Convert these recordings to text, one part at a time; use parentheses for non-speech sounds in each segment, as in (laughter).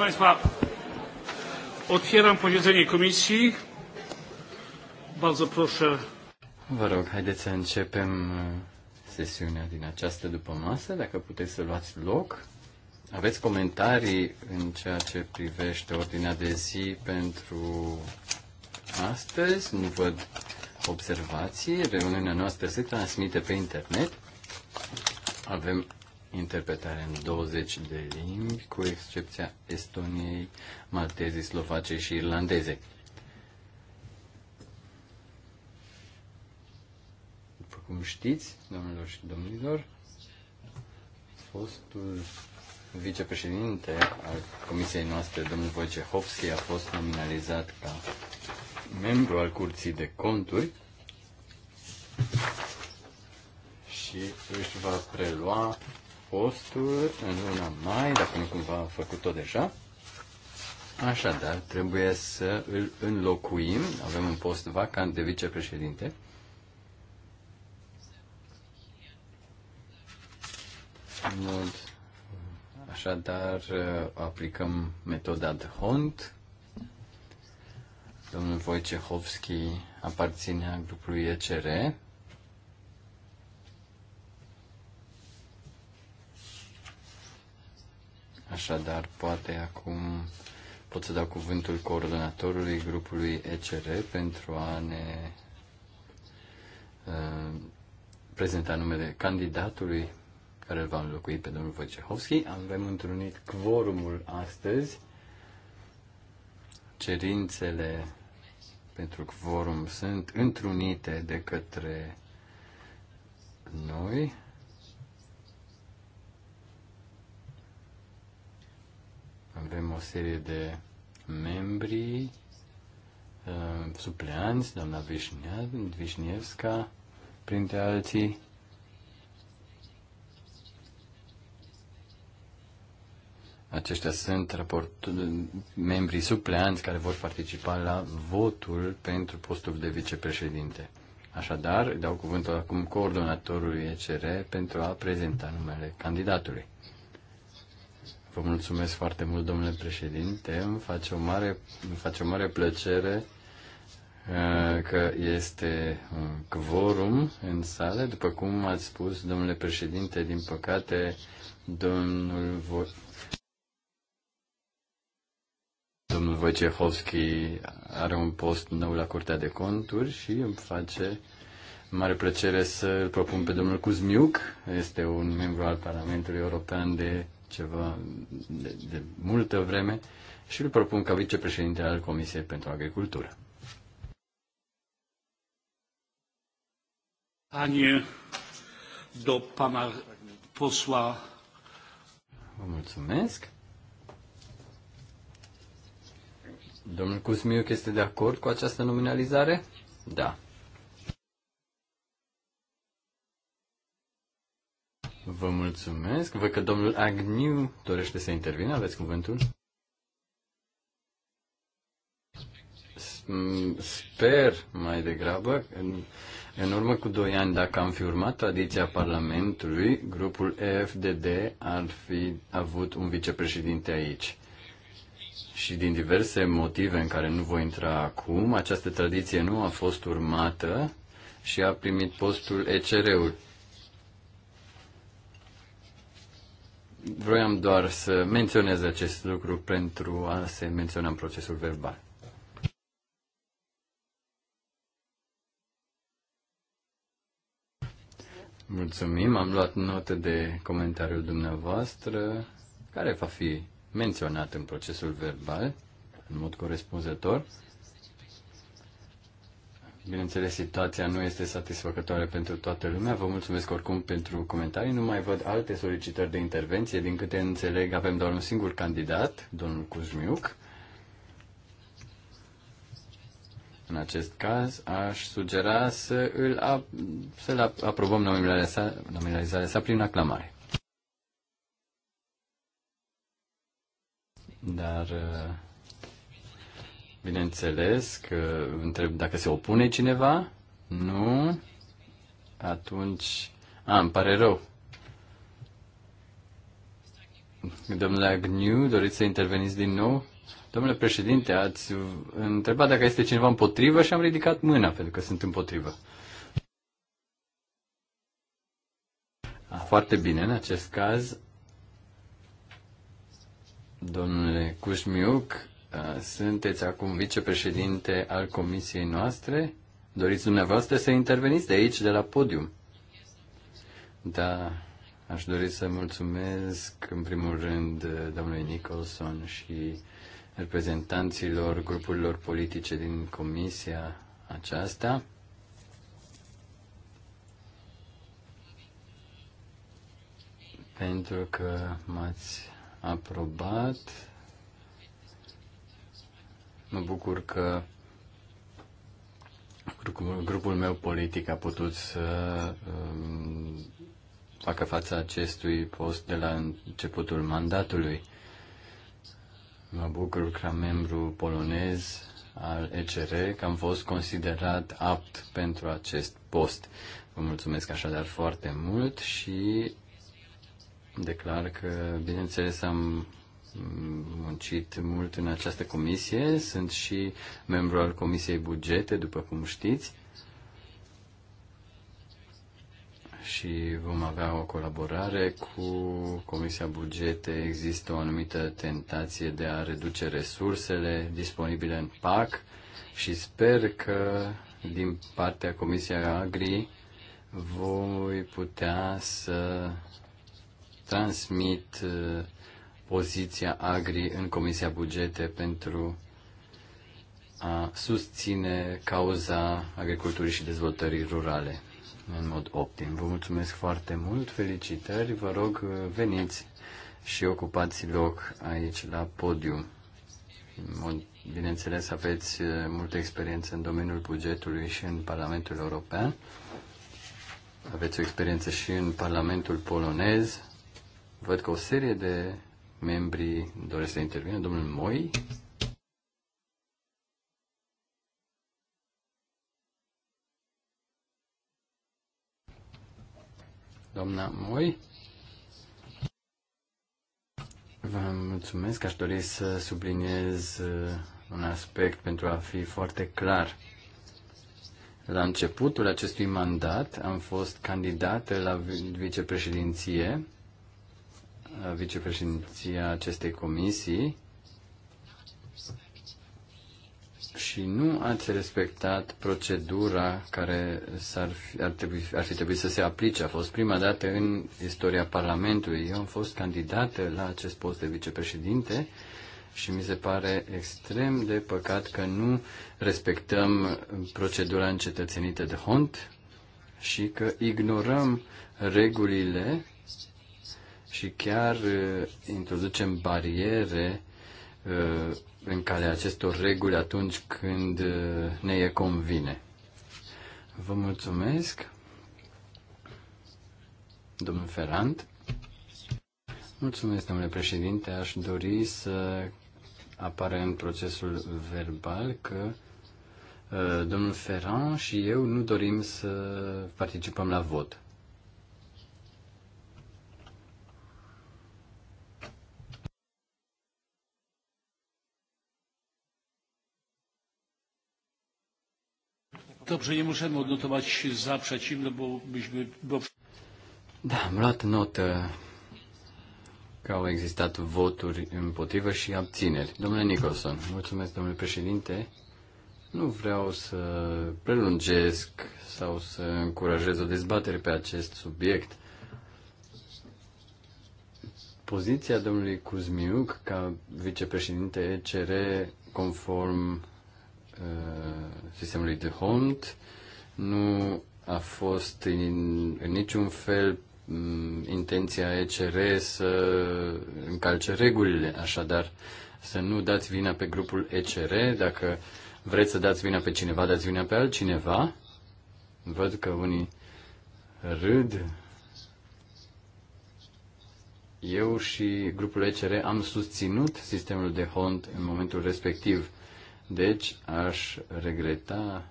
Państwa, otwieram posiedzenie komisji. Bardzo proszę. Vă rog, haideți să începem uh, sesiunea din această masă. dacă puteți să luați loc. Aveți comentarii în ceea ce privește ordinea de zi pentru astăzi? Nu văd observații. Reuniunea noastră se transmite pe internet. Avem interpretare în 20 de limbi, cu excepția Estoniei, maltezii, slovacei și Irlandeze. După cum știți, domnilor și domnilor, fostul vicepreședinte al comisiei noastre, domnul Wojciechowski, a fost nominalizat ca membru al Curții de Conturi și își va prelua posturi în luna mai, dacă nu cumva am făcut-o deja. Așadar, trebuie să îl înlocuim. Avem un post vacant de vicepreședinte. așadar, aplicăm metoda de Hont. Domnul Wojciechowski aparținea grupului ECR Așadar, poate acum pot să dau cuvântul coordonatorului grupului ECR pentru a ne uh, prezenta numele candidatului care îl va înlocui pe domnul Wojciechowski. Avem întrunit quorumul astăzi. Cerințele pentru quorum sunt întrunite de către noi. Avem o serie de membri uh, supleanți, doamna Vișnievska, printre alții. Aceștia sunt raport, membrii supleanți care vor participa la votul pentru postul de vicepreședinte. Așadar, dau cuvântul acum coordonatorului ECR pentru a prezenta numele candidatului. Vă mulțumesc foarte mult, domnule președinte. Îmi face o mare, îmi face o mare plăcere uh, că este uh, quorum în sală. După cum ați spus, domnule președinte, din păcate, domnul Vo- Domnul Wojciechowski are un post nou la Curtea de Conturi și îmi face mare plăcere să îl propun pe domnul Cuzmiuc. Este un membru al Parlamentului European de ceva de, de multă vreme și îl propun ca vicepreședinte al Comisiei pentru Agricultură. Anie do pana posła. Vă mulțumesc. Domnul Cusmiuc este de acord cu această nominalizare? Da. Vă mulțumesc. Văd că domnul Agniu dorește să intervină. Aveți cuvântul? Sper mai degrabă. În, în urmă cu doi ani, dacă am fi urmat tradiția Parlamentului, grupul EFDD ar fi avut un vicepreședinte aici. Și din diverse motive în care nu voi intra acum, această tradiție nu a fost urmată și a primit postul ECR-ul Vroiam doar să menționez acest lucru pentru a se menționa în procesul verbal. Mulțumim, am luat notă de comentariul dumneavoastră, care va fi menționat în procesul verbal, în mod corespunzător. Bineînțeles, situația nu este satisfăcătoare pentru toată lumea. Vă mulțumesc oricum pentru comentarii. Nu mai văd alte solicitări de intervenție. Din câte înțeleg, avem doar un singur candidat, domnul Cuzmiuc. În acest caz, aș sugera să îl să aprobăm nominalizarea sa, nominalizarea sa prin aclamare. Dar uh, Bineînțeles că întreb dacă se opune cineva. Nu. Atunci... A, îmi pare rău. Domnule Agniu, doriți să interveniți din nou? Domnule președinte, ați întrebat dacă este cineva împotrivă și am ridicat mâna pentru că sunt împotrivă. A, foarte bine, în acest caz, domnule Cușmiuc, Uh, sunteți acum vicepreședinte al comisiei noastre. Doriți dumneavoastră să interveniți de aici, de la podium? Da, aș dori să mulțumesc în primul rând domnului Nicholson și reprezentanților grupurilor politice din comisia aceasta. pentru că m-ați aprobat Mă bucur că grupul meu politic a putut să um, facă fața acestui post de la începutul mandatului. Mă bucur ca membru polonez al ECR că am fost considerat apt pentru acest post. Vă mulțumesc așadar foarte mult și declar că, bineînțeles, am muncit mult în această comisie, sunt și membru al Comisiei Bugete, după cum știți, și vom avea o colaborare cu Comisia Bugete. Există o anumită tentație de a reduce resursele disponibile în PAC și sper că din partea Comisiei Agri voi putea să transmit uh, poziția Agri în Comisia Bugete pentru a susține cauza agriculturii și dezvoltării rurale în mod optim. Vă mulțumesc foarte mult, felicitări, vă rog veniți și ocupați loc aici la podium. Bineînțeles, aveți uh, multă experiență în domeniul bugetului și în Parlamentul European. Aveți o experiență și în Parlamentul polonez. Văd că o serie de membrii doresc să intervină. Domnul Moi. Doamna Moi. Vă mulțumesc. Aș dori să subliniez uh, un aspect pentru a fi foarte clar. La începutul acestui mandat am fost candidată la vicepreședinție vicepreședinția acestei comisii și nu ați respectat procedura care s-ar fi, ar, trebui, ar fi trebuit să se aplice. A fost prima dată în istoria Parlamentului. Eu am fost candidată la acest post de vicepreședinte și mi se pare extrem de păcat că nu respectăm procedura încetățenită de Hont și că ignorăm regulile și chiar uh, introducem bariere uh, în calea acestor reguli atunci când uh, ne e convine. Vă mulțumesc, domnul Ferrand. Mulțumesc, domnule președinte. Aș dori să apară în procesul verbal că domnul Ferrand și eu nu dorim să participăm la vot. Dobrze, nie możemy odnotować za, przeciw, no bo byśmy... Bo... Da, am luat notă că au existat voturi împotrivă și abțineri. Domnule Nicholson, mulțumesc, domnule președinte. Nu vreau să prelungesc sau să încurajez o dezbatere pe acest subiect. Poziția domnului Cuzmiuc ca vicepreședinte ECR conform Uh, sistemului de hont, nu a fost în, în niciun fel mm, intenția ECR să încalce regulile, așadar să nu dați vina pe grupul ECR, dacă vreți să dați vina pe cineva, dați vina pe altcineva. Văd că unii râd. Eu și grupul ECR am susținut sistemul de HONT în momentul respectiv. Deci aș regreta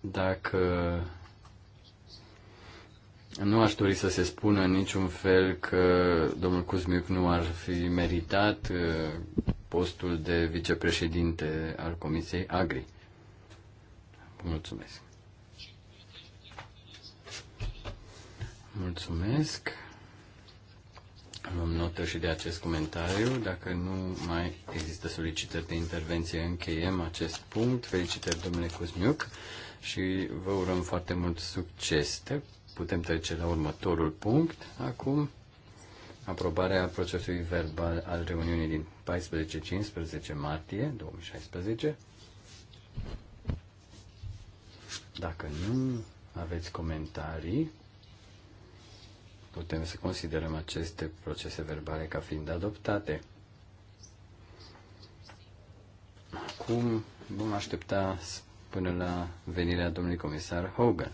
dacă nu aș dori să se spună în niciun fel că domnul Cuzmiuc nu ar fi meritat uh, postul de vicepreședinte al Comisiei Agri. Mulțumesc. Mulțumesc. Luăm notă și de acest comentariu. Dacă nu mai există solicitări de intervenție, încheiem acest punct. Felicitări, domnule Cuzmiuc, și vă urăm foarte mult succes. Putem trece la următorul punct. Acum, aprobarea procesului verbal al reuniunii din 14-15 martie 2016. Dacă nu aveți comentarii, putem să considerăm aceste procese verbale ca fiind adoptate. Acum vom aștepta până la venirea domnului comisar Hogan.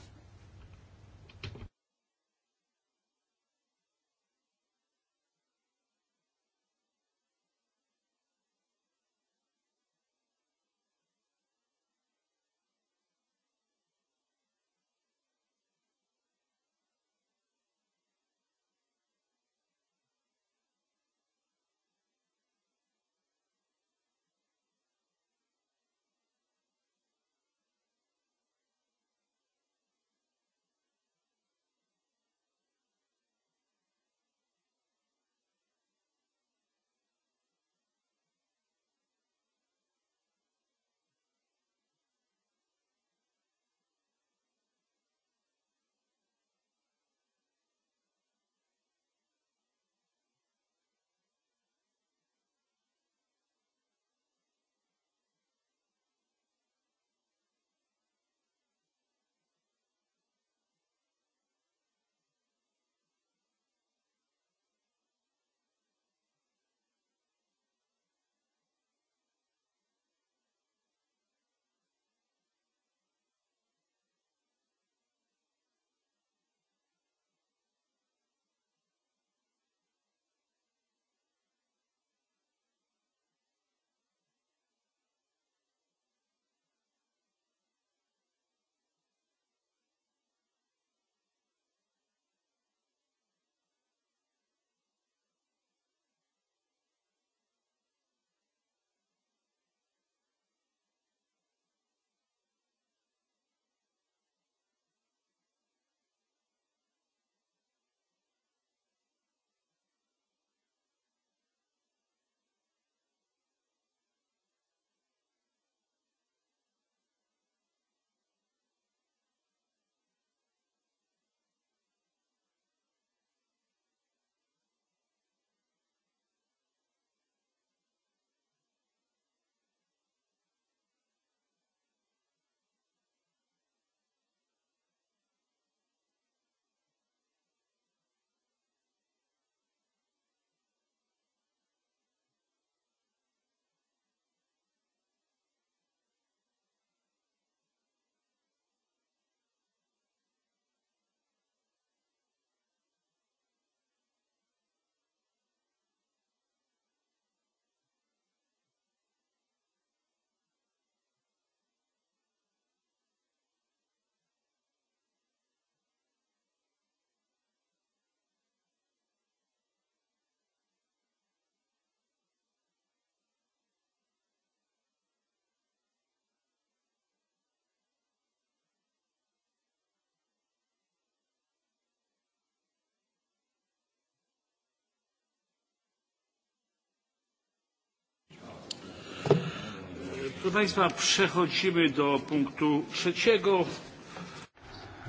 Proszę Państwa, przechodzimy do punctu trzeciego.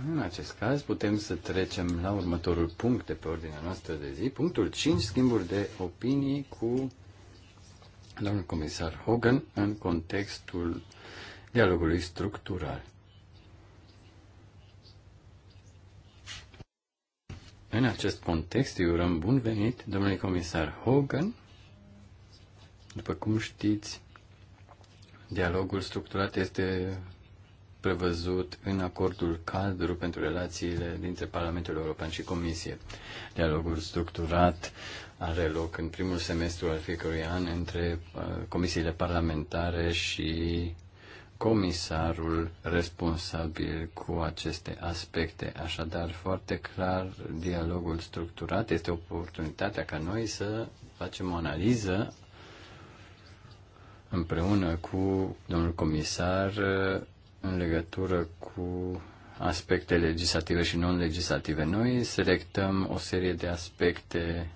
În acest caz putem să trecem la următorul punct de pe ordinea noastră de zi, punctul 5, schimburi de opinii cu domnul comisar Hogan în contextul dialogului structural. În acest context îi urăm bun venit domnului comisar Hogan. După cum știți, Dialogul structurat este prevăzut în acordul cadru pentru relațiile dintre Parlamentul European și Comisie. Dialogul structurat are loc în primul semestru al fiecărui an între uh, comisiile parlamentare și comisarul responsabil cu aceste aspecte. Așadar, foarte clar, dialogul structurat este oportunitatea ca noi să facem o analiză împreună cu domnul comisar uh, în legătură cu aspecte legislative și non-legislative. Noi selectăm o serie de aspecte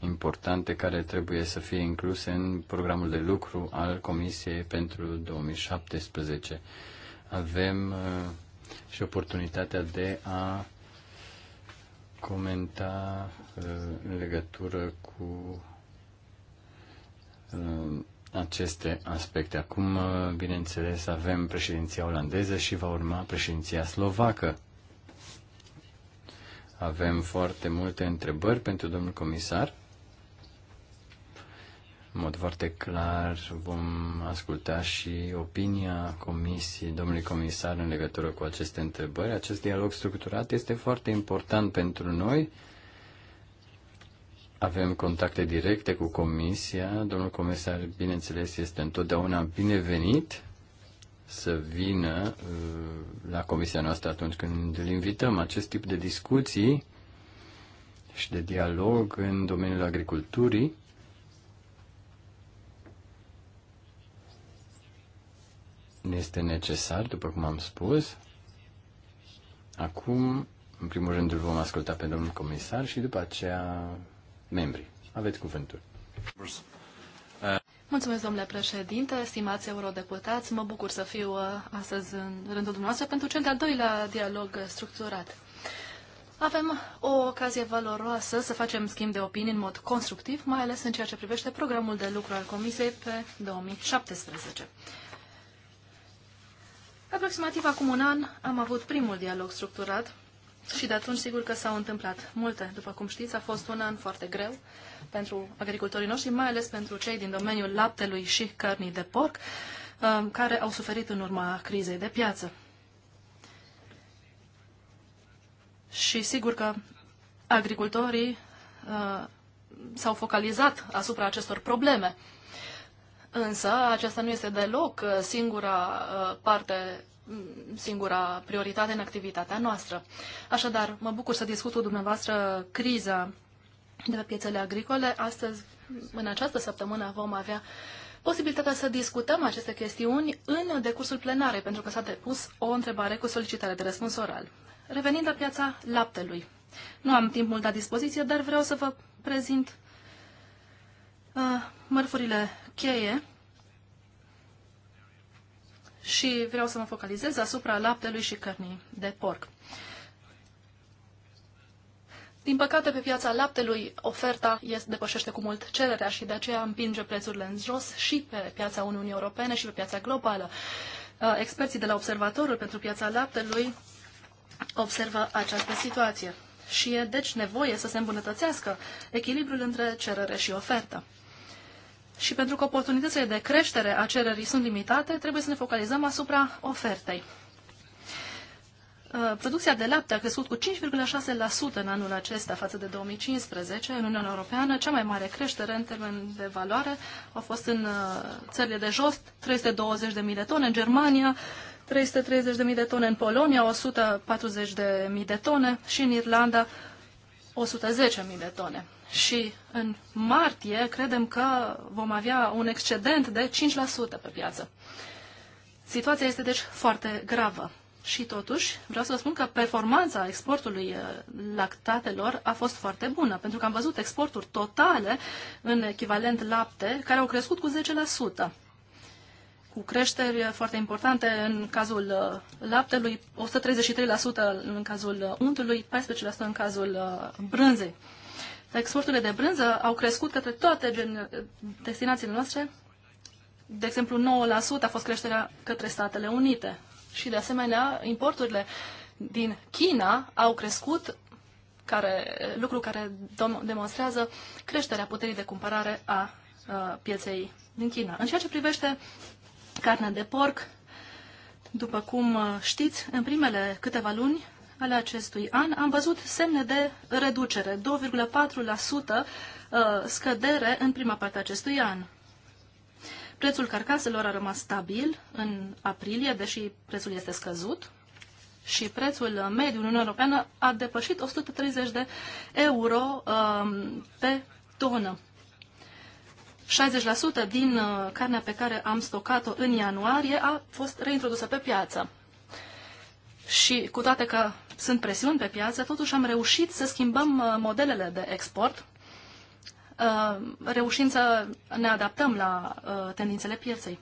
importante care trebuie să fie incluse în programul de lucru al Comisiei pentru 2017. Avem uh, și oportunitatea de a comenta uh, în legătură cu aceste aspecte. Acum, uh, bineînțeles, avem președinția olandeză și va urma președinția slovacă. Avem foarte multe întrebări pentru domnul comisar. În mod foarte clar vom asculta și opinia comisiei, domnului comisar în legătură cu aceste întrebări. Acest dialog structurat este foarte important pentru noi avem contacte directe cu Comisia. Domnul comisar, bineînțeles, este întotdeauna binevenit să vină uh, la Comisia noastră atunci când îl invităm. Acest tip de discuții și de dialog în domeniul agriculturii este necesar, după cum am spus. Acum, în primul rând, îl vom asculta pe domnul comisar și după aceea membri. Aveți cuvântul. Mulțumesc, domnule președinte, stimați eurodeputați. Mă bucur să fiu uh, astăzi în rândul dumneavoastră pentru cel de-al doilea dialog structurat. Avem o ocazie valoroasă să facem schimb de opinii în mod constructiv, mai ales în ceea ce privește programul de lucru al Comisiei pe 2017. Aproximativ acum un an am avut primul dialog structurat și de atunci, sigur că s-au întâmplat multe. După cum știți, a fost un an foarte greu pentru agricultorii noștri, mai ales pentru cei din domeniul laptelui și cărnii de porc, um, care au suferit în urma crizei de piață. Și sigur că agricultorii uh, s-au focalizat asupra acestor probleme. Însă, aceasta nu este deloc uh, singura uh, parte Mm, singura prioritate în activitatea noastră. Așadar, mă bucur să discut cu dumneavoastră criza de pe piețele agricole. Astăzi, în această săptămână, vom avea posibilitatea să discutăm aceste chestiuni în decursul plenare, pentru că s-a depus o întrebare cu solicitare de răspuns oral. Revenind la piața laptelui. Nu am timp mult la dispoziție, dar vreau să vă prezint uh, mărfurile cheie și vreau să mă focalizez asupra laptelui și cărnii de porc. Din păcate, pe piața laptelui, oferta este, depășește cu mult cererea și de aceea împinge prețurile în jos și pe piața Uniunii Europene și pe piața globală. Uh, experții de la Observatorul pentru piața laptelui observă această situație și e deci nevoie să se îmbunătățească echilibrul între cerere și ofertă și pentru că oportunitățile de creștere a cererii sunt limitate, trebuie să ne focalizăm asupra ofertei. Uh, producția de lapte a crescut cu 5,6% în anul acesta față de 2015 în Uniunea Europeană. Cea mai mare creștere în termen de valoare a fost în uh, țările de jos, 320.000 de tone, în Germania 330.000 de tone, în Polonia 140.000 de tone și în Irlanda 110.000 de tone și în martie credem că vom avea un excedent de 5% pe piață. Situația este deci foarte gravă. Și totuși, vreau să vă spun că performanța exportului uh, lactatelor a fost foarte bună, pentru că am văzut exporturi totale în echivalent lapte care au crescut cu 10%, cu creșteri foarte importante în cazul uh, laptelui, 133% în cazul untului, 14% în cazul uh, brânzei exporturile de brânză au crescut către toate gen, destinațiile noastre. De exemplu, 9% a fost creșterea către Statele Unite. Și, de asemenea, importurile din China au crescut, care, lucru care demonstrează creșterea puterii de cumpărare a, a pieței din China. În ceea ce privește carnea de porc, după cum știți, în primele câteva luni ale acestui an am văzut semne de reducere, 2,4% uh, scădere în prima parte a acestui an. Prețul carcaselor a rămas stabil în aprilie, deși prețul este scăzut și prețul mediu în Uniunea Europeană a depășit 130 de euro um, pe tonă. 60% din uh, carnea pe care am stocat-o în ianuarie a fost reintrodusă pe piață și cu toate că sunt presiuni pe piață, totuși am reușit să schimbăm uh, modelele de export, uh, reușind să ne adaptăm la uh, tendințele pieței.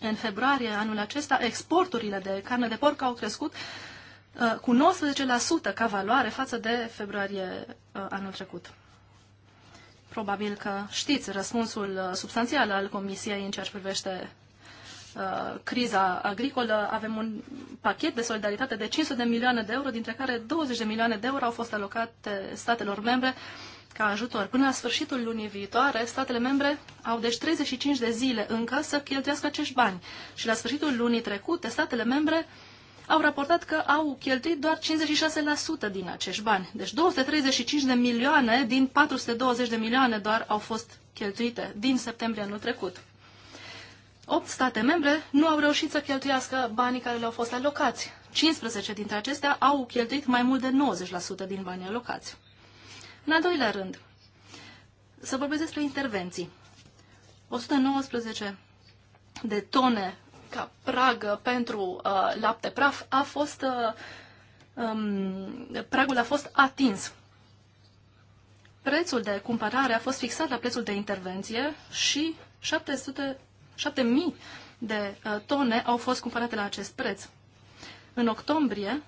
În februarie anul acesta, exporturile de carne de porc au crescut cu 19% ca valoare față de februarie anul trecut. Probabil că știți răspunsul substanțial al Comisiei în ceea ce privește Uh, criza agricolă, avem un pachet de solidaritate de 500 de milioane de euro, dintre care 20 de milioane de euro au fost alocate statelor membre ca ajutor. Până la sfârșitul lunii viitoare, statele membre au deci 35 de zile încă să cheltuiască acești bani. Și la sfârșitul lunii trecute, statele membre au raportat că au cheltuit doar 56% din acești bani. Deci 235 de milioane din 420 de milioane doar au fost cheltuite din septembrie anul trecut. 8 state membre nu au reușit să cheltuiască banii care le-au fost alocați. 15 dintre acestea au cheltuit mai mult de 90% din banii alocați. În al doilea rând, să vorbesc despre intervenții. 119 de tone ca pragă pentru uh, lapte praf a fost uh, um, pragul a fost atins. Prețul de cumpărare a fost fixat la prețul de intervenție și 700 7000 de uh, tone au fost cumpărate la acest preț. În octombrie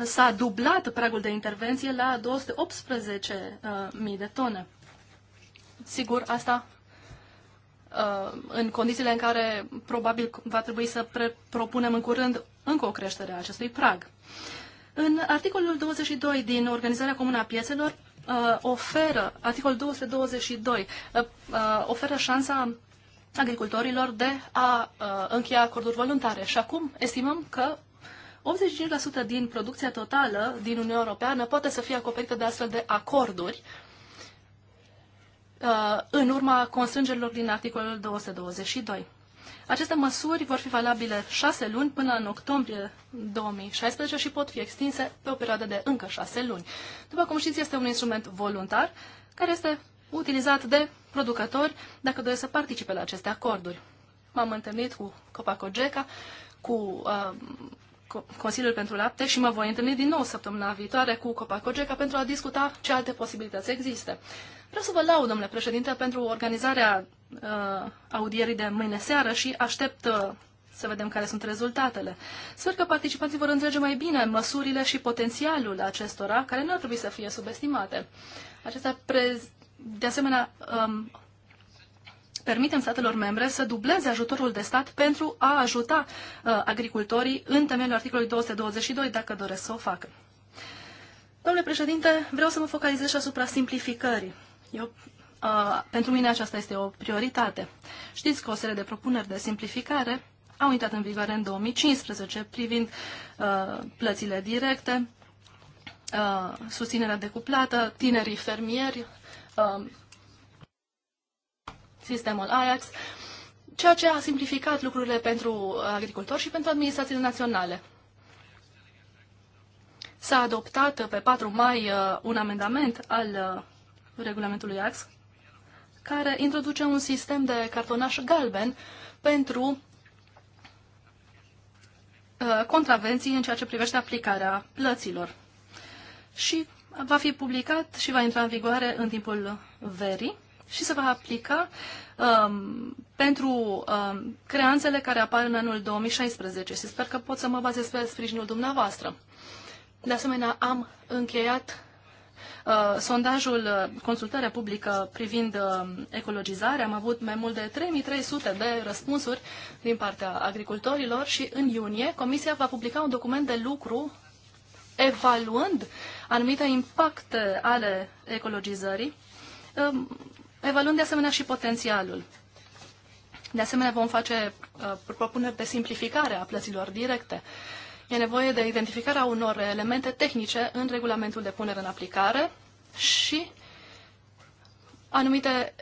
uh, s-a dublat pragul de intervenție la 218.000 uh, de tone. Sigur, asta în condițiile în care probabil va trebui să propunem în curând încă o creștere a acestui prag. În articolul 22 din Organizarea Comună a Piețelor uh, oferă, articolul 222, uh, uh, oferă șansa agricultorilor de a uh, încheia acorduri voluntare. Și acum estimăm că 85% din producția totală din Uniunea Europeană poate să fie acoperită de astfel de acorduri uh, în urma constrângerilor din articolul 222. Aceste măsuri vor fi valabile șase luni până în octombrie 2016 și pot fi extinse pe o perioadă de încă șase luni. După cum știți, este un instrument voluntar care este utilizat de producători dacă doresc să participe la aceste acorduri. M-am întâlnit cu Copacogeca, cu uh, Consiliul pentru Lapte și mă voi întâlni din nou săptămâna viitoare cu Copacogeca pentru a discuta ce alte posibilități există. Vreau să vă laud, domnule președinte, pentru organizarea uh, audierii de mâine seară și aștept uh, să vedem care sunt rezultatele. Sper că participanții vor înțelege mai bine măsurile și potențialul acestora, care nu ar trebui să fie subestimate. Acestea, de asemenea, um, permitem statelor membre să dubleze ajutorul de stat pentru a ajuta uh, agricultorii în temeiul articolului 222, dacă doresc să o facă. Domnule președinte, vreau să mă focalizez și asupra simplificării. Eu, uh, pentru mine aceasta este o prioritate. Știți că o serie de propuneri de simplificare au intrat în vigoare în 2015 privind uh, plățile directe, uh, susținerea decuplată, tinerii fermieri, uh, sistemul Ajax, ceea ce a simplificat lucrurile pentru agricultori și pentru administrațiile naționale. S-a adoptat pe 4 mai uh, un amendament al uh, regulamentului Ajax care introduce un sistem de cartonaș galben pentru uh, contravenții în ceea ce privește aplicarea plăților. Și va fi publicat și va intra în vigoare în timpul verii și se va aplica um, pentru um, creanțele care apar în anul 2016 și sper că pot să mă bazez pe sprijinul dumneavoastră. De asemenea, am încheiat uh, sondajul, uh, consultarea publică privind uh, ecologizarea. Am avut mai mult de 3300 de răspunsuri din partea agricultorilor și în iunie Comisia va publica un document de lucru evaluând anumite impacte ale ecologizării um, evaluând de asemenea și potențialul. De asemenea, vom face uh, propuneri de simplificare a plăților directe. E nevoie de identificarea unor elemente tehnice în regulamentul de punere în aplicare și anumite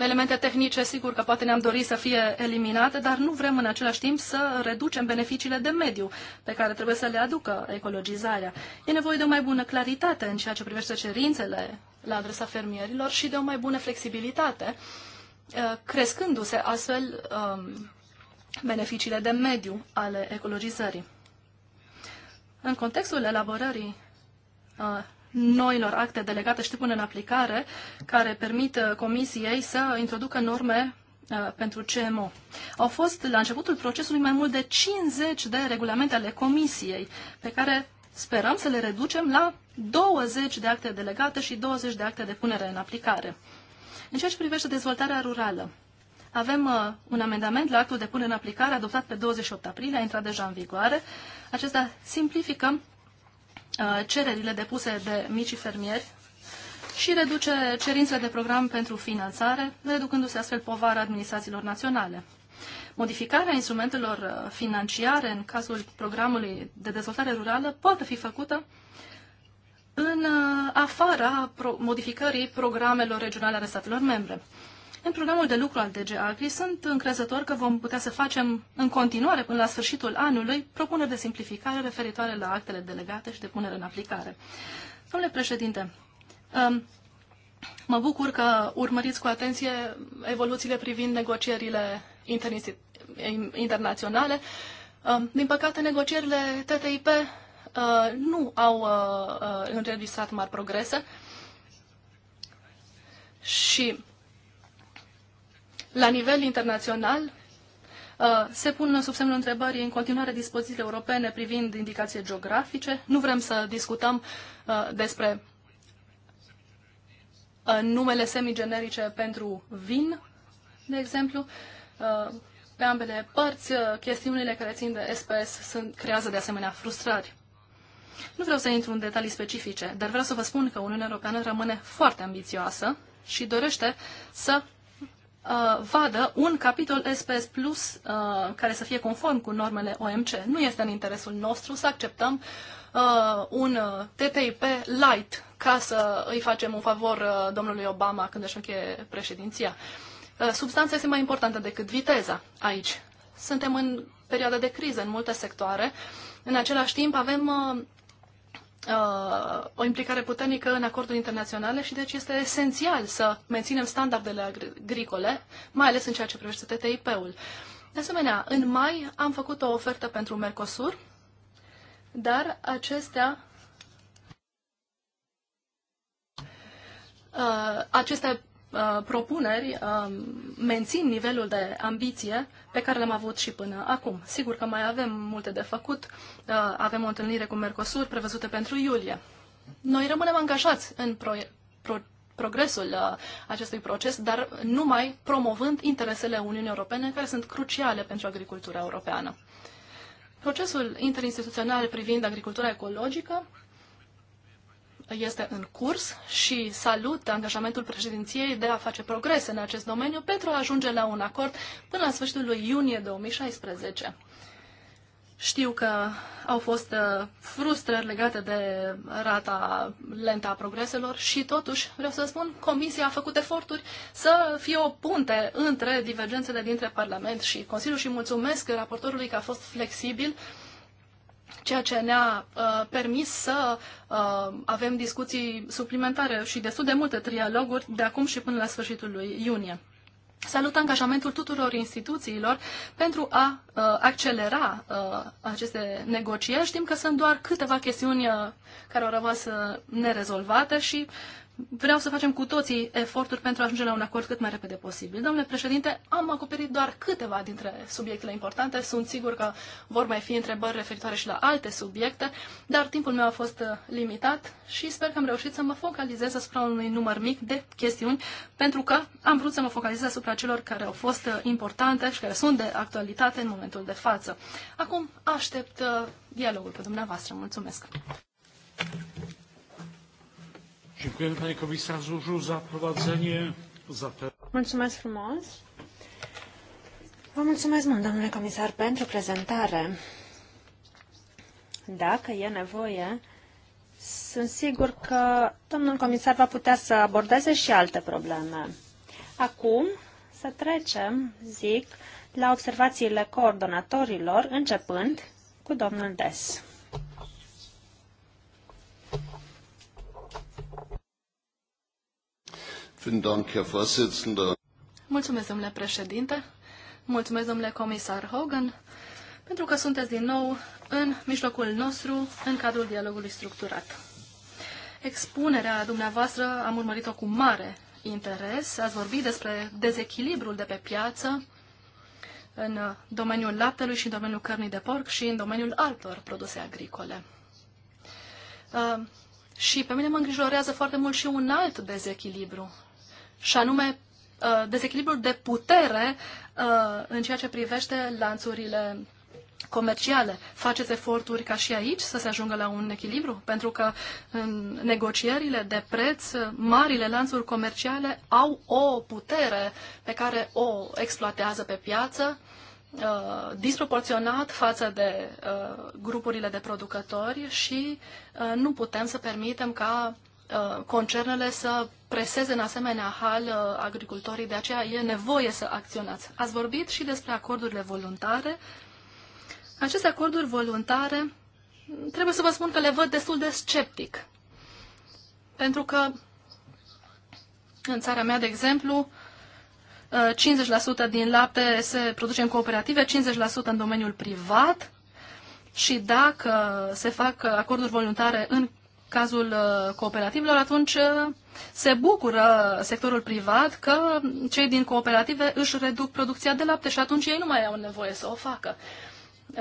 elemente tehnice, sigur că poate ne-am dorit să fie eliminate, dar nu vrem în același timp să reducem beneficiile de mediu pe care trebuie să le aducă ecologizarea. E nevoie de o mai bună claritate în ceea ce privește cerințele la adresa fermierilor și de o mai bună flexibilitate, uh, crescându-se astfel um, beneficiile de mediu ale ecologizării. În contextul elaborării uh, noilor acte delegate și de pune în aplicare, care permit uh, Comisiei să introducă norme uh, pentru CMO. Au fost la începutul procesului mai mult de 50 de regulamente ale Comisiei, pe care sperăm să le reducem la 20 de acte delegate și 20 de acte de punere în aplicare. În ceea ce privește dezvoltarea rurală, avem uh, un amendament la actul de punere în aplicare adoptat pe 28 aprilie, a intrat deja în vigoare. Acesta simplifică Uh, cererile depuse de micii fermieri și reduce cerințele de program pentru finanțare, reducându-se astfel povara administrațiilor naționale. Modificarea instrumentelor uh, financiare în cazul programului de dezvoltare rurală poate fi făcută în uh, afara modificării programelor regionale ale statelor membre. În programul de lucru al DG Agri sunt încrezător că vom putea să facem în continuare până la sfârșitul anului propuneri de simplificare referitoare la actele delegate și de punere în aplicare. Domnule președinte, um, mă bucur că urmăriți cu atenție evoluțiile privind negocierile internaționale. Um, din păcate, negocierile TTIP uh, nu au uh, uh, înregistrat mari progrese și la nivel internațional, uh, se pun sub semnul întrebării în continuare dispozițiile europene privind indicații geografice. Nu vrem să discutăm uh, despre uh, numele semigenerice pentru vin, de exemplu. Pe ambele părți, chestiunile care țin de SPS sunt, creează de asemenea frustrări. Nu vreau să intru în detalii specifice, dar vreau să vă spun că Uniunea Europeană rămâne foarte ambițioasă și dorește să uh, vadă un capitol SPS Plus uh, care să fie conform cu normele OMC. Nu este în interesul nostru să acceptăm uh, un uh, TTIP light ca să îi facem un favor uh, domnului Obama când își încheie președinția. Uh, substanța este mai importantă decât viteza aici. Suntem în perioadă de criză în multe sectoare. În același timp avem uh, uh, o implicare puternică în acorduri internaționale și deci este esențial să menținem standardele agricole, mai ales în ceea ce privește TTIP-ul. De asemenea, în mai am făcut o ofertă pentru Mercosur, dar acestea Uh, aceste Uh, propuneri um, mențin nivelul de ambiție pe care l-am avut și până acum. Sigur că mai avem multe de făcut. Uh, avem o întâlnire cu Mercosur prevăzută pentru iulie. Noi rămânem angajați în pro pro progresul uh, acestui proces, dar numai promovând interesele Uniunii Europene, care sunt cruciale pentru agricultura europeană. Procesul interinstituțional privind agricultura ecologică este în curs și salut angajamentul președinției de a face progrese în acest domeniu pentru a ajunge la un acord până la sfârșitul lui iunie 2016. Știu că au fost uh, frustrări legate de rata lentă a progreselor și totuși, vreau să spun, Comisia a făcut eforturi să fie o punte între divergențele dintre Parlament și Consiliu și mulțumesc raportorului că a fost flexibil uh, ceea ce ne-a uh, permis să uh, avem discuții suplimentare și destul de multe trialoguri de acum și până la sfârșitul lui iunie. Salut angajamentul tuturor instituțiilor pentru a uh, accelera uh, aceste negocieri. Știm că sunt doar câteva chestiuni uh, care au rămas uh, nerezolvate și vreau să facem cu toții eforturi pentru a ajunge la un acord cât mai repede posibil. Domnule președinte, am acoperit doar câteva dintre subiectele importante. Sunt sigur că vor mai fi întrebări referitoare și la alte subiecte, dar timpul meu a fost uh, limitat și sper că am reușit să mă focalizez asupra unui număr mic de chestiuni, pentru că am vrut să mă focalizez asupra celor care au fost uh, importante și care sunt de actualitate în momentul de față. Acum aștept uh, dialogul cu dumneavoastră. Mulțumesc! Dziękujemy panie komisarzu za prowadzenie. Mulțumesc frumos. Vă mulțumesc mult, domnule comisar, pentru prezentare. Dacă e nevoie, sunt sigur că domnul comisar va putea să abordeze și alte probleme. Acum să trecem, zic, la observațiile coordonatorilor, începând cu domnul Des. Mulțumesc, domnule președinte. Mulțumesc, domnule comisar Hogan, pentru că sunteți din nou în mijlocul nostru, în cadrul dialogului structurat. Expunerea dumneavoastră am urmărit-o cu mare interes. Ați vorbit despre dezechilibrul de pe piață în domeniul laptelui și în domeniul cărnii de porc și în domeniul altor produse agricole. Uh, și pe mine mă îngrijorează foarte mult și un alt dezechilibru, și anume uh, dezechilibrul de putere uh, în ceea ce privește lanțurile comerciale. Faceți eforturi ca și aici să se ajungă la un echilibru? Pentru că în negocierile de preț, marile lanțuri comerciale au o putere pe care o exploatează pe piață, uh, disproporționat față de grupurile de producători și nu putem să permitem ca Uh, concernele să preseze în asemenea hal uh, agricultorii, de aceea e nevoie să acționați. Ați vorbit și despre acordurile voluntare. Aceste acorduri voluntare, trebuie să vă spun că le văd destul de sceptic. Pentru că în țara mea, de exemplu, 50% uh, din lapte se produce în cooperative, 50% în domeniul privat și dacă se fac acorduri voluntare în cazul uh, cooperativelor, atunci uh, se bucură sectorul privat că cei din cooperative își reduc producția de lapte și atunci ei nu mai au nevoie să o facă. Uh,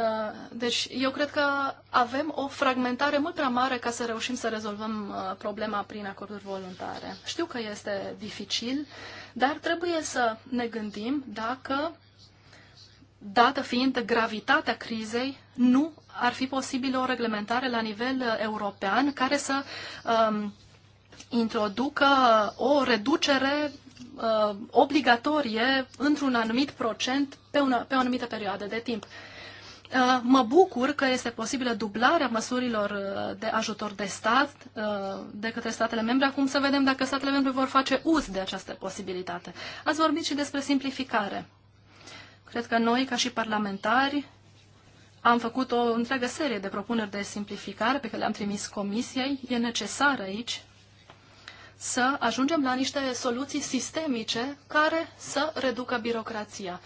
deci eu cred că avem o fragmentare mult prea mare ca să reușim să rezolvăm problema prin acorduri voluntare. Știu că este dificil, dar trebuie să ne gândim dacă, dată fiind gravitatea crizei, nu ar fi posibilă o reglementare la nivel uh, european care să um, introducă uh, o reducere uh, obligatorie într-un anumit procent pe, una, pe o anumită perioadă de timp. Uh, mă bucur că este posibilă dublarea măsurilor de ajutor de stat de către statele membre. Acum să vedem dacă statele membre vor face uz de această posibilitate. Ați vorbit și despre simplificare. Cred că noi, ca și parlamentari, am făcut o întreagă serie de propuneri de simplificare pe care le-am trimis comisiei. E necesar aici să ajungem la niște soluții sistemice care să reducă birocrația.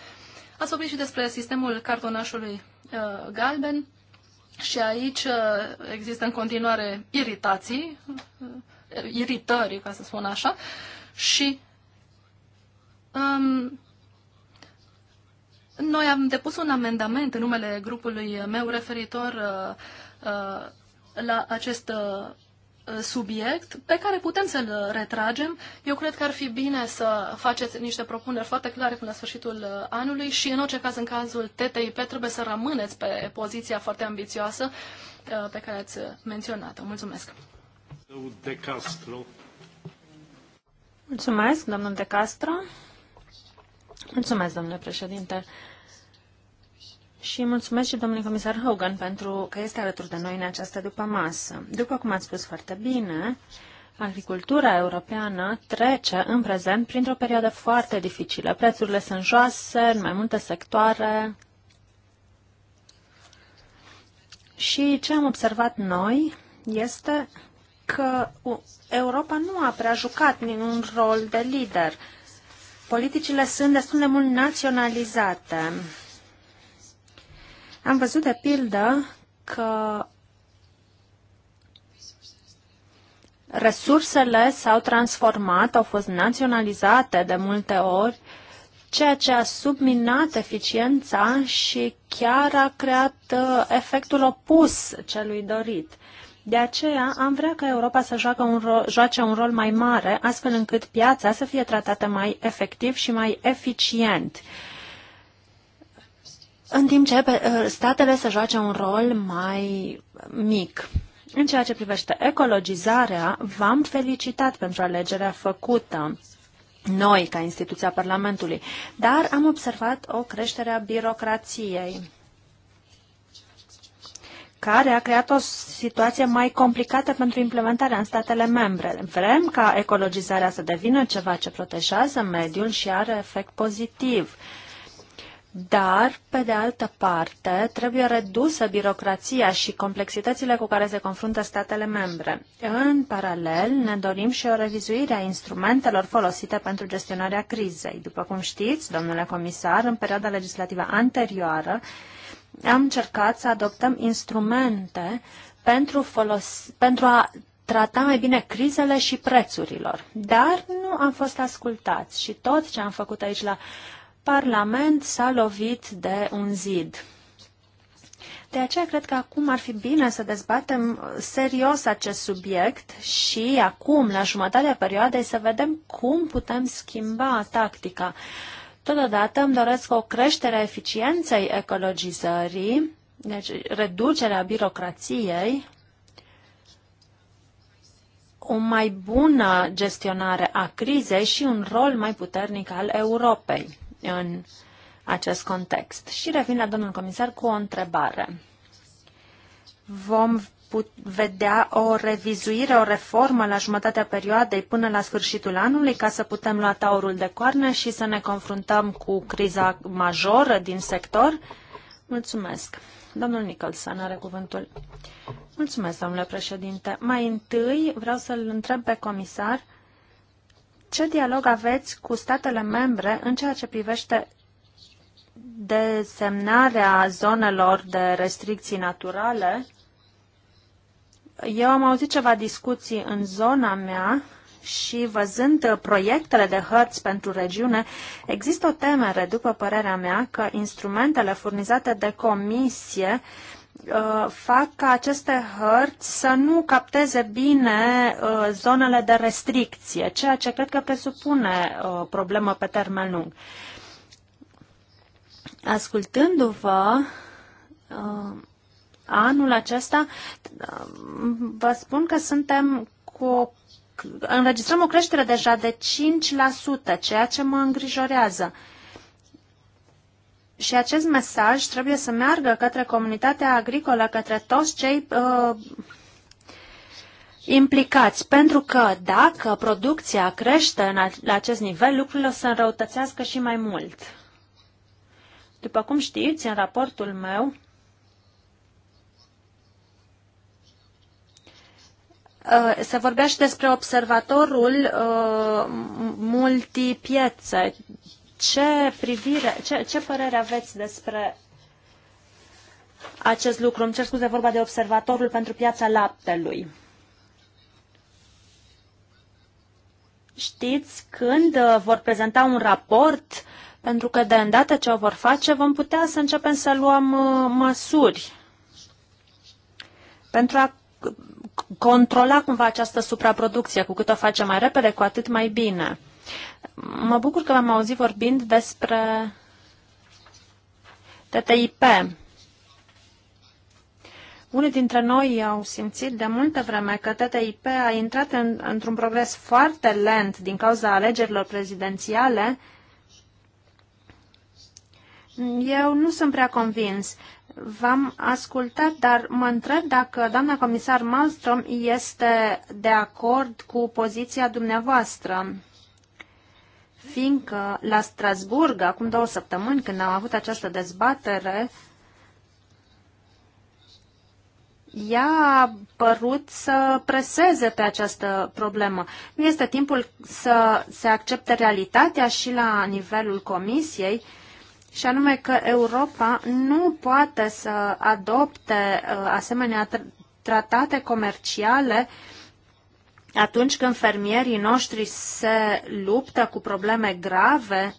Ați vorbit și despre sistemul cartonașului uh, galben și aici uh, există în continuare iritații, uh, iritări, ca să spun așa, și um, noi am depus un amendament în numele grupului meu referitor uh, uh, la acest uh, subiect pe care putem să-l retragem. Eu cred că ar fi bine să faceți niște propuneri foarte clare până la sfârșitul anului și în orice caz, în cazul TTIP, trebuie să rămâneți pe poziția foarte ambițioasă pe care ați menționat-o. Mulțumesc! De Castro. Mulțumesc, domnul De Castro. Mulțumesc, domnule președinte. Și mulțumesc și domnului comisar Hogan pentru că este alături de noi în această masă. După cum ați spus foarte bine, agricultura europeană trece în prezent printr-o perioadă foarte dificilă. Prețurile sunt joase în mai multe sectoare. Și ce am observat noi este că Europa nu a prea jucat niciun rol de lider politicile sunt destul de mult naționalizate. Am văzut de pildă că resursele s-au transformat, au fost naționalizate de multe ori, ceea ce a subminat eficiența și chiar a creat uh, efectul opus celui dorit. De aceea am vrea ca Europa să joacă un ro- joace un rol mai mare, astfel încât piața să fie tratată mai efectiv și mai eficient. În timp ce ă, statele să joace un rol mai mic. În ceea ce privește ecologizarea, v-am felicitat pentru alegerea făcută noi ca instituția Parlamentului, dar am observat o creștere a birocrației care a creat o situație mai complicată pentru implementarea în statele membre. Vrem ca ecologizarea să devină ceva ce protejează mediul și are efect pozitiv. Dar, pe de altă parte, trebuie redusă birocrația și complexitățile cu care se confruntă statele membre. În paralel, ne dorim și o revizuire a instrumentelor folosite pentru gestionarea crizei. După cum știți, domnule comisar, în perioada legislativă anterioară, am încercat să adoptăm instrumente pentru, folos- pentru a trata mai bine crizele și prețurilor. Dar nu am fost ascultați și tot ce am făcut aici la Parlament s-a lovit de un zid. De aceea cred că acum ar fi bine să dezbatem serios acest subiect și acum, la jumătatea perioadei, să vedem cum putem schimba tactica. Uh, Totodată îmi doresc o creștere a eficienței ecologizării, deci reducerea birocrației, o mai bună gestionare a crizei și un rol mai puternic al Europei în acest context. Și revin la domnul comisar cu o întrebare. Vom vedea o revizuire, o reformă la jumătatea perioadei până la sfârșitul anului ca să putem lua taurul de coarne și să ne confruntăm cu criza majoră din sector? Mulțumesc. Domnul Nicholson are cuvântul. Mulțumesc, domnule președinte. Mai întâi vreau să-l întreb pe comisar ce dialog aveți cu statele membre în ceea ce privește desemnarea zonelor de restricții naturale eu am auzit ceva discuții în zona mea și văzând proiectele de hărți pentru regiune, există o temere, după părerea mea, că instrumentele furnizate de comisie uh, fac ca aceste hărți să nu capteze bine uh, zonele de restricție, ceea ce cred că presupune o uh, problemă pe termen lung. Ascultându-vă, anul acesta, vă spun că suntem cu o înregistrăm o creștere deja de 5%, ceea ce mă îngrijorează. Și acest mesaj trebuie să meargă către comunitatea agricolă, către toți cei uh, implicați, pentru că dacă producția crește în, la acest nivel, lucrurile o să înrăutățească și mai mult. După cum știți, în raportul meu Uh, se vorbește despre observatorul uh, multipiețe. Ce, privire, ce, ce părere aveți despre acest lucru? Îmi cer scuze, vorba de observatorul pentru piața laptelui. Știți când uh, vor prezenta un raport? Pentru că de îndată ce o vor face, vom putea să începem să luăm măsuri pentru a controla cumva această supraproducție. Cu cât o face mai repede, cu atât mai bine. Mă bucur că v-am auzit vorbind despre TTIP. Unii dintre noi au simțit de multă vreme că TTIP a intrat în, într-un progres foarte lent din cauza alegerilor prezidențiale. Eu nu sunt prea convins. V-am ascultat, dar mă întreb dacă doamna comisar Malmström este de acord cu poziția dumneavoastră. Fiindcă la Strasburg, acum două săptămâni, când am avut această dezbatere, ea a părut să preseze pe această problemă. Nu este timpul să se accepte realitatea și la nivelul comisiei, uh, și anume că Europa nu poate să adopte uh, asemenea tratate comerciale atunci când fermierii noștri se luptă cu probleme grave,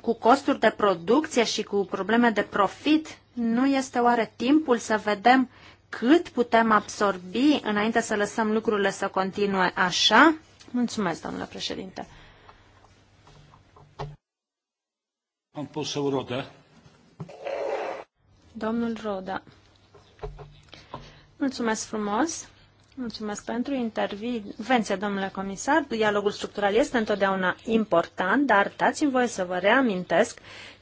cu costuri de producție și cu probleme de profit, nu este oare timpul să vedem cât putem absorbi înainte să lăsăm lucrurile să continue așa? Mulțumesc, domnule președinte. Am Roda. Domnul Roda. Mulțumesc frumos. Mulțumesc pentru intervenție, domnule comisar. Dialogul structural este întotdeauna important, dar dați-mi voie să vă reamintesc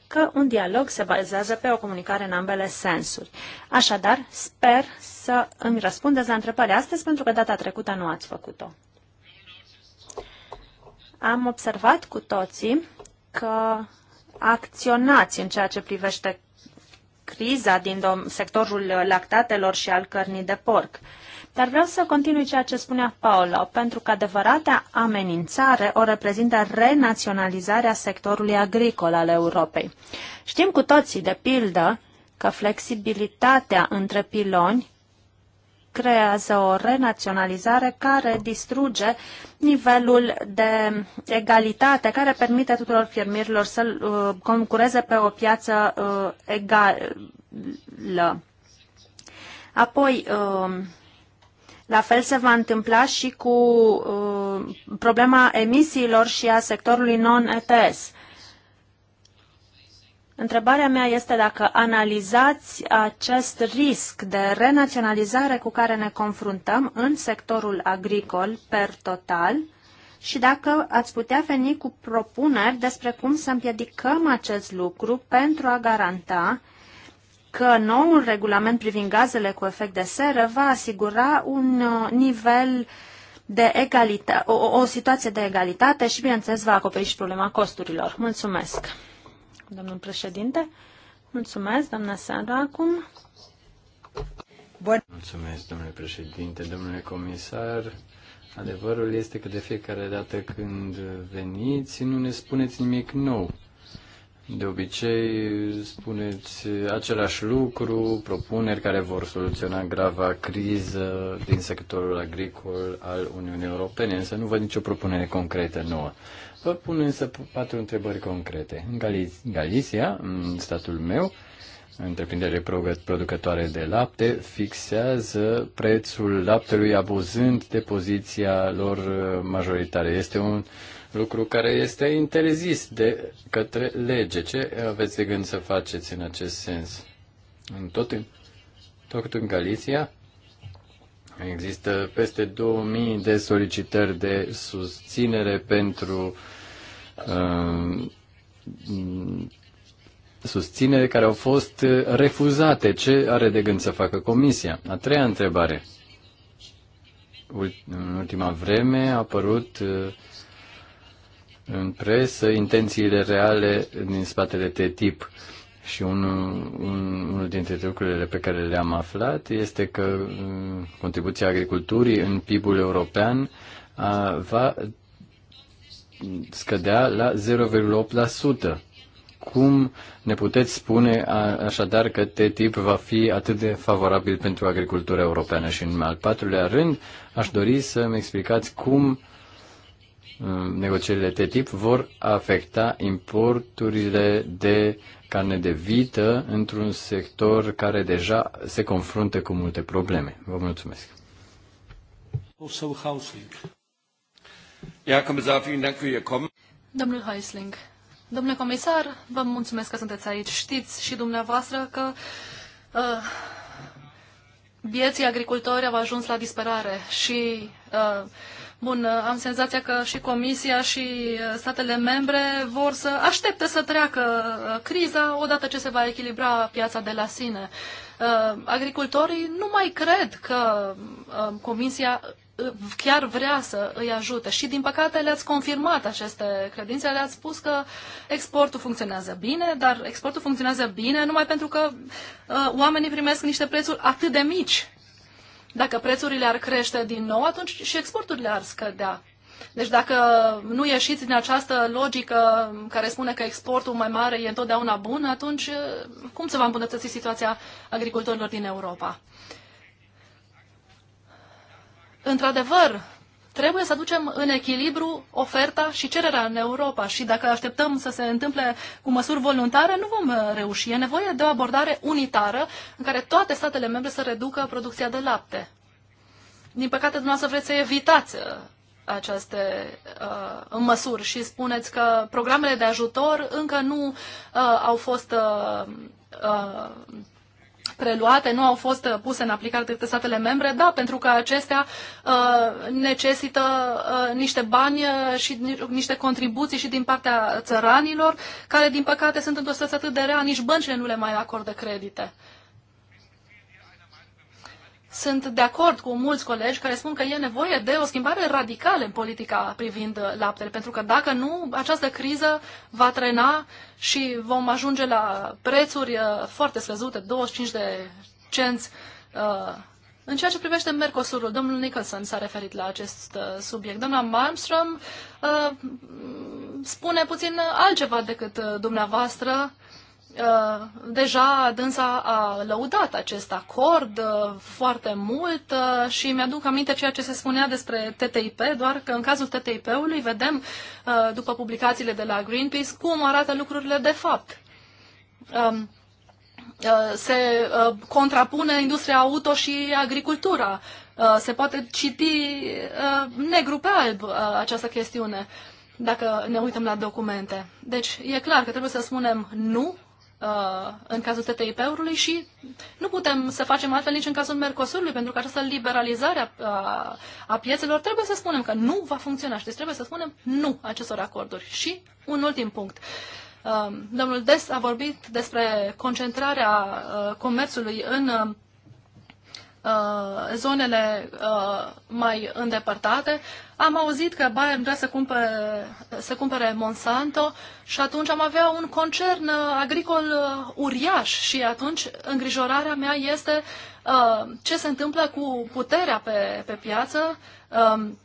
că un dialog se bazează pe o comunicare în ambele sensuri. Așadar, sper să îmi răspundeți la întrebări astăzi, pentru că data trecută nu ați făcut-o. Am observat cu toții că acționați în ceea ce privește criza din sectorul lactatelor și al cărnii de porc. Dar vreau să continui ceea ce spunea Paolo, pentru că adevărata amenințare o reprezintă renaționalizarea sectorului agricol al Europei. Știm cu toții, de pildă, că flexibilitatea între piloni creează o renaționalizare care distruge nivelul de egalitate care permite tuturor fermierilor să uh, concureze pe o piață uh, egală. Apoi, uh, la fel se va întâmpla și cu problema emisiilor și a sectorului non-ETS. Întrebarea mea este dacă analizați acest risc de renaționalizare cu care ne confruntăm în sectorul agricol per total și dacă ați putea veni cu propuneri despre cum să împiedicăm acest lucru pentru a garanta că noul regulament privind gazele cu efect de seră va asigura un uh, nivel de egalitate, o, o situație de egalitate și, bineînțeles, va acoperi și problema costurilor. Mulțumesc! domnul președinte. Mulțumesc, doamna Sandra, acum. Bun. Mulțumesc, domnule președinte, domnule comisar. Adevărul este că de fiecare dată când veniți, nu ne spuneți nimic nou. De obicei spuneți același lucru, propuneri care vor soluționa grava criză din sectorul agricol al Uniunii Europene, însă nu văd nicio propunere concretă nouă. Vă pun însă patru întrebări concrete. În Galicia, în statul meu, întreprindere producătoare de lapte fixează prețul laptelui abuzând de poziția lor uh, majoritară. Este un lucru care este interzis de către lege. Ce aveți de gând să faceți în acest sens? În tot, în, tot în Galicia există peste 2000 de solicitări de susținere pentru Uh, susținere care au fost refuzate. Ce are de gând să facă Comisia? A treia întrebare. În ultima vreme a apărut uh, în presă intențiile reale din spatele TTIP. Și un un, unul dintre lucrurile pe care le-am aflat este că uh, contribuția agriculturii în PIB-ul european a, va scădea la 0,8%. Cum ne puteți spune așadar că TTIP va fi atât de favorabil pentru agricultura europeană? Și în al patrulea rând, aș dori să-mi explicați cum uh, negocierile TTIP vor afecta importurile de carne de vită într-un sector care deja se confruntă cu multe probleme. Vă mulțumesc. Ja, Comisar, Dank für Ihr Kommen. Domnul Heisling, domnule comisar, vă mulțumesc că sunteți aici. Știți și dumneavoastră că uh, vieții agricultori au ajuns la disperare și uh, Bun, uh, am senzația că și Comisia și uh, statele membre vor să aștepte să treacă uh, criza odată ce se va echilibra piața de la sine. Agricultorii nu mai cred că Comisia chiar vrea să îi ajute. Și, din păcate, le-ați confirmat aceste credințe, le-ați spus că exportul funcționează bine, dar exportul funcționează bine numai pentru că uh, oamenii primesc niște prețuri atât de mici. Dacă prețurile ar crește din nou, atunci și exporturile ar scădea. Deci dacă nu ieșiți din această logică care spune că exportul mai mare e întotdeauna bun, atunci uh, cum se va îmbunătăți situația agricultorilor din Europa? Uh, într-adevăr, trebuie să ducem în echilibru oferta și cererea în Europa și dacă așteptăm să se întâmple cu măsuri voluntare, nu vom uh, reuși. E nevoie de o abordare unitară în care toate statele membre să reducă producția de lapte. Din păcate, dumneavoastră vreți să evitați uh, aceste uh, măsuri și spuneți că programele de ajutor încă nu uh, au fost uh, uh, preluate, nu au fost uh, puse în aplicare de către statele membre, da, pentru că acestea uh, necesită uh, niște bani uh, și niște contribuții și din partea țăranilor, care din păcate sunt într-o situație atât de rea, nici băncile nu le mai acordă credite. Sunt de acord cu mulți colegi care spun că e nevoie de o schimbare radicală în politica privind laptele, pentru că dacă nu, această criză va trena și vom ajunge la prețuri uh, foarte scăzute, 25 de cenți. Uh, în ceea ce privește Mercosurul, domnul Nicholson s-a referit la acest uh, subiect. Doamna Malmström spune puțin altceva decât dumneavoastră Uh, deja dânsa a lăudat acest acord uh, foarte mult uh, și mi-aduc aminte ceea ce se spunea despre TTIP, doar că în cazul TTIP-ului vedem, după publicațiile de la Greenpeace, cum arată lucrurile de fapt. Um, se contrapune industria auto și agricultura. Se poate citi negru pe alb această chestiune dacă ne uităm la documente. Deci, e clar că trebuie să spunem nu Uh, în cazul TTIP-ului și nu putem să facem altfel nici în cazul Mercosurului, pentru că această liberalizare a, a, a piețelor trebuie să spunem că nu va funcționa și deci trebuie să spunem nu acestor acorduri. Și un ultim punct. Uh, domnul Des a vorbit despre concentrarea uh, comerțului în Uh, zonele uh, mai îndepărtate. Am auzit că Bayern vrea să cumpere, să cumpere Monsanto și atunci am avea un concern uh, agricol uriaș și atunci îngrijorarea mea este ce se întâmplă cu puterea pe, pe piață, um,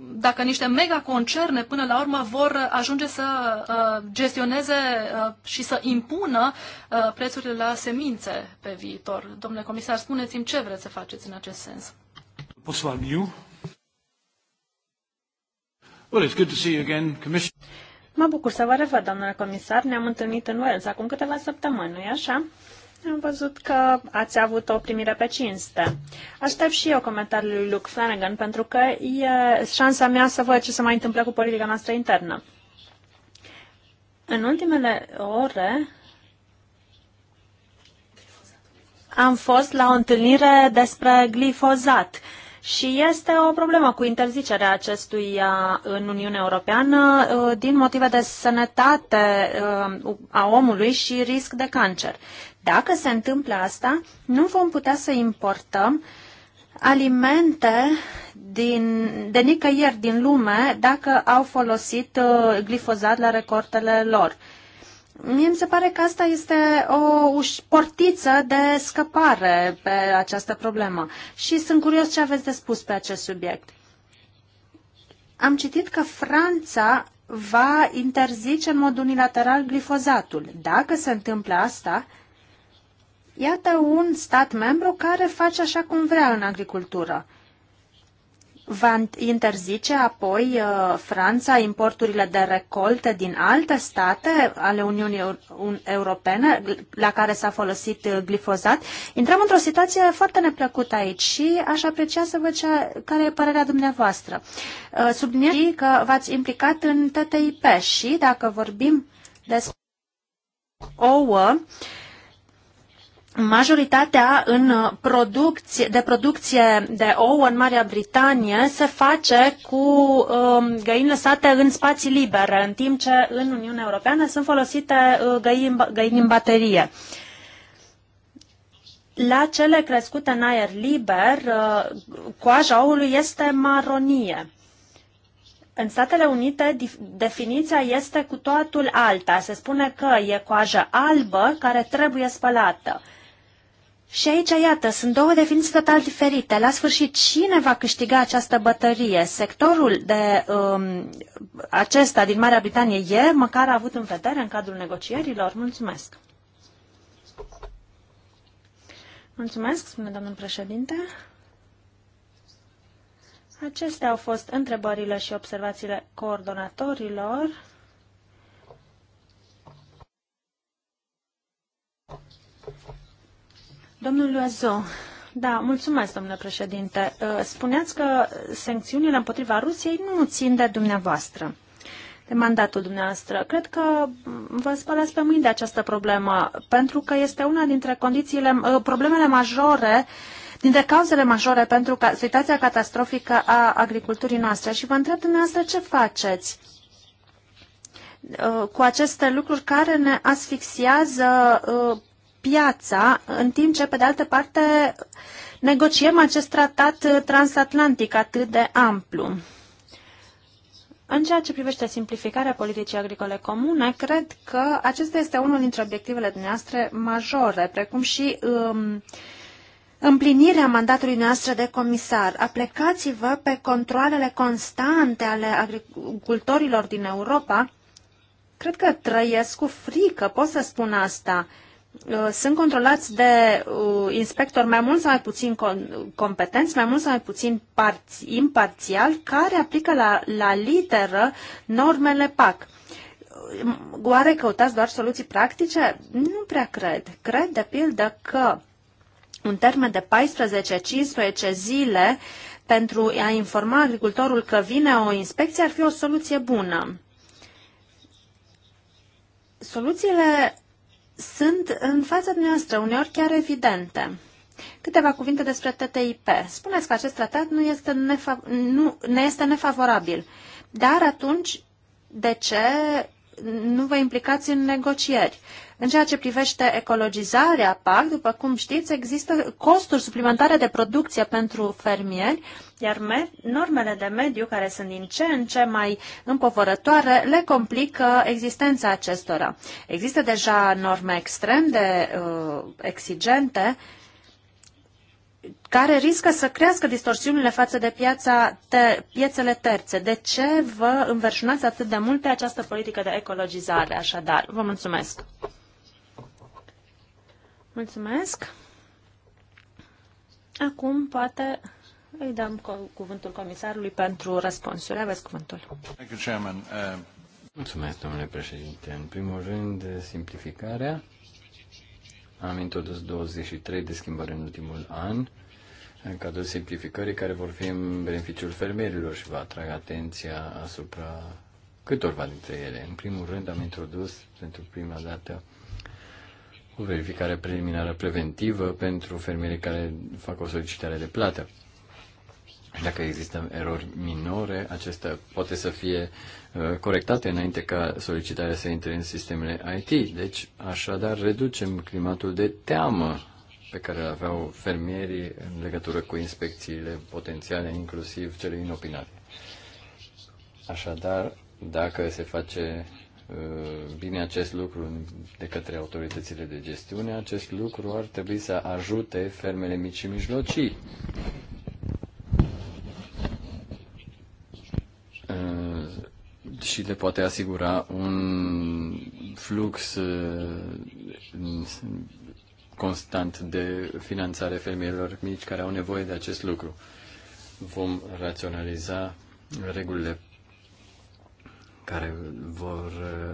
dacă niște megaconcerne până la urmă vor uh, ajunge să uh, gestioneze uh, și să impună uh, prețurile la semințe pe viitor. Domnule comisar, spuneți-mi ce vreți să faceți în acest sens. Well, it's good to see you again, Commissioner. Mă bucur să vă revăd, domnule comisar. Ne-am întâlnit în Wales acum câteva săptămâni, nu-i așa? Am văzut că ați avut o primire pe cinste. Aștept și eu comentariul lui Luke Flanagan, pentru că e șansa mea să văd ce se mai întâmplă cu politica noastră internă. În ultimele ore am fost la o întâlnire despre glifozat. Și este o problemă cu interzicerea acestuia în Uniunea Europeană uh, din motive de sănătate uh, a omului și risc de cancer. Dacă se întâmplă asta, nu vom putea să importăm alimente din, de nicăieri din lume dacă au folosit uh, glifozat la recortele lor. Mie mi se pare că asta este o portiță de scăpare pe această problemă și sunt curios ce aveți de spus pe acest subiect. Am citit că Franța va interzice în mod unilateral glifozatul. Dacă se întâmplă asta, Iată un stat membru care face așa cum vrea în agricultură. Va interzice apoi uh, Franța importurile de recolte din alte state ale Uniunii Europene la care s-a folosit uh, glifozat. Intrăm într-o situație foarte neplăcută aici și aș aprecia să văd ce care e părerea dumneavoastră. Uh, subliniez că v-ați implicat în TTIP și dacă vorbim despre ouă, majoritatea în uh, producție, de producție de ou în Marea Britanie se face cu um, găini lăsate în spații libere, în timp ce în Uniunea Europeană sunt folosite uh, găini, găini în baterie. La cele crescute în aer liber, uh, coaja oului este maronie. În Statele Unite, definiția este cu totul alta. Se spune că e coajă albă care trebuie spălată. Și aici, iată, sunt două definiții total diferite. La sfârșit, cine va câștiga această bătărie? Sectorul de um, acesta din Marea Britanie e măcar avut în vedere în cadrul negocierilor? Mulțumesc! Mulțumesc, spune domnul președinte. Acestea au fost întrebările și observațiile coordonatorilor. Domnul Loazo, da, mulțumesc, domnule președinte. Uh, spuneați că sancțiunile împotriva Rusiei nu țin de dumneavoastră, de mandatul dumneavoastră. Cred că vă spălați pe mâini de această problemă, pentru că este una dintre condițiile, uh, problemele majore dintre cauzele majore pentru ca, situația catastrofică a agriculturii noastre și vă întreb dumneavoastră ce faceți uh, cu aceste lucruri care ne asfixiază piața, în timp ce, pe de altă parte, negociem acest tratat transatlantic atât de amplu. În ceea ce privește simplificarea politicii agricole comune, cred că acesta este unul dintre obiectivele dumneavoastră majore, precum și um, împlinirea mandatului noastră de comisar. Aplicați-vă pe controlele constante ale agricultorilor din Europa. Cred că trăiesc cu frică, pot să spun asta. Uh, sunt controlați de uh, inspectori mai mult sau mai puțin con- competenți, mai mult sau mai puțin parți- imparțial, care aplică la, la literă normele PAC. Uh, oare căutați doar soluții practice? Nu prea cred. Cred, de pildă, că un termen de 14-15 zile pentru a informa agricultorul că vine o inspecție ar fi o soluție bună. Soluțiile sunt în fața dumneavoastră, uneori chiar evidente. Câteva cuvinte despre TTIP. Spuneți că acest tratat nu, este nefa- nu ne este nefavorabil. Dar atunci, de ce nu vă implicați în negocieri? În ceea ce privește ecologizarea PAC, după cum știți, există costuri suplimentare de producție pentru fermieri iar normele de mediu, care sunt din ce în ce mai împovărătoare, le complică existența acestora. Există deja norme extrem de uh, exigente care riscă să crească distorsiunile față de piața te, piețele terțe. De ce vă înverșunați atât de mult pe această politică de ecologizare? Așadar, vă mulțumesc. Mulțumesc. Acum, poate, îi dăm cuvântul comisarului pentru răspunsuri. Aveți cuvântul. Uh, Mulțumesc, domnule președinte. În primul rând, simplificarea. Am introdus 23 de schimbări în ultimul an în cadrul simplificării care vor fi în beneficiul fermierilor și va atrag atenția asupra câtorva dintre ele. În primul rând am introdus pentru prima dată o verificare preliminară preventivă pentru fermierii care fac o solicitare de plată. Și dacă există erori minore, acestea poate să fie uh, corectate înainte ca solicitarea să intre în sistemele IT. Deci, așadar, reducem climatul de teamă pe care îl aveau fermierii în legătură cu inspecțiile potențiale, inclusiv cele inopinate. Așadar, dacă se face uh, bine acest lucru de către autoritățile de gestiune, acest lucru ar trebui să ajute fermele mici și mijlocii Eh, și le poate asigura un flux eh, constant de finanțare fermierilor mici care au nevoie de acest lucru. Vom raționaliza regulile care vor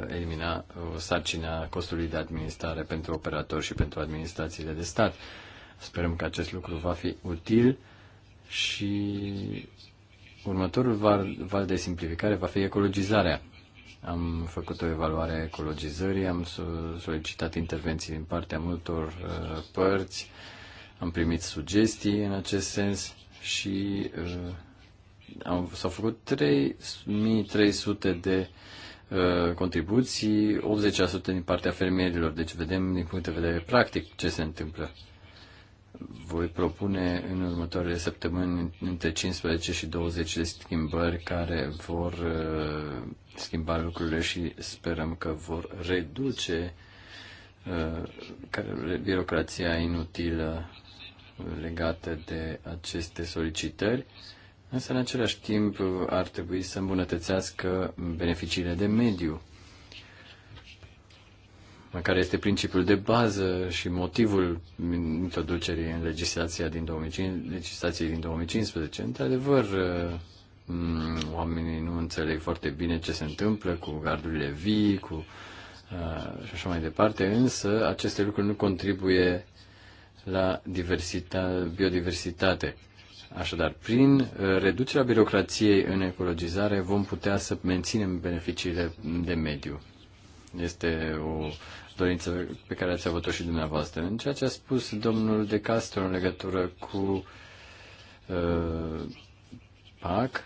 eh, elimina sarcina costului de administrare pentru operatori și pentru administrațiile de stat. Sperăm că acest lucru va fi util și Următorul val, val de simplificare va fi ecologizarea. Am făcut o evaluare a ecologizării, am solicitat intervenții din partea multor uh, părți, am primit sugestii în acest sens și uh, s-au făcut 3300 de uh, contribuții, 80% din partea fermierilor. Deci vedem din punct de vedere practic ce se întâmplă. Uh, voi propune în următoarele săptămâni între 15 și 20 de schimbări care vor uh, schimba lucrurile și sperăm că vor reduce uh, birocrația inutilă legată de aceste solicitări, însă în același timp ar trebui să îmbunătățească beneficiile de mediu care este principiul de bază și motivul introducerii în legislația din 2005, legislației din 2015. Într-adevăr, mm, oamenii nu înțeleg foarte bine ce se întâmplă cu gardurile vii, cu uh, și așa mai departe, însă aceste lucruri nu contribuie la biodiversitate. Așadar, prin uh, reducerea birocrației în ecologizare vom putea să menținem beneficiile de mediu. Este o dorință pe care ați avut-o și dumneavoastră. În ceea ce a spus domnul De Castro în legătură cu uh, PAC,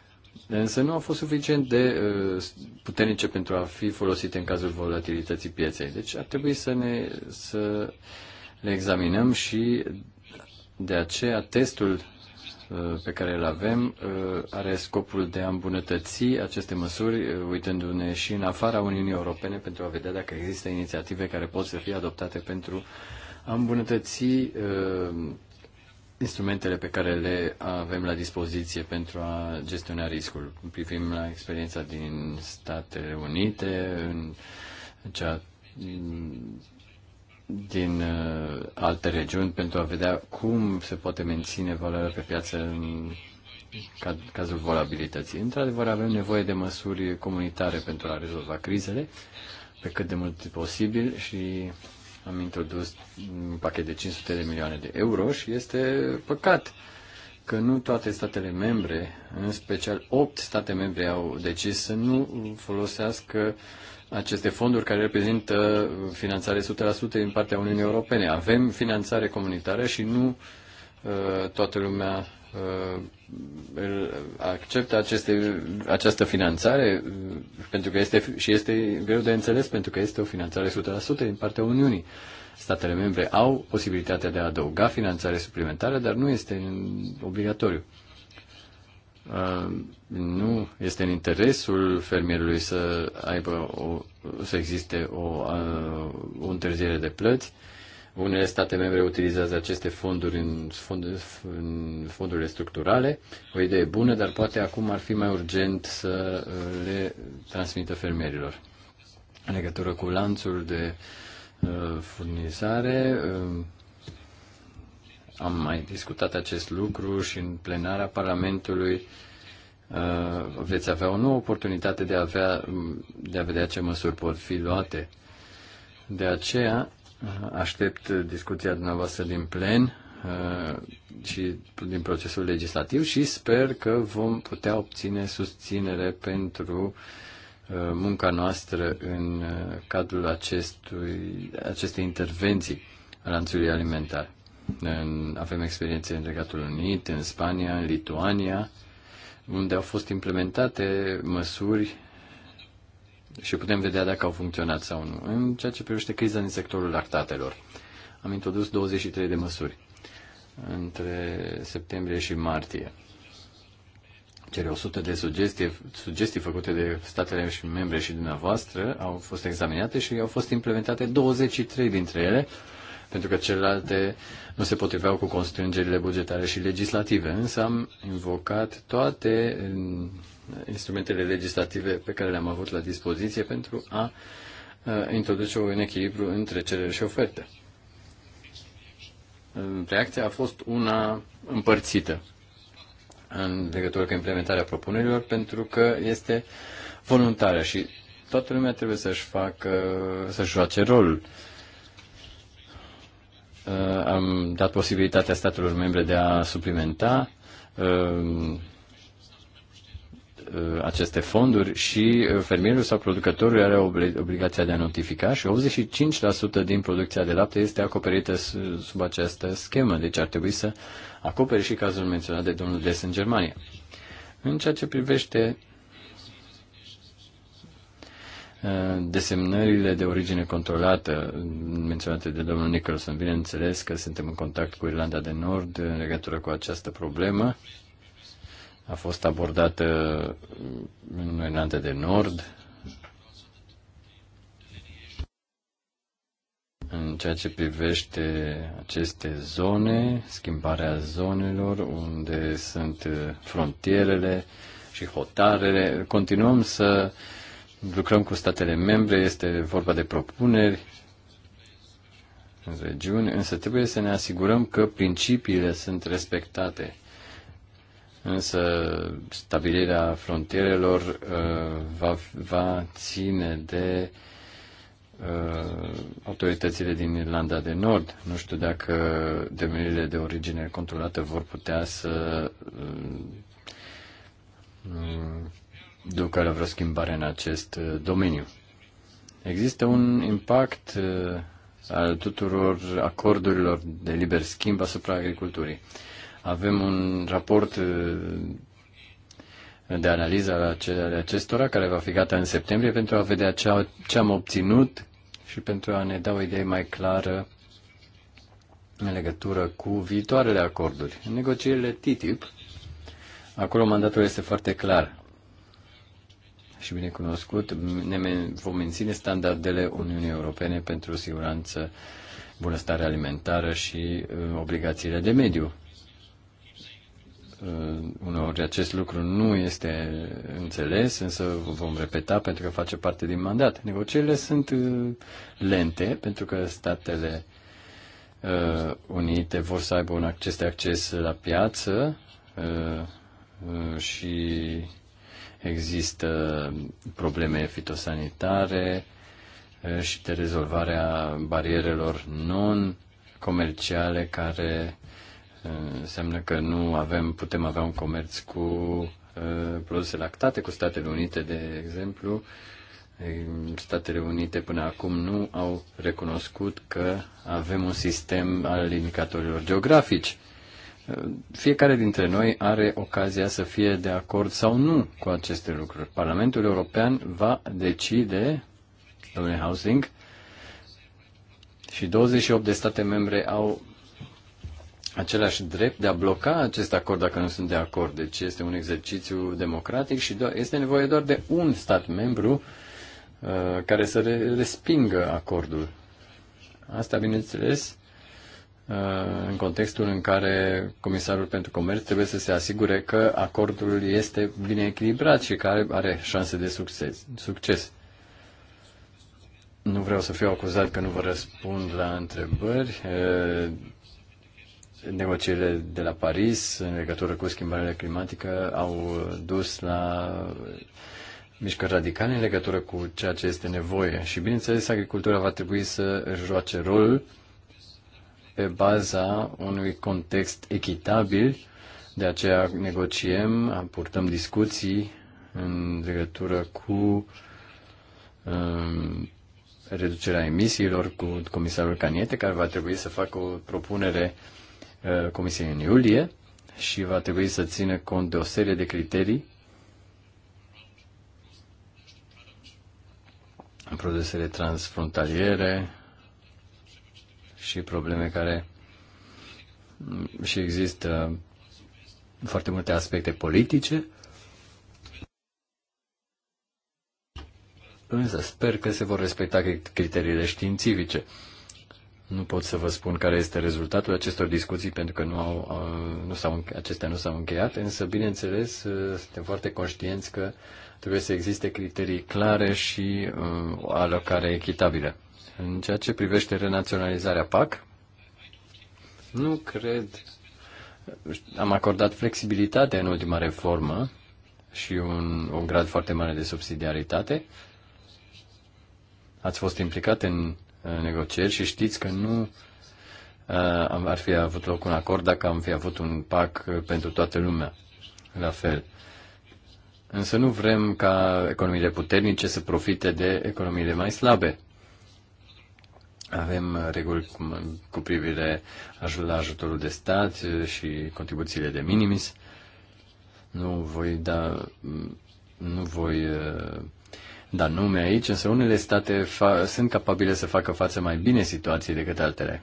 însă nu au fost suficient de uh, puternice pentru a fi folosite în cazul volatilității pieței. Deci ar trebui să, ne, să le examinăm și de aceea testul Eh, pe care îl avem eh, are scopul de a îmbunătăți aceste măsuri, eh, uitându-ne și în afara Uniunii Europene pentru a vedea dacă există inițiative care pot să fie adoptate pentru a îmbunătăți instrumentele pe care le avem la dispoziție pentru a gestiona riscul. Privim la experiența din Statele Unite, în cea din uh, alte regiuni pentru a vedea cum se poate menține valoarea pe piață în cazul volabilității. Într-adevăr, avem nevoie de măsuri comunitare pentru a rezolva crizele pe cât de mult posibil și am introdus un pachet de 500 de milioane de euro și este păcat că nu toate statele membre, în special 8 state membre, au decis să nu folosească uh, aceste fonduri care reprezintă finanțare 100% din partea Uniunii Europene. Avem finanțare comunitară și nu uh, toată lumea uh, acceptă aceste, această finanțare uh, pentru că este, și este greu de înțeles pentru că este o finanțare 100% din partea Uniunii. Statele membre au posibilitatea de a adăuga finanțare suplimentară, dar nu este obligatoriu. Uh, nu este în interesul fermierului să aibă o, să existe o, uh, o întârziere de plăți. Unele state membre utilizează aceste fonduri în, fond, în fondurile structurale. O idee bună, dar poate acum ar fi mai urgent să uh, le transmită fermierilor. În legătură cu lanțul de furnizare, am mai discutat acest lucru și în plenara Parlamentului uh, veți avea o nouă oportunitate de a, avea, um, de a vedea ce măsuri pot fi luate. De aceea uh, aștept discuția dumneavoastră din plen uh, și din procesul legislativ și sper că vom putea obține susținere pentru munca noastră în cadrul acestui, acestei intervenții a lanțului alimentar. Avem experiențe în Regatul Unit, în Spania, în Lituania, unde au fost implementate măsuri și putem vedea dacă au funcționat sau nu. În ceea ce privește criza din sectorul lactatelor, am introdus 23 de măsuri între septembrie și martie. Cele 100 de sugestii, sugestii făcute de statele și membre și dumneavoastră au fost examinate și au fost implementate 23 dintre ele pentru că celelalte nu se potriveau cu constrângerile bugetare și legislative. Însă am invocat toate instrumentele legislative pe care le-am avut la dispoziție pentru a introduce un echilibru între cerere și oferte. Reacția a fost una împărțită în legătură cu implementarea propunerilor, pentru că este voluntară și toată lumea trebuie să-și facă, să-și joace rolul. Uh, am dat posibilitatea statelor membre de a suplimenta uh, uh, aceste fonduri și fermierul sau producătorul are obligația de a notifica și 85% din producția de lapte este acoperită sub această schemă, deci ar trebui să acopere și cazul menționat de domnul Des în Germania. În ceea ce privește Eh, desemnările de origine controlată mm, menționate de domnul Nicholson. Bineînțeles că suntem în contact cu Irlanda de Nord în legătură cu această problemă. A fost abordată mm, în Irlanda de Nord în ceea ce privește aceste zone, schimbarea zonelor, unde sunt eh, frontierele și hotarele. Continuăm să uh, lucrăm cu statele membre, este vorba de propuneri în regiuni, însă trebuie să ne asigurăm că principiile sunt respectate. Însă stabilirea frontierelor uh, va, va ține de uh, autoritățile din Irlanda de Nord. Nu știu dacă demenirile de origine controlată vor putea să uh, ducă la vreo schimbare în acest uh, domeniu. Există un impact uh, al tuturor acordurilor de liber schimb asupra agriculturii. Avem un raport uh, de analiză ale acestora, care va fi gata în septembrie, pentru a vedea ce am obținut și pentru a ne da o idee mai clară în legătură cu viitoarele acorduri. În negocierile TTIP, acolo mandatul este foarte clar și binecunoscut, ne vom menține standardele Uniunii Europene pentru siguranță, bunăstare alimentară și uh, obligațiile de mediu. Uh, uneori acest lucru nu este înțeles, însă vom repeta pentru că face parte din mandat. Negocierile sunt uh, lente pentru că statele uh, unite vor să aibă un acces de acces la piață uh, uh, și Există probleme fitosanitare și de rezolvarea barierelor non-comerciale care înseamnă că nu avem, putem avea un comerț cu produse lactate cu Statele Unite, de exemplu. Statele Unite până acum nu au recunoscut că avem un sistem al indicatorilor geografici. Fiecare dintre noi are ocazia să fie de acord sau nu cu aceste lucruri. Parlamentul European va decide, domnule Housing, și 28 de state membre au același drept de a bloca acest acord dacă nu sunt de acord. Deci este un exercițiu democratic și este nevoie doar de un stat membru uh, care să respingă acordul. Asta, bineînțeles, Uh, în contextul în care Comisarul pentru Comerț trebuie să se asigure că acordul este bine echilibrat și că are șanse de succes. succes. Nu vreau să fiu acuzat că nu vă răspund la întrebări. Uh, negocierile de la Paris în legătură cu schimbarea climatică au dus la mișcări radicale în legătură cu ceea ce este nevoie. Și bineînțeles, agricultura va trebui să joace rolul pe baza unui context echitabil, de aceea negociem, purtăm discuții în legătură cu um, reducerea emisiilor cu comisarul Caniete, care va trebui să facă o propunere uh, comisiei în iulie și va trebui să țină cont de o serie de criterii produsele transfrontaliere, și probleme care și există foarte multe aspecte politice. Însă sper că se vor respecta criteriile științifice. Nu pot să vă spun care este rezultatul acestor discuții, pentru că nu au, nu s-au, acestea nu s-au încheiat, însă, bineînțeles, suntem foarte conștienți că trebuie să existe criterii clare și o uh, alocare echitabilă. În ceea ce privește renaționalizarea PAC, nu cred. Am acordat flexibilitate în ultima reformă și un, un grad foarte mare de subsidiaritate. Ați fost implicat în negocieri și știți că nu uh, ar fi avut loc un acord dacă am fi avut un pac pentru toată lumea. La fel. Însă nu vrem ca economiile puternice să profite de economiile mai slabe. Avem uh, reguli cu, cu privire la ajutorul de stat uh, și contribuțiile de minimis. Nu voi da, mm, nu voi uh, da nume aici, însă unele state sunt capabile să facă față mai bine situației decât altele.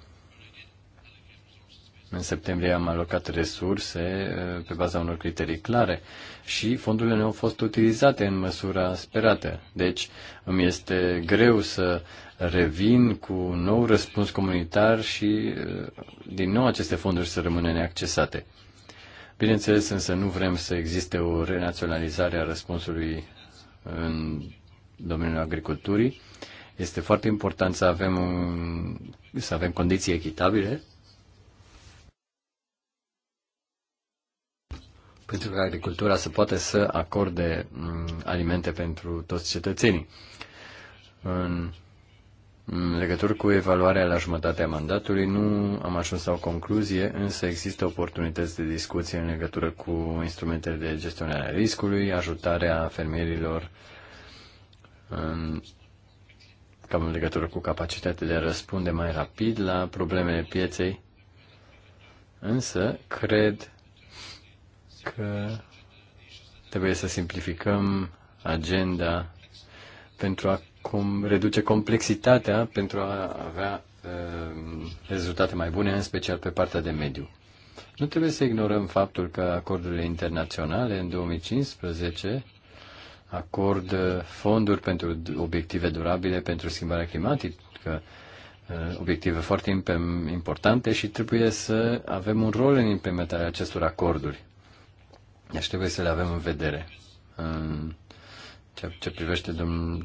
În septembrie am alocat resurse eh, pe baza unor criterii clare și fondurile nu au fost utilizate în măsura sperată. Deci îmi este greu să revin cu un nou răspuns comunitar și eh, din nou aceste fonduri să rămână neaccesate. Bineînțeles, însă nu vrem să existe o renaționalizare a răspunsului în domeniul agriculturii. Este foarte important să avem, un, să avem condiții echitabile pentru că agricultura să poată să acorde mm, alimente pentru toți cetățenii. În în legătură cu evaluarea la jumătatea mandatului, nu am ajuns la o concluzie, însă există oportunități de discuție în legătură cu instrumentele de gestionare a riscului, ajutarea fermierilor în, cam în legătură cu capacitatea de a răspunde mai rapid la problemele pieței. Însă, cred că trebuie să simplificăm agenda pentru a cum reduce complexitatea pentru a avea uh, rezultate mai bune, în special pe partea de mediu. Nu trebuie să ignorăm faptul că acordurile internaționale în 2015 acord uh, fonduri pentru obiective durabile pentru schimbarea climatică, uh, obiective foarte importante și trebuie să avem un rol în implementarea acestor acorduri. Deci trebuie să le avem în vedere. Ce, ce privește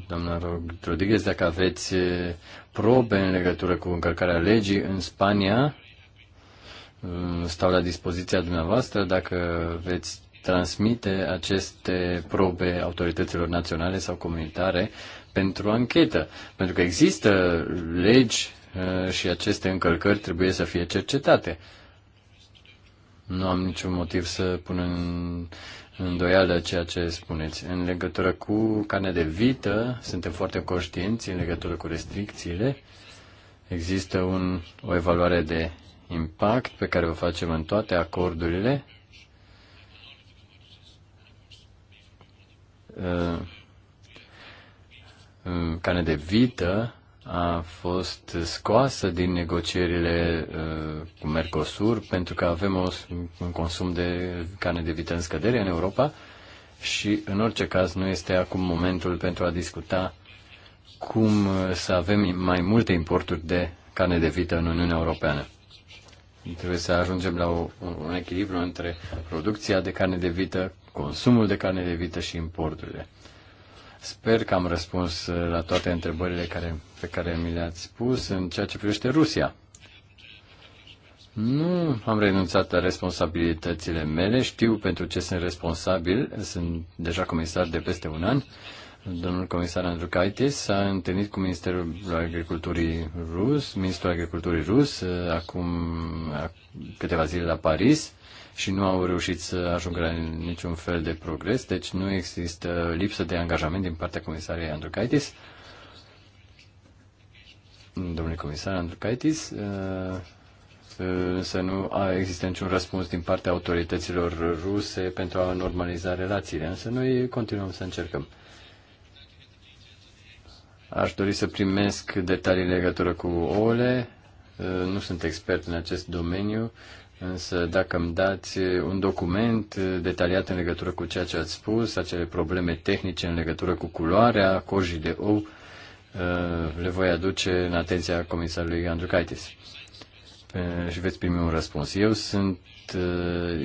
doamna Rodriguez, dacă aveți probe în legătură cu încălcarea legii în Spania, mm, stau la dispoziția dumneavoastră dacă veți transmite aceste probe autorităților naționale sau comunitare pentru anchetă. Pentru că există legi și aceste încălcări trebuie să fie cercetate. Nu am niciun motiv să pun în îndoială ceea ce spuneți. În legătură cu carnea de vită, suntem foarte conștienți în legătură cu restricțiile. Există un, o evaluare de impact pe care o facem în toate acordurile. Uh, uh, Carne de vită a fost scoasă din negocierile uh, cu Mercosur pentru că avem o, un consum de carne de vită în scădere în Europa și în orice caz nu este acum momentul pentru a discuta cum uh, să avem mai multe importuri de carne de vită în Uniunea Europeană. Trebuie să ajungem la o, un echilibru între producția de carne de vită, consumul de carne de vită și importurile. Sper că am răspuns uh, la toate întrebările care, pe care mi le-ați pus în ceea ce privește Rusia. Nu am renunțat la responsabilitățile mele, știu pentru ce sunt responsabil, sunt deja comisar de peste un an. Domnul comisar Andrukaitis s-a întâlnit cu Ministerul Agriculturii Rus, Ministrul Agriculturii Rus, uh, acum câteva zile la Paris și nu au reușit să ajungă la niciun fel de progres, deci nu există lipsă de angajament din partea comisarei Andrukaitis. Domnule comisar Andrukaitis, uh, să nu a există niciun răspuns din partea autorităților ruse pentru a normaliza relațiile, însă noi continuăm să încercăm. Aș dori să primesc detalii în legătură cu ouăle. Uh, nu sunt expert în acest domeniu. Însă dacă îmi dați un document detaliat în legătură cu ceea ce ați spus, acele probleme tehnice în legătură cu culoarea cojii de ou, le voi aduce în atenția comisarului Andrukaitis. Și veți primi un răspuns. Eu sunt,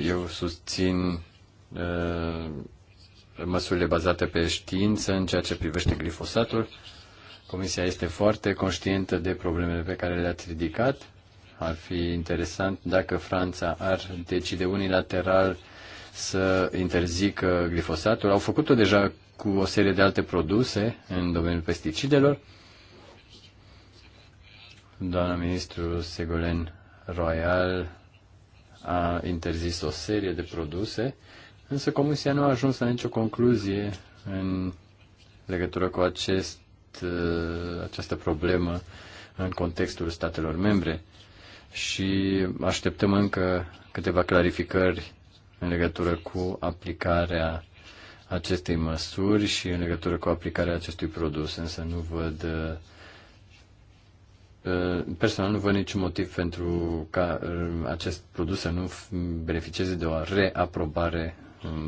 eu susțin măsurile bazate pe știință în ceea ce privește glifosatul. Comisia este foarte conștientă de problemele pe care le-ați ridicat ar fi interesant dacă Franța ar decide unilateral să interzică glifosatul. Au făcut-o deja cu o serie de alte produse în domeniul pesticidelor. Doamna ministru Segolen Royal a interzis o serie de produse, însă Comisia nu a ajuns la nicio concluzie în legătură cu acest, uh, această problemă în contextul statelor membre și așteptăm încă câteva clarificări în legătură cu aplicarea acestei măsuri și în legătură cu aplicarea acestui produs, însă nu văd uh, personal nu văd niciun motiv pentru ca uh, acest produs să nu beneficieze de o reaprobare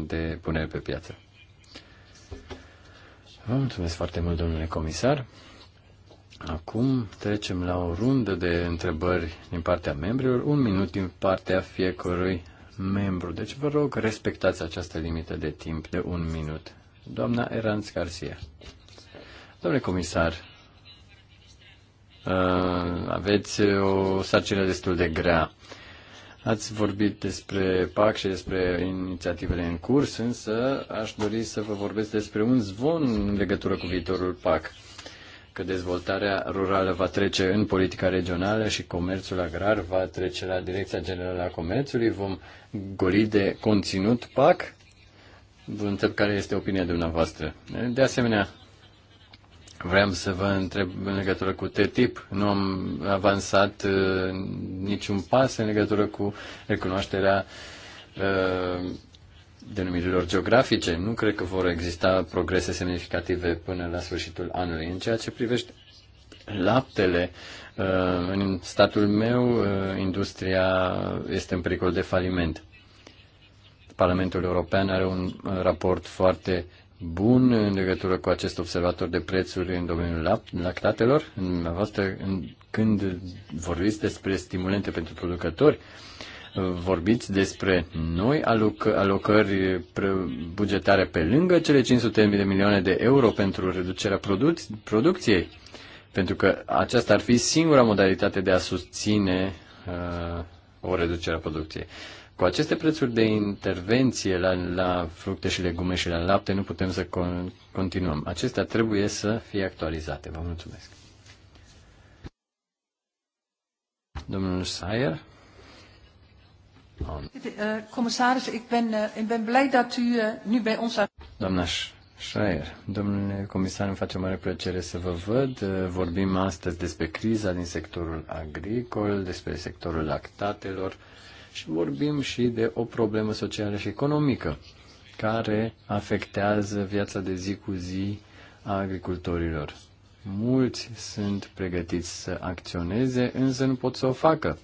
de punere pe piață. Vă mulțumesc foarte mult, domnule comisar. Acum trecem la o rundă de întrebări din partea membrilor, un minut din partea fiecărui membru. Deci vă rog, respectați această limită de timp de un minut. Doamna Eranț Garcia. Domnule comisar, uh, aveți o sarcină destul de grea. Ați vorbit despre PAC și despre inițiativele în curs, însă aș dori să vă vorbesc despre un zvon în legătură cu viitorul PAC că dezvoltarea rurală va trece în politica regională și comerțul agrar va trece la Direcția Generală a Comerțului. Vom goli de conținut PAC. Vă întreb care este opinia dumneavoastră. De asemenea, vreau să vă întreb în legătură cu TTIP. Nu am avansat uh, niciun pas în legătură cu recunoașterea uh, denumirilor geografice, nu cred că vor exista progrese semnificative până la sfârșitul anului. În ceea ce privește laptele, uh, în statul meu, uh, industria este în pericol de faliment. Parlamentul European are un uh, raport foarte bun în legătură cu acest observator de prețuri în domeniul lactatelor. În, când vorbiți despre stimulente pentru producători, vorbiți despre noi aloc- alocări bugetare pe lângă cele 500 de milioane de euro pentru reducerea produ- producției, pentru că aceasta ar fi singura modalitate de a susține uh, o reducere a producției. Cu aceste prețuri de intervenție la, la fructe și legume și la lapte nu putem să con- continuăm. Acestea trebuie să fie actualizate. Vă mulțumesc. Domnul Sayer on. Eh, commissaris, ik ben, eh, ik ben blij dat u eh, nu bij ons... Doamna Schreier, domnule comisar, îmi face o mare plăcere să vă văd. Vorbim astăzi despre criza din sectorul agricol, despre sectorul lactatelor și vorbim și de o problemă socială și economică care afectează viața de zi cu zi a agricultorilor. Mulți sunt pregătiți să acționeze, însă nu pot să o facă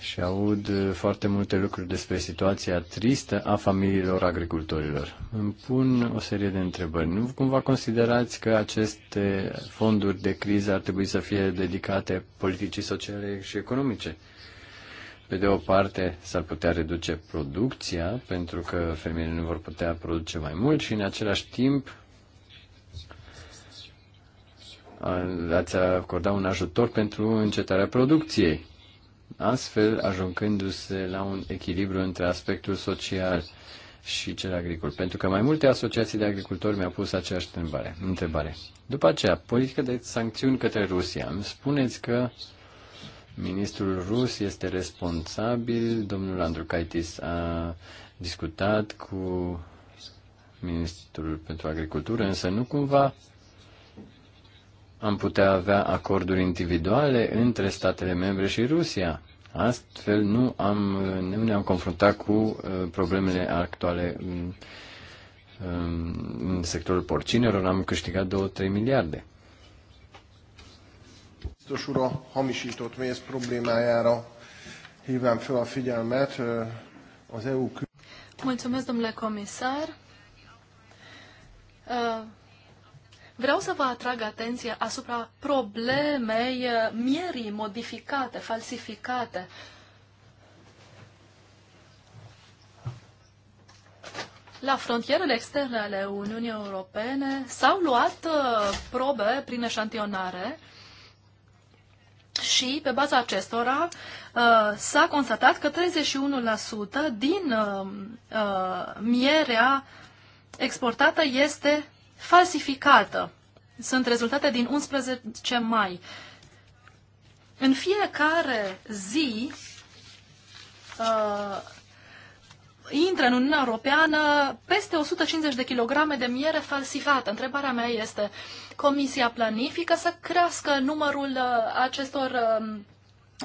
și aud uh, foarte multe lucruri despre situația tristă a familiilor agricultorilor. Îmi pun o serie de întrebări. Nu cumva considerați că aceste fonduri de criză ar trebui să fie dedicate politicii sociale și economice? Pe de o parte, s-ar putea reduce producția, pentru că femeile nu vor putea produce mai mult și, în același timp, ați acorda un ajutor pentru încetarea producției astfel ajungându-se la un echilibru între aspectul social și cel agricol. Pentru că mai multe asociații de agricultori mi-au pus aceeași întrebare. întrebare. După aceea, politică de sancțiuni către Rusia. Îmi spuneți că ministrul rus este responsabil, domnul Andru Kaitis a discutat cu ministrul pentru agricultură, însă nu cumva am putea avea acorduri individuale între statele membre și Rusia Astfel nu, am, nu ne-am confruntat cu uh, problemele actuale în, în sectorul porcinelor, am câștigat 2-3 miliarde. Biztos ura hamisított méz problémájára hívnám fel a figyelmet az EU Mulțumesc, domnule comisar. Vreau să vă atrag atenția asupra problemei uh, mierii modificate, falsificate. La frontierele externe ale Uniunii Europene s-au luat uh, probe prin eșantionare și pe baza acestora uh, s-a constatat că 31% din mierea exportată este falsificată. Sunt rezultate din 11 mai. În fiecare zi uh, intră în Uniunea Europeană peste 150 de kilograme de miere falsificată. Întrebarea mea este, Comisia planifică să crească numărul uh, acestor uh,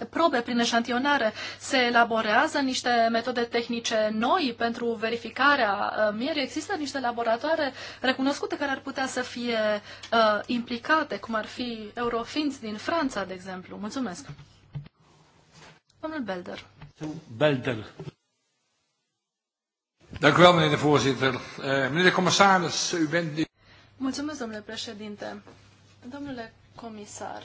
probe prin eșantionare, se elaborează niște metode tehnice noi pentru verificarea uh, mierii, există niște laboratoare recunoscute care ar putea să fie uh, implicate, cum ar fi Eurofins din Franța, de exemplu. Mulțumesc. Domnul Belder. Belder. Dank u wel, meneer de voorzitter. Uh, meneer de commissaris, u bent... Mulțumesc, domnule președinte. Domnule comisar,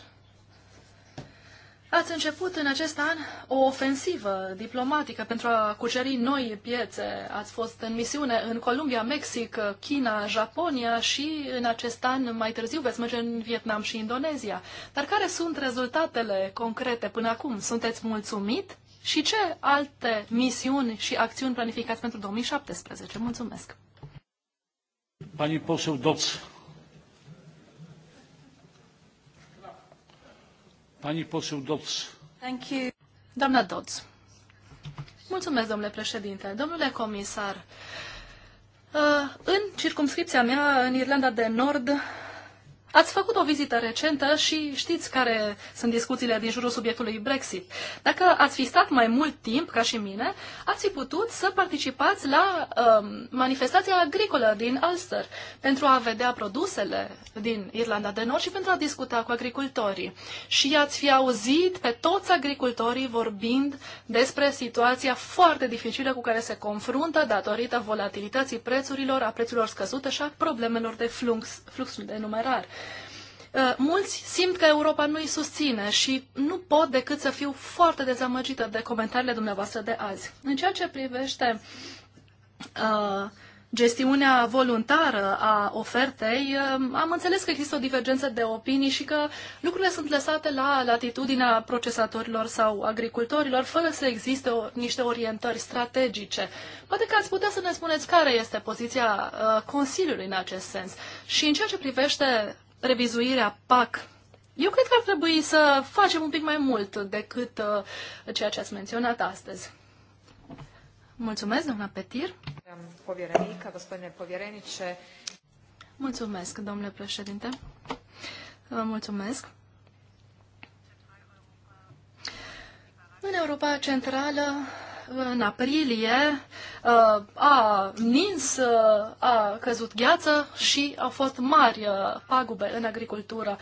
Ați început în acest an o ofensivă diplomatică pentru a cuceri noi piețe. Ați fost în misiune în Columbia, Mexic, China, Japonia și în acest an mai târziu veți merge în Vietnam și Indonezia. Dar care sunt rezultatele concrete până acum? Sunteți mulțumit? Și ce alte misiuni și acțiuni planificați pentru 2017? Mulțumesc! Pani poseu, doți Pani Dodds. Mulțumesc, domnule președinte. Domnule comisar, uh, în circumscripția mea, în Irlanda de Nord, Ați făcut o vizită recentă și știți care sunt discuțiile din jurul subiectului Brexit. Dacă ați fi stat mai mult timp, ca și mine, ați fi putut să participați la um, manifestația agricolă din Ulster pentru a vedea produsele din Irlanda de Nord și pentru a discuta cu agricultorii. Și ați fi auzit pe toți agricultorii vorbind despre situația foarte dificilă cu care se confruntă datorită volatilității prețurilor, a prețurilor scăzute și a problemelor de flux, fluxul de numerar. Eh, mulți simt că Europa nu îi susține și nu pot decât să fiu foarte dezamăgită de comentariile dumneavoastră de azi. În ceea ce privește uh, gestiunea voluntară a ofertei, eh, am înțeles că există o divergență de opinii și că lucrurile sunt lăsate la latitudinea procesatorilor sau agricultorilor, fără să existe o, niște orientări strategice. Poate că ați putea să ne spuneți care este poziția Consiliului în acest sens. Și în ceea ce privește revizuirea PAC, eu cred că ar trebui să facem un pic mai mult decât uh, ceea ce ați menționat astăzi. Mulțumesc, doamna Petir. Mulțumesc, domnule președinte. Vă mulțumesc. În Europa Centrală în aprilie uh, a nins, uh, a căzut gheață și au fost mari uh, pagube în agricultură.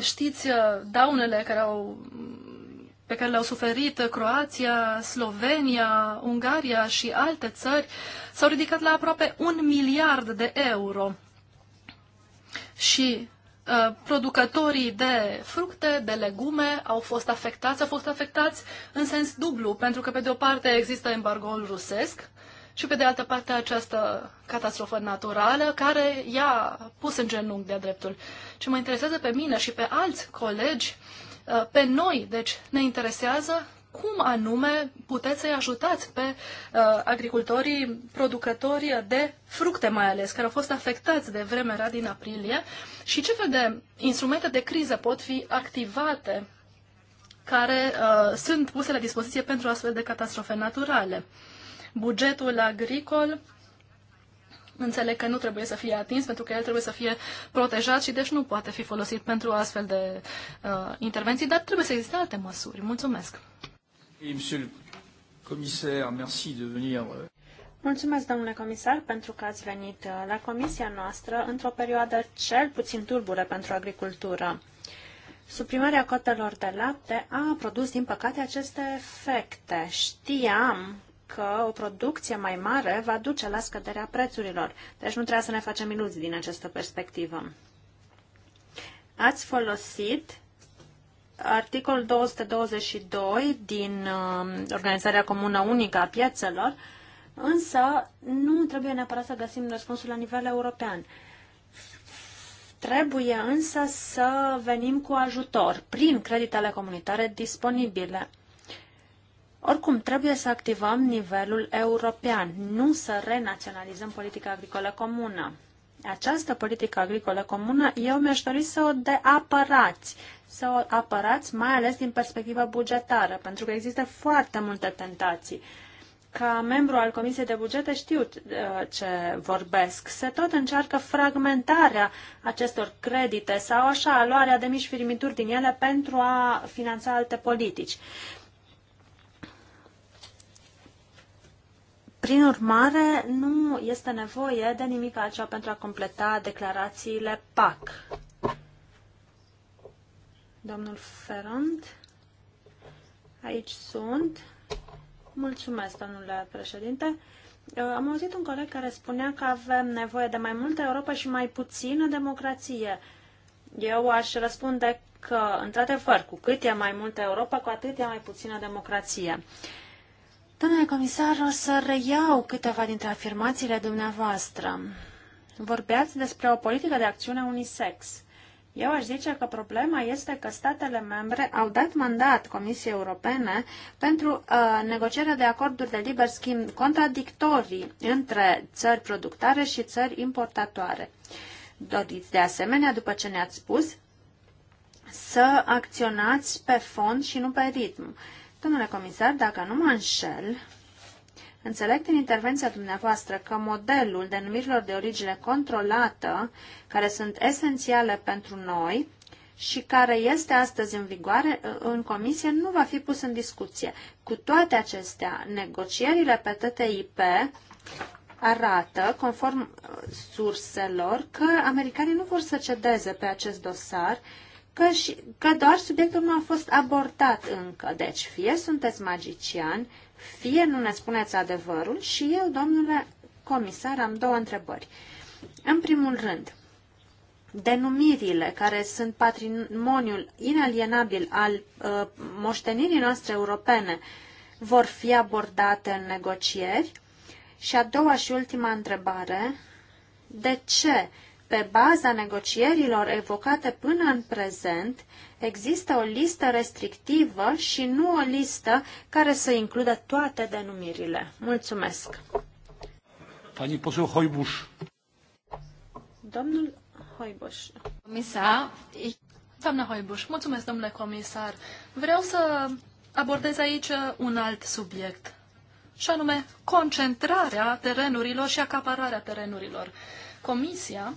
Știți daunele care au, pe care le-au suferit Croația, Slovenia, Ungaria și alte țări s-au ridicat la aproape un miliard de euro. Și Uh, producătorii de fructe, de legume au fost afectați, au fost afectați în sens dublu, pentru că pe de o parte există embargoul rusesc și pe de altă parte această catastrofă naturală care i-a pus în genunchi de-a dreptul. Ce mă interesează pe mine și pe alți colegi, uh, pe noi, deci ne interesează cum anume puteți să-i ajutați pe uh, agricultorii producători de fructe mai ales, care au fost afectați de vremea din aprilie și ce fel de instrumente de criză pot fi activate care uh, sunt puse la dispoziție pentru astfel de catastrofe naturale. Bugetul agricol înțeleg că nu trebuie să fie atins pentru că el trebuie să fie protejat și deci nu poate fi folosit pentru astfel de uh, intervenții, dar trebuie să existe alte măsuri. Mulțumesc! Euh, Mulțumesc, domnule comisar, pentru că ați venit uh, la comisia noastră într-o perioadă cel puțin turbură pentru agricultură. Suprimarea cotelor de lapte a produs, din păcate, aceste efecte. Știam că o producție mai mare va duce la scăderea prețurilor, deci nu trebuie să ne facem iluzii din această perspectivă. Ați folosit Articolul 222 din um, Organizarea Comună Unică a Piețelor, însă nu trebuie neapărat să găsim răspunsul la nivel european. Trebuie însă să venim cu ajutor prin creditele comunitare disponibile. Oricum, trebuie să activăm nivelul european, nu să renaționalizăm politica agricolă comună această politică agricolă comună, eu mi-aș dori să o de să o apărați mai ales din perspectivă bugetară, pentru că există foarte multe tentații. Ca membru al Comisiei de Bugete știu uh, ce vorbesc. Se tot încearcă fragmentarea acestor credite sau așa, luarea de mici firmituri din ele pentru a finanța alte politici. Prin urmare, nu este nevoie de nimic altceva pentru a completa declarațiile PAC. Domnul Ferrand, aici sunt. Mulțumesc, domnule președinte. Am auzit un coleg care spunea că avem nevoie de mai multă Europa și mai puțină democrație. Eu aș răspunde că, într-adevăr, cu cât e mai multă Europa, cu atât e mai puțină democrație. Uh, Domnule comisar, o să reiau câteva dintre afirmațiile dumneavoastră. Vorbeați despre o politică de acțiune unisex. Eu aș zice că problema este că statele membre au dat mandat Comisiei Europene pentru uh, negocierea de acorduri de liber schimb contradictorii între țări productare și țări importatoare. Doriți de asemenea, după ce ne-ați spus, să acționați pe fond și nu pe ritm. Uh, Domnule comisar, dacă nu mă înșel, înțeleg din intervenția dumneavoastră că modelul denumirilor de origine controlată, care sunt esențiale pentru noi, și care este astăzi în vigoare în comisie nu va fi pus în discuție. Cu toate acestea, negocierile pe TTIP arată, conform uh, surselor, că americanii nu vor să cedeze pe acest dosar că, și, că doar subiectul nu a fost abordat încă. Deci, fie sunteți magician, fie nu ne spuneți adevărul și eu, domnule comisar, am două întrebări. În primul rând, denumirile care sunt patrimoniul inalienabil al uh, moștenirii noastre europene vor fi abordate în negocieri? Și a doua și ultima întrebare, de ce pe baza negocierilor evocate până în prezent, există o listă restrictivă și nu o listă care să includă toate denumirile. Mulțumesc! Pani poseł Hojbusz. Domnul Hojbusz. Comisar. Doamna Hoibuș, mulțumesc, domnule comisar. Vreau să abordez aici un alt subiect, și anume concentrarea terenurilor și acapararea terenurilor. Comisia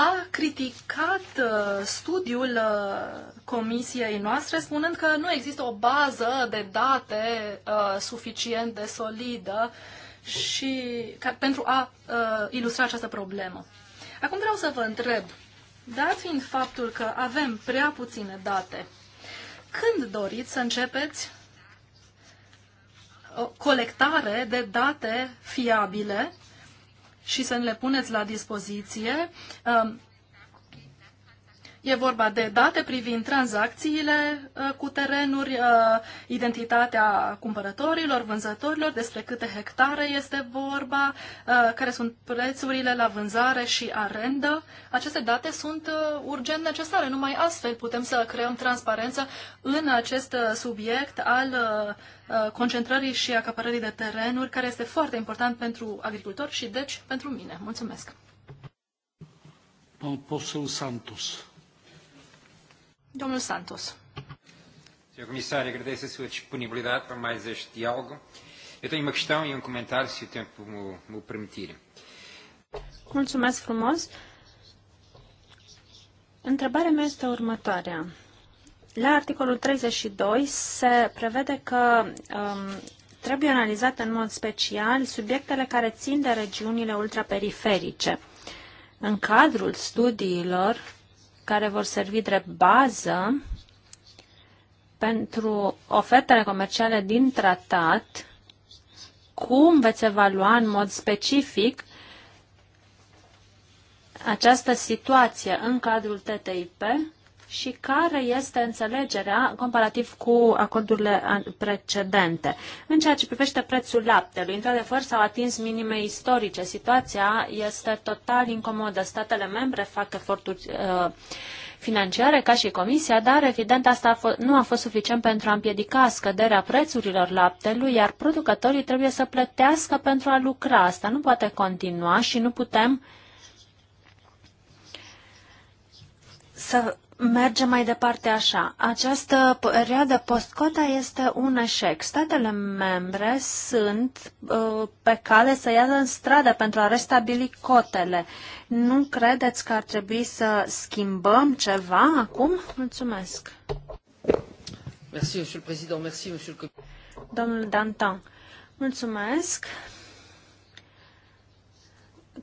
a criticat uh, studiul uh, comisiei noastre spunând că nu există o bază de date uh, suficient de solidă și ca, pentru a ilustra această problemă. Acum vreau să vă întreb, dat fiind faptul că avem prea puține date, când doriți să începeți o colectare de date fiabile și să ne le puneți la dispoziție. Um, E vorba de date privind tranzacțiile uh, cu terenuri, uh, identitatea cumpărătorilor, vânzătorilor, despre câte hectare este vorba, uh, care sunt prețurile la vânzare și arendă. Aceste date sunt urgent necesare. Numai astfel putem să creăm transparență în acest subiect al concentrării și acapărării de terenuri, care este foarte important pentru agricultori și deci pentru mine. Mulțumesc! Pan Santos. Domnul Santos. Sr. Comissário, agradeço a sua disponibilidade para mais este diálogo. Eu tenho uma questão e um comentário, se o tempo me o permitir. Mulțumesc frumos. Întrebarea mea este următoarea. La articolul 32 se prevede că um, trebuie analizate în mod special subiectele care țin de regiunile ultraperiferice. În cadrul studiilor care vor servi drept bază pentru ofertele comerciale din tratat, cum veți evalua în mod specific această situație în cadrul TTIP și care este înțelegerea comparativ cu acordurile precedente. În ceea ce privește prețul laptelui, într-adevăr s-au atins minime istorice. Situația este total incomodă. Statele membre fac eforturi uh, financiare ca și Comisia, dar evident asta nu a fost suficient pentru a împiedica scăderea prețurilor laptelui, iar producătorii trebuie să plătească pentru a lucra. Asta nu poate continua și nu putem să merge mai departe așa. Această perioadă post-cota este un eșec. Statele membre sunt uh, pe cale să iasă în stradă pentru a restabili cotele. Nu credeți că ar trebui să schimbăm ceva acum? Mulțumesc. Merci, monsieur le président. Merci, monsieur le... Domnul Danton. Mulțumesc.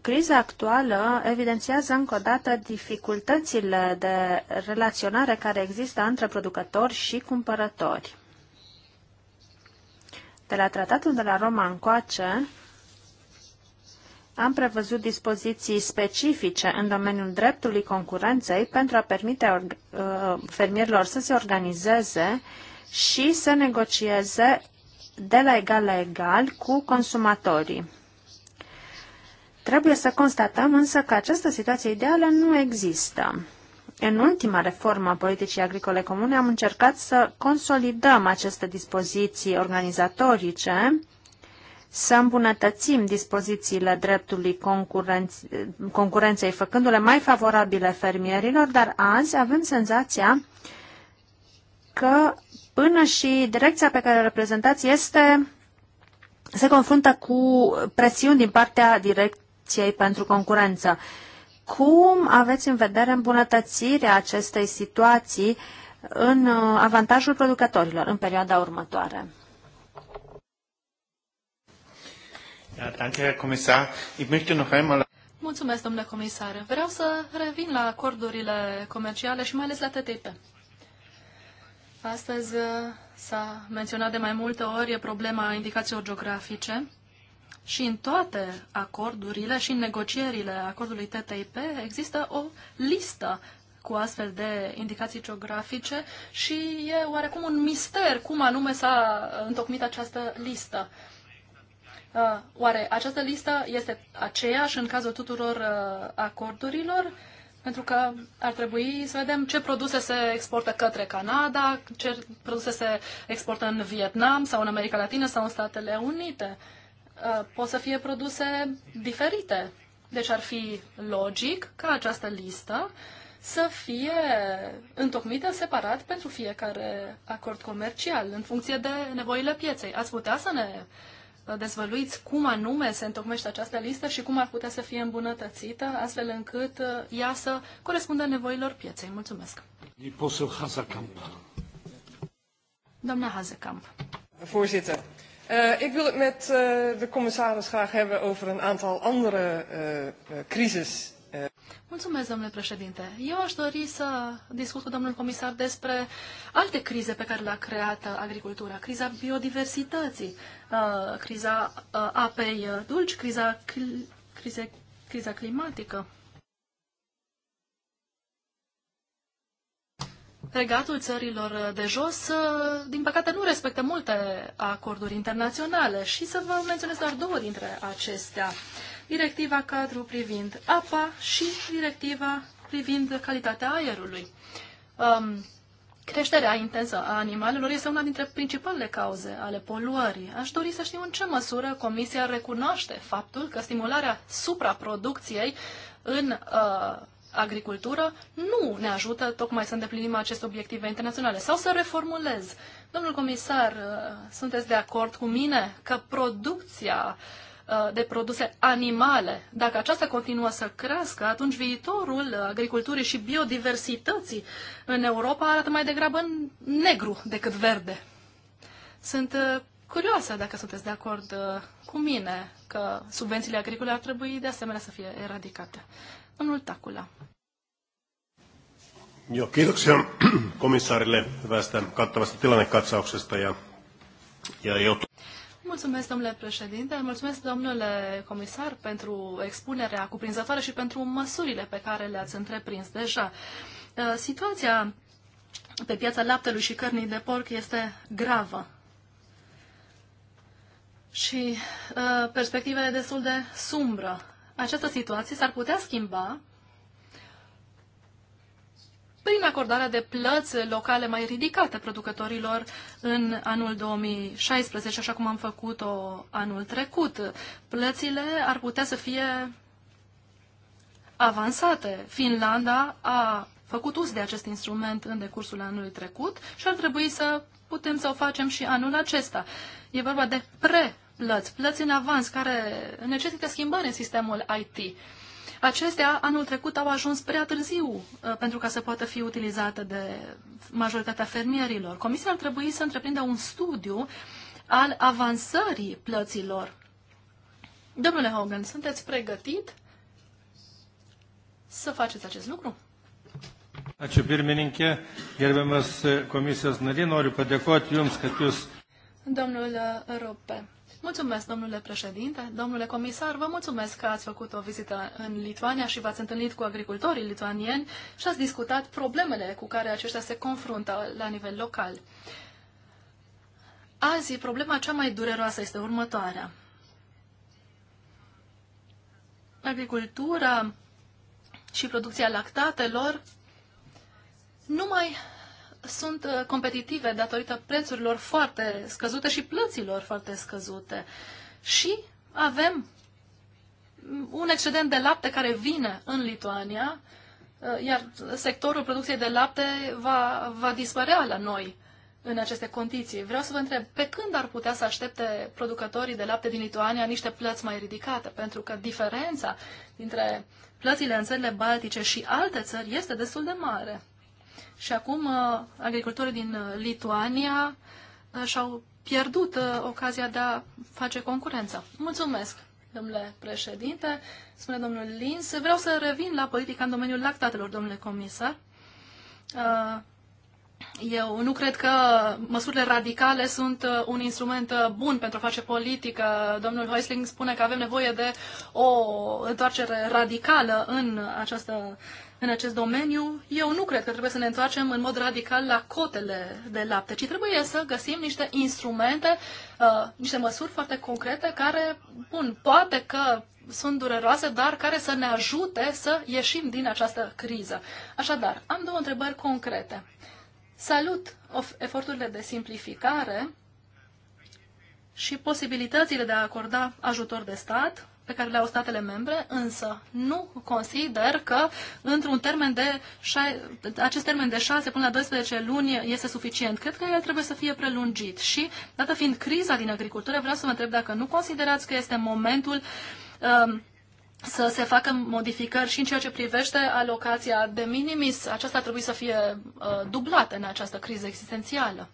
Criza actuală evidențiază încă o dată dificultățile de relaționare care există între producători și cumpărători. De la tratatul de la Roma încoace, am prevăzut dispoziții specifice în domeniul dreptului concurenței pentru a permite uh, fermierilor să se organizeze și să negocieze de la egal la egal cu consumatorii. Trebuie să constatăm însă că această situație ideală nu există. În ultima reformă a politicii agricole comune am încercat să consolidăm aceste dispoziții organizatorice, să îmbunătățim dispozițiile dreptului concurenței, făcându-le mai favorabile fermierilor, dar azi avem senzația că până și direcția pe care o reprezentați este se confruntă cu presiuni din partea direct, Direcției pentru Concurență. Cum aveți în vedere îmbunătățirea acestei situații în uh, avantajul producătorilor în perioada următoare? Mulțumesc, domnule comisar. Vreau să revin la acordurile comerciale și mai ales la TTIP. Astăzi uh, s-a menționat de mai multe ori problema indicațiilor geografice și în toate acordurile și în negocierile acordului TTIP există o listă cu astfel de indicații geografice și e oarecum un mister cum anume s-a întocmit această listă. Uh, oare această listă este aceeași în cazul tuturor uh, acordurilor? Pentru că ar trebui să vedem ce produse se exportă către Canada, ce produse se exportă în Vietnam sau în America Latină sau în Statele Unite. Uh, Uh, pot să fie produse diferite. Deci ar fi logic ca această listă să fie întocmită separat pentru fiecare acord comercial, în funcție de nevoile pieței. Ați putea să ne dezvăluiți cum anume se întocmește această listă și cum ar putea să fie îmbunătățită, astfel încât uh, ea să corespundă nevoilor pieței. Mulțumesc! Doamna Hazekamp. Voorzitter, Eh, ik wil het met uh, de commissaris graag hebben over een aantal andere uh, crisis. Mulțumesc, domnule președinte. Eu aș dori să discut cu domnul comisar despre alte crize pe care le-a creat agricultura. Criza biodiversității, criza apei dulci, criza, cl- criza climatică. regatul țărilor de jos, uh, din păcate, nu respectă multe acorduri internaționale și să vă menționez doar două dintre acestea. Directiva cadru privind apa și directiva privind calitatea aerului. Um, creșterea intensă a animalelor este una dintre principalele cauze ale poluării. Aș dori să știu în ce măsură Comisia recunoaște faptul că stimularea supraproducției în uh, agricultură nu ne ajută tocmai să îndeplinim aceste obiective internaționale. Sau să reformulez. Domnul comisar, uh, sunteți de acord cu mine că producția uh, de produse animale, dacă aceasta continuă să crească, atunci viitorul agriculturii și biodiversității în Europa arată mai degrabă în negru decât verde. Sunt uh, curioasă dacă sunteți de acord cu mine că subvențiile agricole ar trebui de asemenea să fie eradicate. Domnul Tacula. Joo, kiitoksia (clears throat) komissaarille hyvästä kattavasta tilannekatsauksesta ja, ja jo... Mulțumesc, domnule președinte, mulțumesc, domnule comisar, pentru expunerea cuprinzătoare și pentru măsurile pe care le-ați întreprins deja. Uh, situația pe piața laptelui și cărnii de porc este gravă. Și uh, perspectivele destul de sumbră această situație s-ar putea schimba prin acordarea de plăți locale mai ridicate producătorilor în anul 2016, așa cum am făcut-o anul trecut. Plățile ar putea să fie avansate. Finlanda a făcut uz de acest instrument în decursul anului trecut și ar trebui să putem să o facem și anul acesta. E vorba de pre plăți, plăți în avans, care necesită schimbări în sistemul IT. Acestea, anul trecut, au ajuns prea târziu uh, pentru ca să poată fi utilizate de majoritatea fermierilor. Comisia ar trebui să întreprindă un studiu al avansării plăților. Domnule Hogan, sunteți pregătit să faceți acest lucru? Ačiū pirmininkė, gerbiamas komisijos nariai, noriu padėkoti Jums, kad Jūs. Domnul uh, Rope, Mulțumesc, domnule președinte. Domnule comisar, vă mulțumesc că ați făcut o vizită în Lituania și v-ați întâlnit cu agricultorii lituanieni și ați discutat problemele cu care aceștia se confruntă la nivel local. Azi, problema cea mai dureroasă este următoarea. Agricultura și producția lactatelor nu mai sunt uh, competitive datorită prețurilor foarte scăzute și plăților foarte scăzute. Și avem un excedent de lapte care vine în Lituania, uh, iar sectorul producției de lapte va, va dispărea la noi în aceste condiții. Vreau să vă întreb, pe când ar putea să aștepte producătorii de lapte din Lituania niște plăți mai ridicate? Pentru că diferența dintre plățile în țările baltice și alte țări este destul de mare. Și acum uh, agricultorii din uh, Lituania uh, și-au pierdut ocazia de a face concurență. Mulțumesc, domnule președinte, spune domnul Lins. Vreau să revin la politica în domeniul lactatelor, domnule comisar. Eu nu cred că măsurile radicale sunt un instrument bun pentru a face politică. Domnul Heusling spune că avem nevoie de o întoarcere radicală în această uh, în acest domeniu, eu nu cred că trebuie să ne întoarcem în mod radical la cotele de lapte, ci trebuie să găsim niște instrumente, uh, niște măsuri foarte concrete care, bun, poate că sunt dureroase, dar care să ne ajute să ieșim din această criză. Așadar, am două întrebări concrete. Salut eforturile de simplificare și posibilitățile de a acorda ajutor de stat pe care le au statele membre, însă nu consider că într-un termen de șai, acest termen de 6 până la 12 luni este suficient. Cred că el trebuie să fie prelungit și, dată fiind criza din agricultură, vreau să vă întreb dacă nu considerați că este momentul um, să se facă modificări și în ceea ce privește alocația de minimis. Aceasta trebuie să fie uh, dublată în această criză existențială.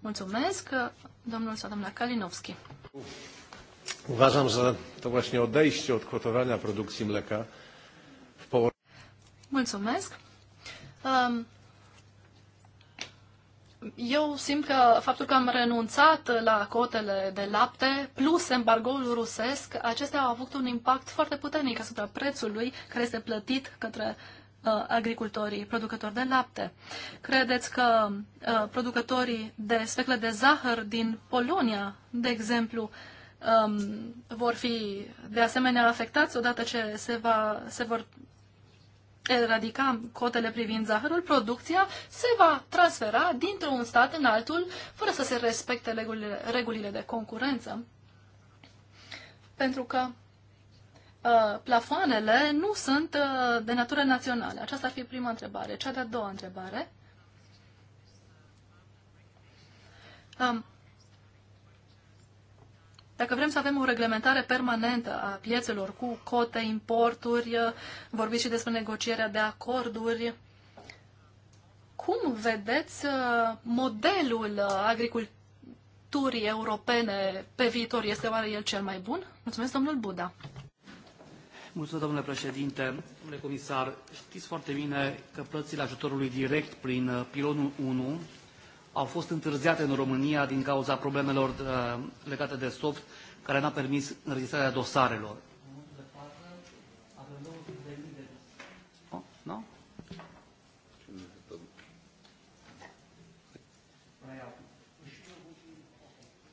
Mulțumesc, uh, domnul sau doamna Kalinowski. Uważam, że to właśnie odejście od kwotowania produkcji mleka w połowie... Mulțumesc! Um, eu simt că faptul că am renunțat la cotele de lapte plus embargoul rusesc, acestea au avut un impact foarte puternic asupra prețului care este plătit către uh, agricultorii producători de lapte. Credeți că uh, producătorii de specle de zahăr din Polonia, de exemplu, uh, um, vor fi de asemenea afectați odată ce se, va, se vor eradica cotele privind zahărul, producția se va transfera dintr-un stat în altul fără să se respecte regulile, regulile de concurență. Pentru că uh, plafoanele nu sunt uh, de natură națională. Aceasta ar fi prima întrebare. Cea de-a doua întrebare. Um, dacă vrem să avem o reglementare permanentă a piețelor cu cote, importuri, vorbiți și despre negocierea de acorduri, cum vedeți uh, modelul agriculturii europene pe viitor? Este oare el cel mai bun? Mulțumesc, domnul Buda. Mulțumesc, domnule președinte. Domnule comisar, știți foarte bine că plățile ajutorului direct prin uh, pilonul 1 au fost întârziate în România din cauza problemelor uh, legate de soft, care n-a permis înregistrarea dosarelor. Oh,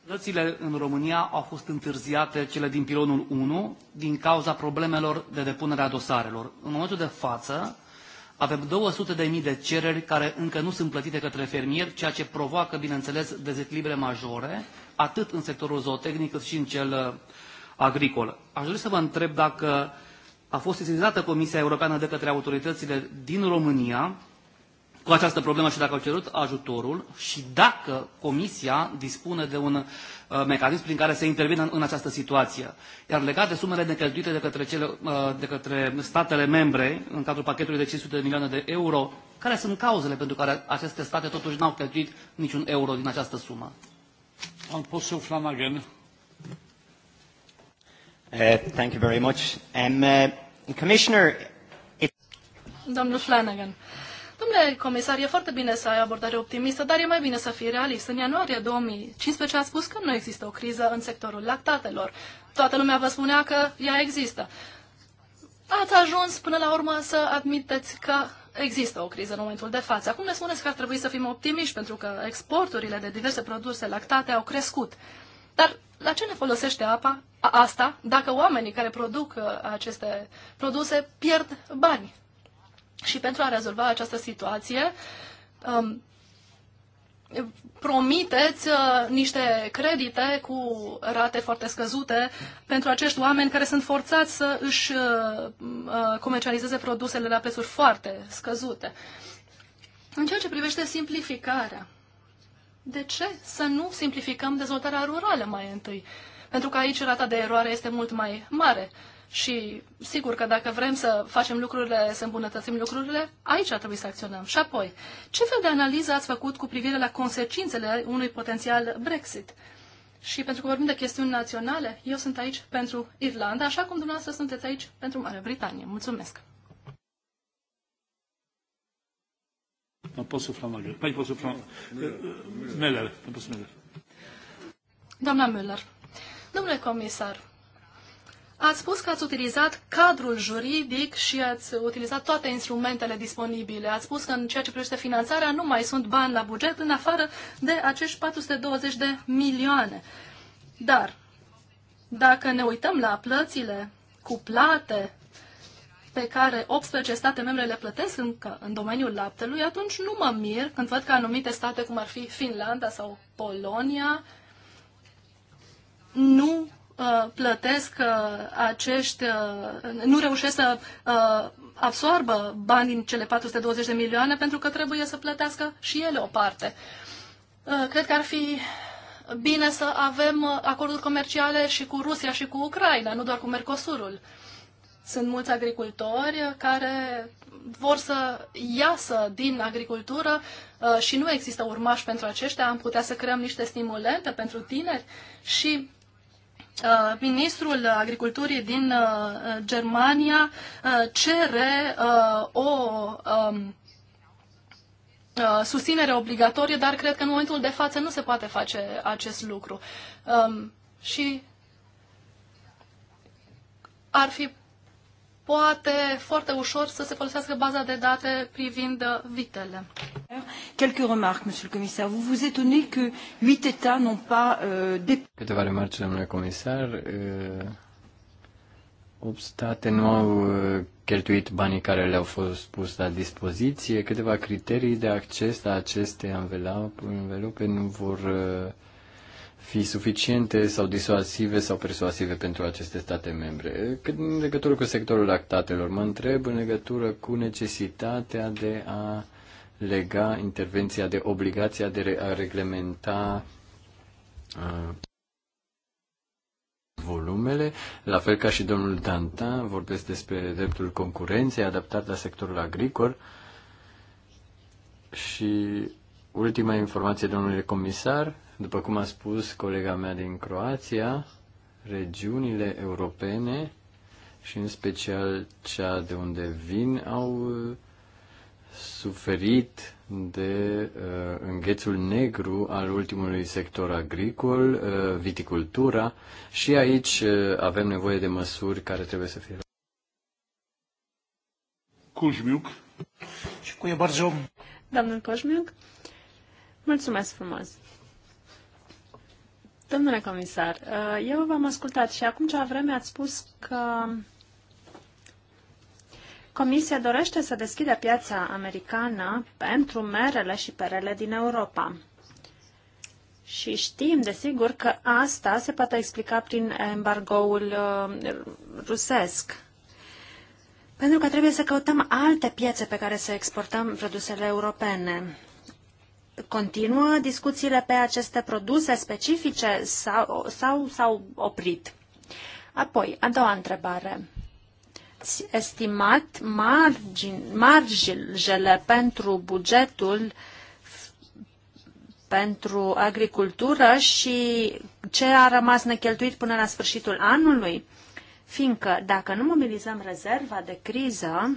Plățile în România au fost întârziate cele din pilonul 1 din cauza problemelor de depunere a dosarelor. În momentul de față, avem 200.000 de, de cereri care încă nu sunt plătite către fermieri, ceea ce provoacă, bineînțeles, dezechilibre majore, atât în sectorul zootehnic cât și în cel uh, agricol. Aș dori să vă întreb dacă a fost sesizată Comisia Europeană de către autoritățile din România cu această problemă și dacă au cerut ajutorul și dacă Comisia dispune de un uh, mecanism prin care să intervină în, această situație. Iar legat de sumele necheltuite de către, cele, uh, de către statele membre în cadrul pachetului de 500 de milioane de euro, care sunt cauzele pentru care aceste state totuși n-au cheltuit niciun euro din această sumă? Am pus Flanagan. Uh, thank you very much. Um, uh, Commissioner... It... Domnul Flanagan. Uh, Domnule comisar, e foarte bine să ai abordare optimistă, dar e mai bine să fii realist. În ianuarie 2015 a spus că nu există o criză în sectorul lactatelor. Toată lumea vă spunea că ea există. Ați ajuns până la urmă să admiteți că există o criză în momentul de față. Acum ne spuneți că ar trebui să fim optimiști pentru că exporturile de diverse produse lactate au crescut. Dar la ce ne folosește apa asta dacă oamenii care produc uh, aceste produse pierd bani? Și pentru a rezolva această situație, um, promiteți uh, niște credite cu rate foarte scăzute pentru acești oameni care sunt forțați să își uh, uh, comercializeze produsele la prețuri foarte scăzute. În ceea ce privește simplificarea, de ce să nu simplificăm dezvoltarea rurală mai întâi? Pentru că aici rata de eroare este mult mai mare. Uh, și sigur că dacă vrem să facem lucrurile, să îmbunătățim lucrurile, aici ar trebui să acționăm. Și apoi, ce fel de analiză ați făcut cu privire la consecințele unui potențial Brexit? Și pentru că vorbim de chestiuni naționale, eu sunt aici pentru Irlanda, așa cum dumneavoastră sunteți aici pentru Marea Britanie. Mulțumesc! Doamna Müller, domnule comisar, Ați spus că ați utilizat cadrul juridic și ați utilizat toate instrumentele disponibile. Ați spus că în ceea ce privește finanțarea nu mai sunt bani la buget în afară de acești 420 de milioane. Dar dacă ne uităm la plățile cuplate pe care 18 state membre le plătesc încă în domeniul laptelui, atunci nu mă mir când văd că anumite state, cum ar fi Finlanda sau Polonia, nu Uh, plătesc uh, acești, uh, nu reușesc să absorbă bani din cele 420 de milioane pentru că trebuie să plătească și ele o parte. Cred că ar fi bine să avem acorduri comerciale și cu Rusia și cu Ucraina, nu doar cu Mercosurul. Sunt mulți agricultori care vor să iasă din agricultură și nu există urmași pentru aceștia. Am putea să creăm niște stimulente pentru tineri și Uh, ministrul agriculturii din uh, Germania uh, cere o um, susținere obligatorie, dar cred că în momentul de față nu se poate face acest lucru. Um, și ar fi poate foarte ușor să se folosească baza de date privind uh, vitele. Quelques remarques, monsieur le commissaire. Vous vous étonnez que huit États n'ont pas euh, Câteva remarci, domnule comisar. 8 uh, state nu au uh, cheltuit banii care le-au fost pus la dispoziție. Câteva criterii de acces la aceste anvelope nu vor uh, fi suficiente sau disuasive sau persuasive pentru aceste state membre. Cât în legătură cu sectorul lactatelor, mă întreb în legătură cu necesitatea de a lega intervenția de obligația de a reglementa uh, volumele, la fel ca și domnul Danta, vorbesc despre dreptul concurenței adaptat la sectorul agricol și ultima informație, domnule comisar, după cum a spus colega mea din Croația, regiunile europene și în special cea de unde vin au uh, suferit de uh, înghețul negru al ultimului sector agricol, uh, viticultura, și aici uh, avem nevoie de măsuri care trebuie să fie. Cușmiuc. Și cu e Domnul Cușmiuc, mulțumesc frumos. Domnule comisar, uh, eu v-am ascultat și acum ceva vreme ați spus că Comisia dorește să deschidă piața americană pentru merele și perele din Europa. Și știm, desigur, că asta se poate explica prin embargoul uh, rusesc. Pentru că trebuie să căutăm alte piețe pe care să exportăm produsele europene. Continuă discuțiile pe aceste produse specifice sau s-au sau oprit? Apoi, a doua întrebare. Ați estimat margin, marjele pentru bugetul pentru agricultură și ce a rămas necheltuit până la sfârșitul anului? Fiindcă dacă nu mobilizăm rezerva de criză,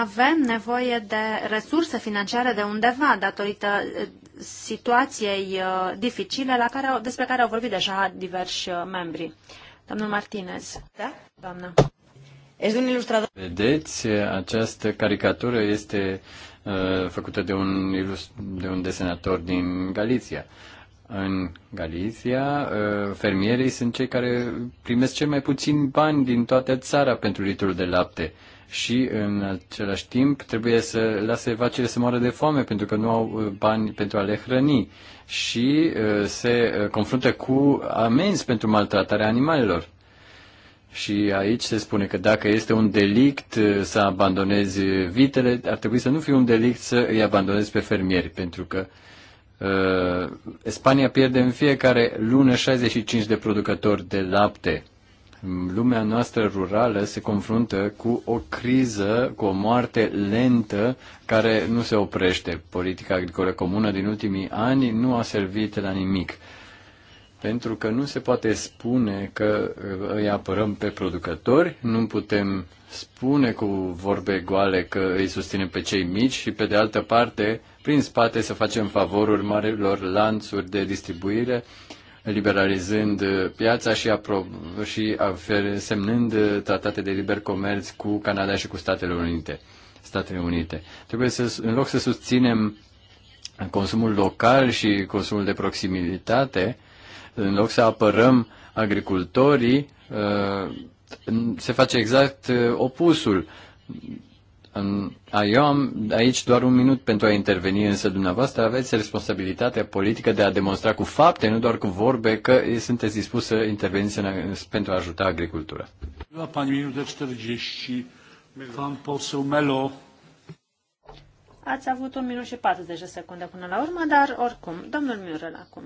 avem nevoie de resurse financiare de undeva datorită eh, situației eh, dificile la care, despre care au vorbit deja diversi eh, membri. Domnul Martinez. Da? Doamna. Este un ilustrator. Vedeți, această caricatură este uh, făcută de un, de un desenator din Galiția. În Galiția, uh, fermierii sunt cei care primesc cel mai puțin bani din toată țara pentru litrul de lapte. Uh, și în același timp trebuie să lase vacile să moară de foame pentru că nu au uh, bani pentru a le hrăni și uh, se uh, confruntă cu amenzi pentru maltratarea animalelor. Și aici se spune că dacă este un delict să abandonezi vitele, ar trebui să nu fie un delict să îi abandonezi pe fermieri, pentru că uh, Spania pierde în fiecare lună 65 de producători de lapte lumea noastră rurală se confruntă cu o criză, cu o moarte lentă care nu se oprește. Politica agricolă comună din ultimii ani nu a servit la nimic. Pentru că nu se poate spune că uh, îi apărăm pe producători, nu putem spune cu vorbe goale că îi susținem pe cei mici și pe de altă parte, prin spate să facem favoruri marilor lanțuri de distribuire liberalizând uh, piața și, apro- și semnând uh, tratate de liber comerț cu Canada și cu Statele Unite. Statele Unite. Trebuie să, în loc să susținem consumul local și consumul de proximitate, în loc să apărăm agricultorii, uh, se face exact opusul eu am aici doar un minut pentru a interveni, însă dumneavoastră aveți responsabilitatea politică de a demonstra cu fapte, nu doar cu vorbe, că sunteți dispus să interveniți pentru a ajuta agricultura. La pani minute 40, pan poseu Melo. Ați avut un minut și 40 de secunde până la urmă, dar oricum, domnul Miurel acum.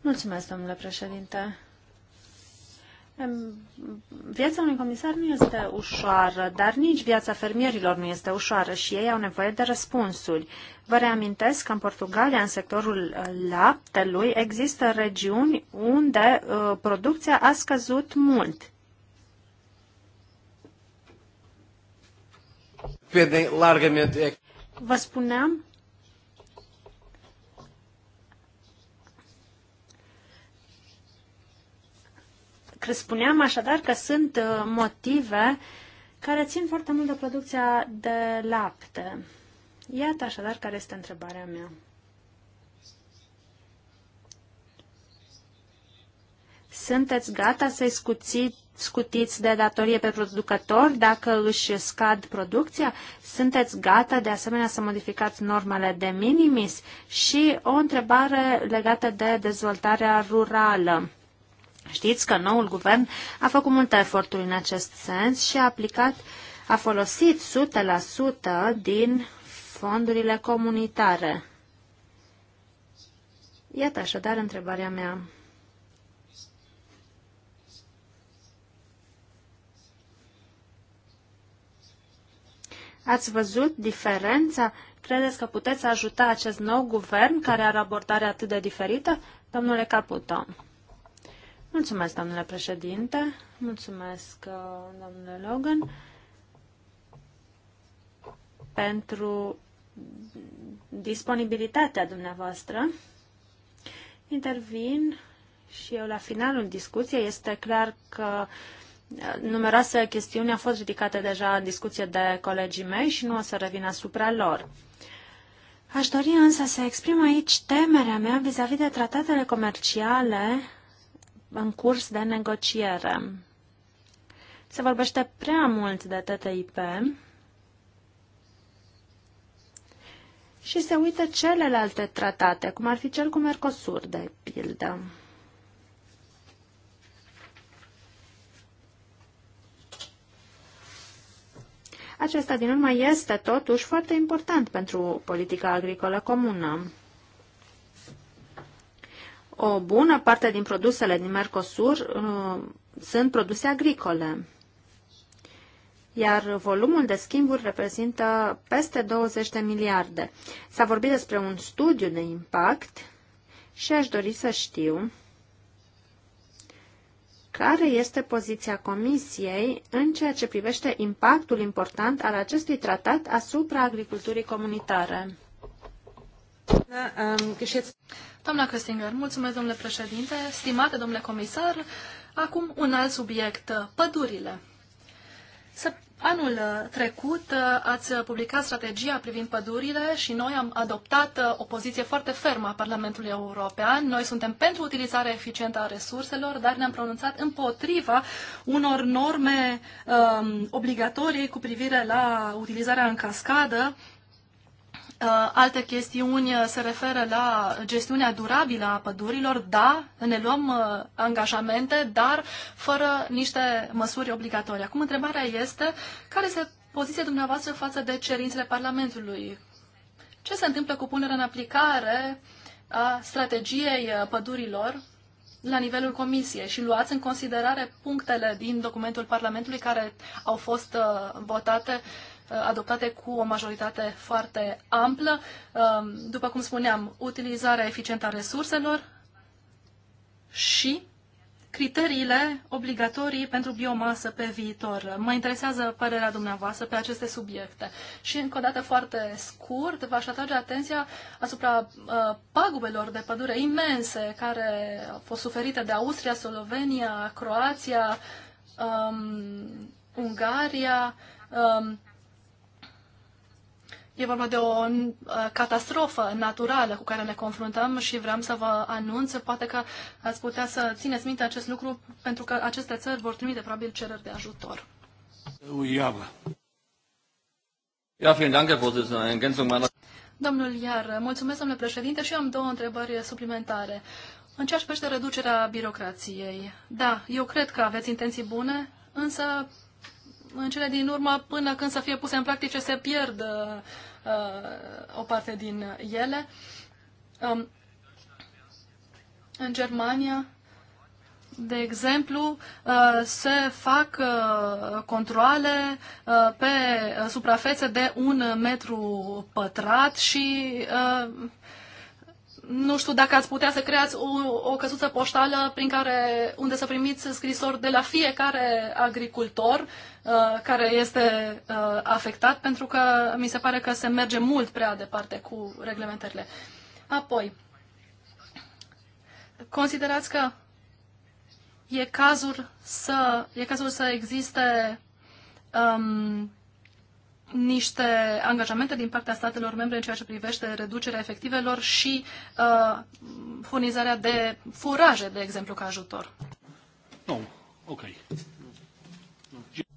Mulțumesc, domnule președinte. Viața unui comisar nu este ușoară, dar nici viața fermierilor nu este ușoară și ei au nevoie de răspunsuri. Vă reamintesc că în Portugalia, în sectorul uh, laptelui, există regiuni unde uh, producția a scăzut mult. Vă spuneam Spuneam așadar că sunt uh, motive care țin foarte mult de producția de lapte. Iată așadar care este întrebarea mea. Sunteți gata să-i scutiți de datorie pe producători dacă își scad producția? Sunteți gata de asemenea să modificați normele de minimis? Și o întrebare legată de dezvoltarea rurală. Știți că noul guvern a făcut multe eforturi în acest sens și a aplicat, a folosit 100% din fondurile comunitare. Iată așadar întrebarea mea. Ați văzut diferența? Credeți că puteți ajuta acest nou guvern care are abordare atât de diferită? Domnule Caputo. Mulțumesc, domnule președinte. Mulțumesc, uh, domnule Logan, pentru disponibilitatea dumneavoastră. Intervin și eu la finalul discuției. Este clar că uh, numeroase chestiuni au fost ridicate deja în discuție de colegii mei și nu o să revin asupra lor. Aș dori însă să exprim aici temerea mea vis-a-vis -vis de tratatele comerciale în curs de negociere. Se vorbește prea mult de TTIP și se uită celelalte tratate, cum ar fi cel cu Mercosur, de pildă. Acesta, din urmă, este totuși foarte important pentru politica agricolă comună. O bună parte din produsele din Mercosur uh, sunt produse agricole, iar volumul de schimburi reprezintă peste 20 de miliarde. S-a vorbit despre un studiu de impact și aș dori să știu care este poziția Comisiei în ceea ce privește impactul important al acestui tratat asupra agriculturii comunitare. Da, Doamna Căsinger, mulțumesc, domnule președinte, stimate domnule comisar, acum un alt subiect, uh, pădurile. Să... Anul uh, trecut uh, ați publicat strategia privind pădurile și noi am adoptat o poziție foarte fermă a Parlamentului European. Noi suntem pentru utilizarea eficientă a resurselor, dar ne-am pronunțat împotriva unor norme um, obligatorii cu privire la utilizarea în cascadă Uh, alte chestiuni uh, se referă la gestiunea durabilă a pădurilor. Da, ne luăm uh, angajamente, dar fără niște măsuri obligatorii. Acum întrebarea este, care este poziția dumneavoastră față de cerințele Parlamentului? Ce se întâmplă cu punerea în aplicare a strategiei pădurilor la nivelul comisiei și luați în considerare punctele din documentul Parlamentului care au fost votate Uh, adoptate cu o majoritate foarte amplă. Um, după cum spuneam, utilizarea eficientă a resurselor și criteriile obligatorii pentru biomasă pe viitor. Mă interesează părerea dumneavoastră pe aceste subiecte. Și încă o dată foarte scurt, v-aș atrage atenția asupra uh, pagubelor de pădure imense care au fost suferite de Austria, Slovenia, Croația, um, Ungaria, um, E vorba de o uh, catastrofă naturală cu care ne confruntăm și vreau să vă anunț, poate că ați putea să țineți minte acest lucru, pentru că aceste țări vor trimite probabil cereri de ajutor. Iavă. Ja, vielen Dank, Herr ergänzung meiner... Domnul Iar, mulțumesc, domnule președinte, și eu am două întrebări suplimentare. În ceea ce privește reducerea birocrației, da, eu cred că aveți intenții bune, însă în cele din urmă, până când să fie puse în practice, se pierd uh, uh, o parte din ele. Um, în Germania, de exemplu, uh, se fac uh, controle uh, pe suprafețe de un metru pătrat și nu știu dacă ați putea să creați o, o căsuță poștală prin care, unde să primiți scrisori de la fiecare agricultor uh, care este uh, afectat, pentru că mi se pare că se merge mult prea departe cu reglementările. Apoi, considerați că e cazul să, e cazul să existe um, niște angajamente din partea statelor membre în ceea ce privește reducerea efectivelor și uh, furnizarea de furaje, de exemplu, ca ajutor. Nu. No. Ok.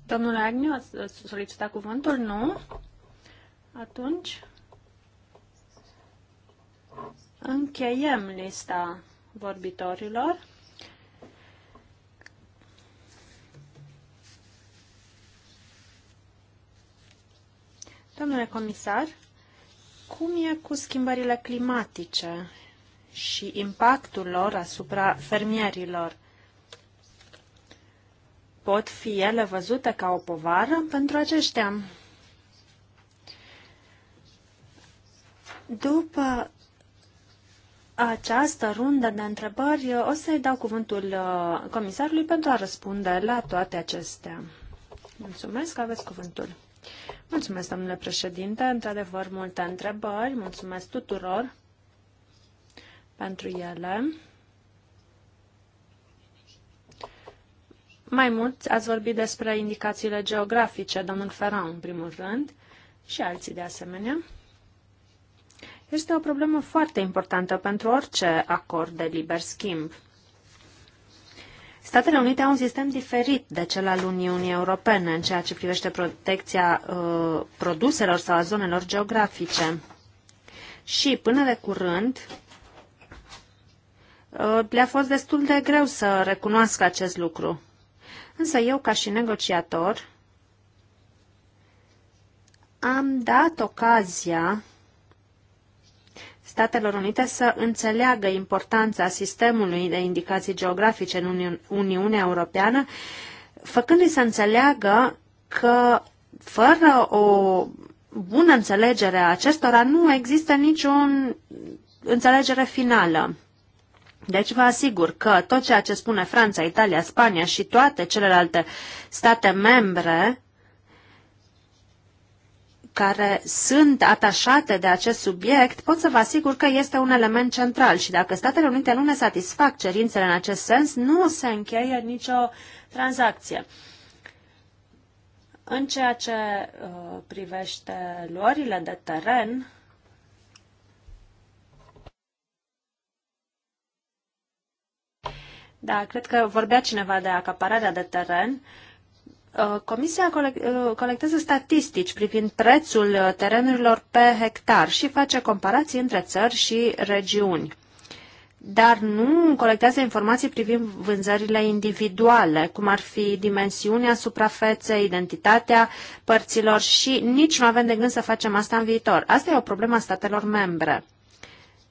Domnule Agniu, a solicitat cuvântul? Nu? Atunci încheiem lista vorbitorilor. Domnule comisar, cum e cu schimbările climatice și impactul lor asupra fermierilor? Pot fi ele văzute ca o povară pentru aceștia? După această rundă de întrebări, o să-i dau cuvântul uh, comisarului pentru a răspunde la toate acestea. Mulțumesc, aveți cuvântul. Mulțumesc, domnule președinte. Într-adevăr, multe întrebări. Mulțumesc tuturor pentru ele. Mai mult, ați vorbit despre indicațiile geografice, domnul Ferran, în primul rând, și alții de asemenea. Este o problemă foarte importantă pentru orice acord de liber schimb. Statele Unite au un sistem diferit de cel al Uniunii Europene în ceea ce privește protecția uh, produselor sau a zonelor geografice. Și până de curând uh, le-a fost destul de greu să recunoască acest lucru. Însă eu, ca și negociator, am dat ocazia Statelor Unite să înțeleagă importanța sistemului de indicații geografice în Uni Uniunea Europeană, făcându-i să înțeleagă că fără o bună înțelegere a acestora nu există niciun înțelegere finală. Deci vă asigur că tot ceea ce spune Franța, Italia, Spania și toate celelalte state membre care sunt atașate de acest subiect, pot să vă asigur că este un element central și dacă Statele Unite nu ne satisfac cerințele în acest sens, nu se încheie nicio tranzacție. În ceea ce uh, privește luările de teren, da, cred că vorbea cineva de acapararea de teren, Uh, comisia uh, colectează statistici privind prețul uh, terenurilor pe hectar și face comparații între țări și regiuni dar nu colectează informații privind vânzările individuale, cum ar fi dimensiunea suprafeței, identitatea părților și nici nu avem de gând să facem asta în viitor. Asta e o problemă a statelor membre.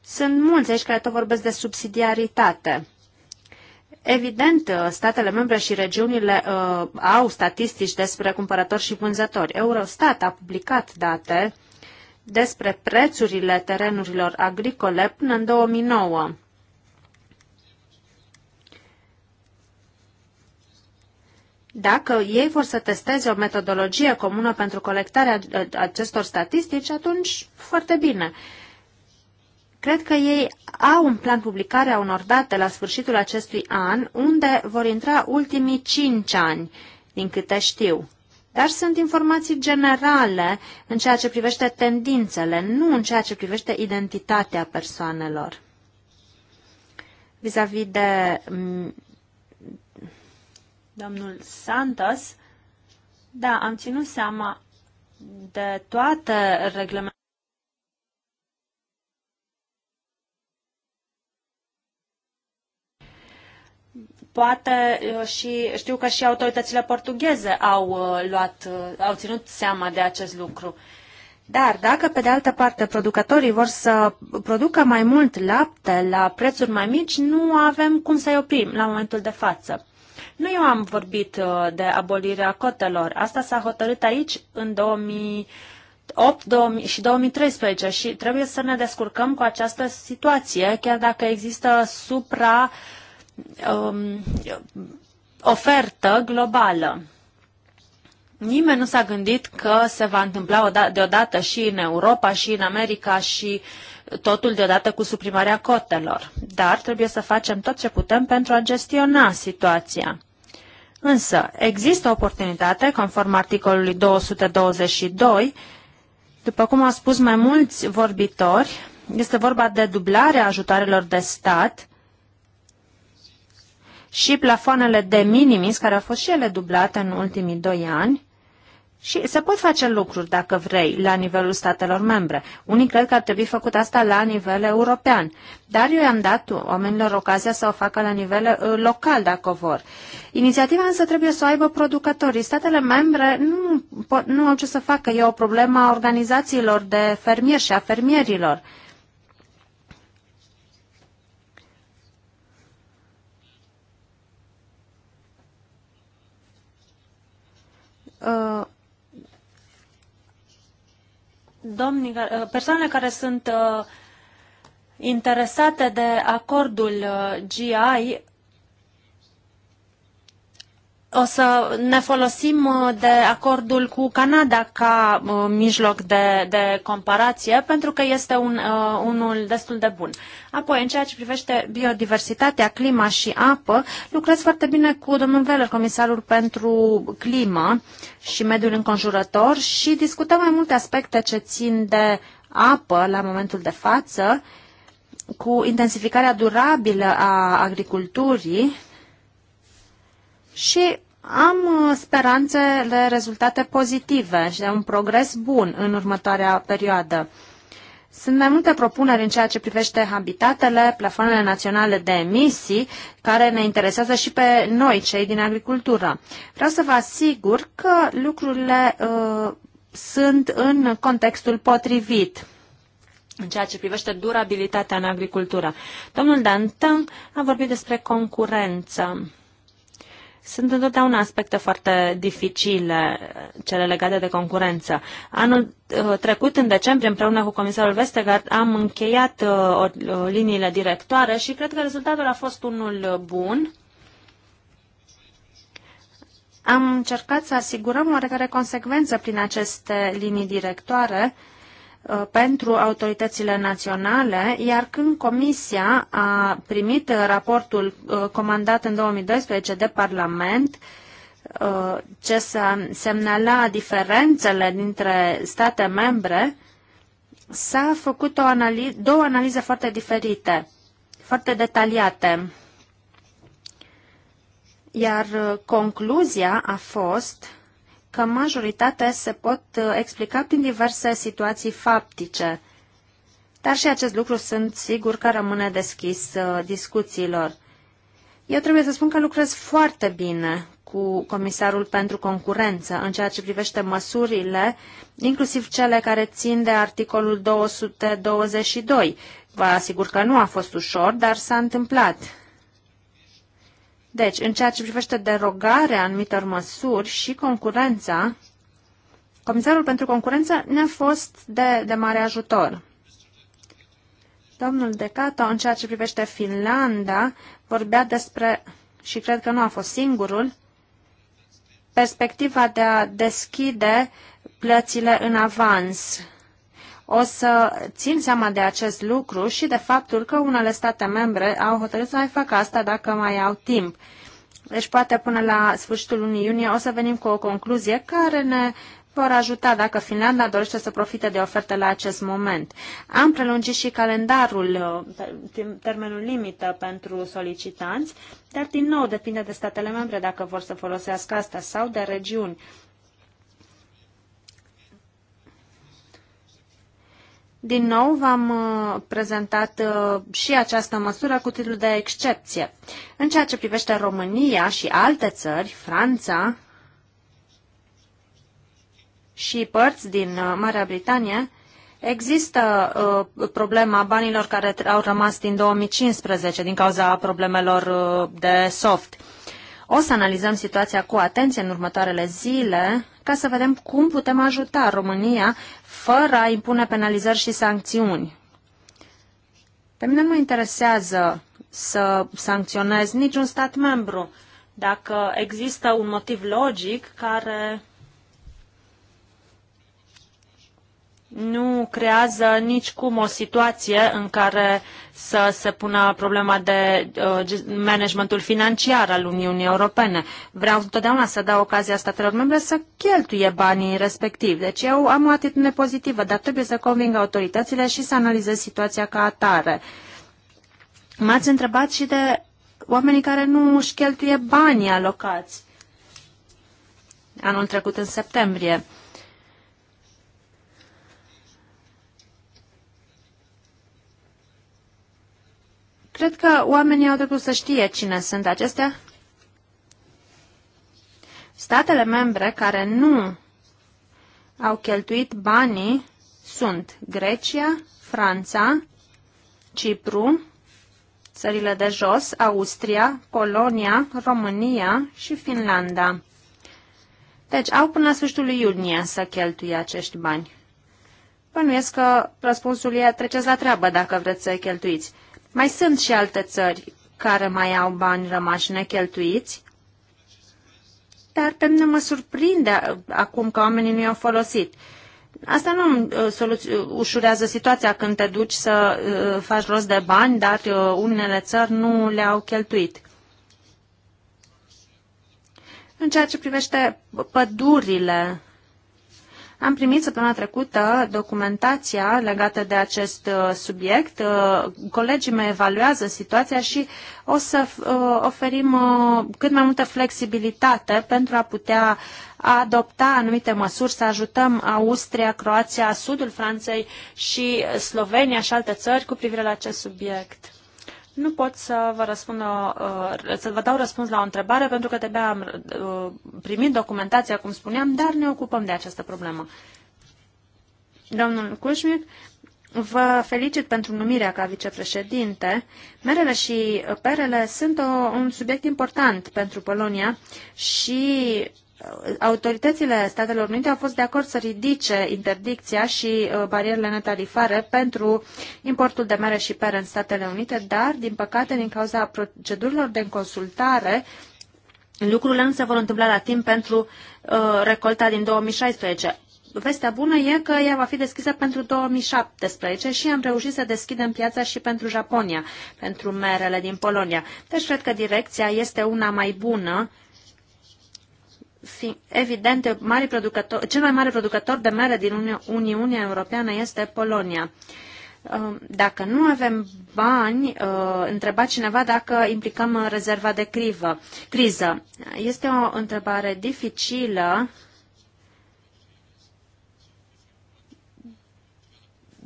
Sunt mulți aici care tot vorbesc de subsidiaritate. Evident, uh, statele membre și regiunile uh, au statistici despre cumpărători și vânzători. Eurostat a publicat date despre prețurile terenurilor agricole până în 2009. Dacă ei vor să testeze o metodologie comună pentru colectarea uh, acestor statistici, atunci foarte bine. Uh, Cred că ei au un plan publicare a unor date la sfârșitul acestui an, unde vor intra ultimii cinci ani, din câte știu. Dar sunt informații generale în ceea ce privește tendințele, nu în ceea ce privește identitatea persoanelor. Vis-a-vis -vis de mm, domnul Santos, da, am ținut seama de toate reglementările Poate uh, și știu că și autoritățile portugheze au uh, luat, uh, au ținut seama de acest lucru. Dar dacă, pe de altă parte, producătorii vor să producă mai mult lapte la prețuri mai mici, nu avem cum să-i oprim la momentul de față. Nu eu am vorbit de abolirea cotelor. Asta s-a hotărât aici în 2008 și 2013 și trebuie să ne descurcăm cu această situație, chiar dacă există supra uh, um, ofertă globală. Nimeni nu s-a gândit că se va întâmpla deodată și în Europa, și în America, și totul deodată cu suprimarea cotelor. Dar trebuie să facem tot ce putem pentru a gestiona situația. Însă, există oportunitate, conform articolului 222, după cum au spus mai mulți vorbitori, este vorba de dublarea ajutoarelor de stat și plafoanele de minimis, care au fost și ele dublate în ultimii doi ani, și se pot face lucruri, dacă vrei, la nivelul statelor membre. Unii cred că ar trebui făcut asta la nivel european, dar eu i-am dat oamenilor ocazia să o facă la nivel uh, local, dacă o vor. Inițiativa însă trebuie să o aibă producătorii. Statele membre nu, nu au ce să facă. E o problemă a organizațiilor de fermieri și a fermierilor. Uh, domnii, uh, persoanele care sunt uh, interesate de acordul GI o să ne folosim uh, de acordul cu Canada ca uh, mijloc de, de comparație, pentru că este un, uh, unul destul de bun. Apoi, în ceea ce privește biodiversitatea, clima și apă, lucrez foarte bine cu domnul Veller, comisarul pentru climă și mediul înconjurător și discutăm mai multe aspecte ce țin de apă la momentul de față, cu intensificarea durabilă a agriculturii, și am uh, speranțe rezultate pozitive și de un progres bun în următoarea perioadă. Sunt mai multe propuneri în ceea ce privește habitatele, plafoanele naționale de emisii, care ne interesează și pe noi, cei din agricultură. Vreau să vă asigur că lucrurile uh, sunt în contextul potrivit în ceea ce privește durabilitatea în agricultură. Domnul Dantan a vorbit despre concurență. Sunt întotdeauna aspecte foarte dificile, cele legate de concurență. Anul uh, trecut, în decembrie, împreună cu comisarul Vestegard, am încheiat uh, uh, liniile directoare și cred că rezultatul a fost unul bun. Am încercat să asigurăm oarecare consecvență prin aceste linii directoare, Uh, pentru autoritățile naționale, iar când Comisia a primit uh, raportul uh, comandat în 2012 de Parlament, ce să semnala diferențele dintre state membre, s-a făcut o analiz- două analize foarte diferite, foarte detaliate. Iar concluzia a fost că majoritatea se pot uh, explica prin diverse situații faptice. Dar și acest lucru sunt sigur că rămâne deschis uh, discuțiilor. Eu trebuie să spun că lucrez foarte bine cu Comisarul pentru Concurență în ceea ce privește măsurile, inclusiv cele care țin de articolul 222. Vă asigur că nu a fost ușor, dar s-a întâmplat. Deci, în ceea ce privește derogarea anumitor măsuri și concurența, Comisarul pentru concurență ne-a fost de, de mare ajutor. Domnul Decato, în ceea ce privește Finlanda, vorbea despre, și cred că nu a fost singurul, perspectiva de a deschide plățile în avans o să țin seama de acest lucru și de faptul că unele state membre au hotărât să mai facă asta dacă mai au timp. Deci poate până la sfârșitul lunii iunie o să venim cu o concluzie care ne vor ajuta dacă Finlanda dorește să profite de oferte la acest moment. Am prelungit și calendarul, termenul limită pentru solicitanți, dar din nou depinde de statele membre dacă vor să folosească asta sau de regiuni. Din nou v-am uh, prezentat uh, și această măsură cu titlul de excepție. În ceea ce privește România și alte țări, Franța și părți din uh, Marea Britanie, Există uh, problema banilor care au rămas din 2015 din cauza problemelor uh, de soft. O să analizăm situația cu atenție în următoarele zile ca să vedem cum putem ajuta România fără a impune penalizări și sancțiuni. Pe mine nu mă interesează să sancționez niciun stat membru dacă există un motiv logic care nu creează nicicum o situație în care să se pună problema de uh, managementul financiar al Uniunii Europene. Vreau întotdeauna să dau ocazia statelor membre să cheltuie banii respectiv. Deci eu am o atitudine pozitivă, dar trebuie să conving autoritățile și să analizez situația ca atare. M-ați întrebat și de oamenii care nu își cheltuie banii alocați anul trecut în septembrie. Cred că oamenii au trebuit să știe cine sunt acestea. Statele membre care nu au cheltuit banii sunt Grecia, Franța, Cipru, țările de jos, Austria, Polonia, România și Finlanda. Deci au până la sfârșitul iunie să cheltuie acești bani. Bănuiesc că răspunsul e treceți la treabă dacă vreți să cheltuiți. Mai sunt și alte țări care mai au bani rămași necheltuiți, dar pe mine mă surprinde acum că oamenii nu i-au folosit. Asta nu uh, uh, ușurează situația când te duci să uh, faci rost de bani, dar unele țări nu le-au cheltuit. În ceea ce privește pădurile, am primit săptămâna trecută documentația legată de acest uh, subiect. Uh, colegii mei evaluează situația și o să uh, oferim cât mai multă flexibilitate pentru a putea adopta anumite măsuri, să ajutăm Austria, Croația, Sudul Franței și Slovenia și alte țări cu privire la acest subiect. Nu pot să vă, răspund o, uh, să vă dau răspuns la o întrebare pentru că de am uh, primit documentația, cum spuneam, dar ne ocupăm de această problemă. Domnul Cușmic, Vă felicit pentru numirea ca vicepreședinte. Merele și perele sunt o, un subiect important pentru Polonia și autoritățile Statelor Unite au fost de acord să ridice interdicția și uh, barierele netarifare pentru importul de mere și pere în Statele Unite, dar, din păcate, din cauza procedurilor de consultare, lucrurile nu se vor întâmpla la timp pentru uh, recolta din 2016. Vestea bună e că ea va fi deschisă pentru 2017 și am reușit să deschidem piața și pentru Japonia, pentru merele din Polonia. Deci cred că direcția este una mai bună evident, mari producător, cel mai mare producător de mere din Uniunea Europeană este Polonia. Um, dacă nu avem bani, uh, întreba cineva dacă implicăm rezerva de crivă, criză. Este o întrebare dificilă.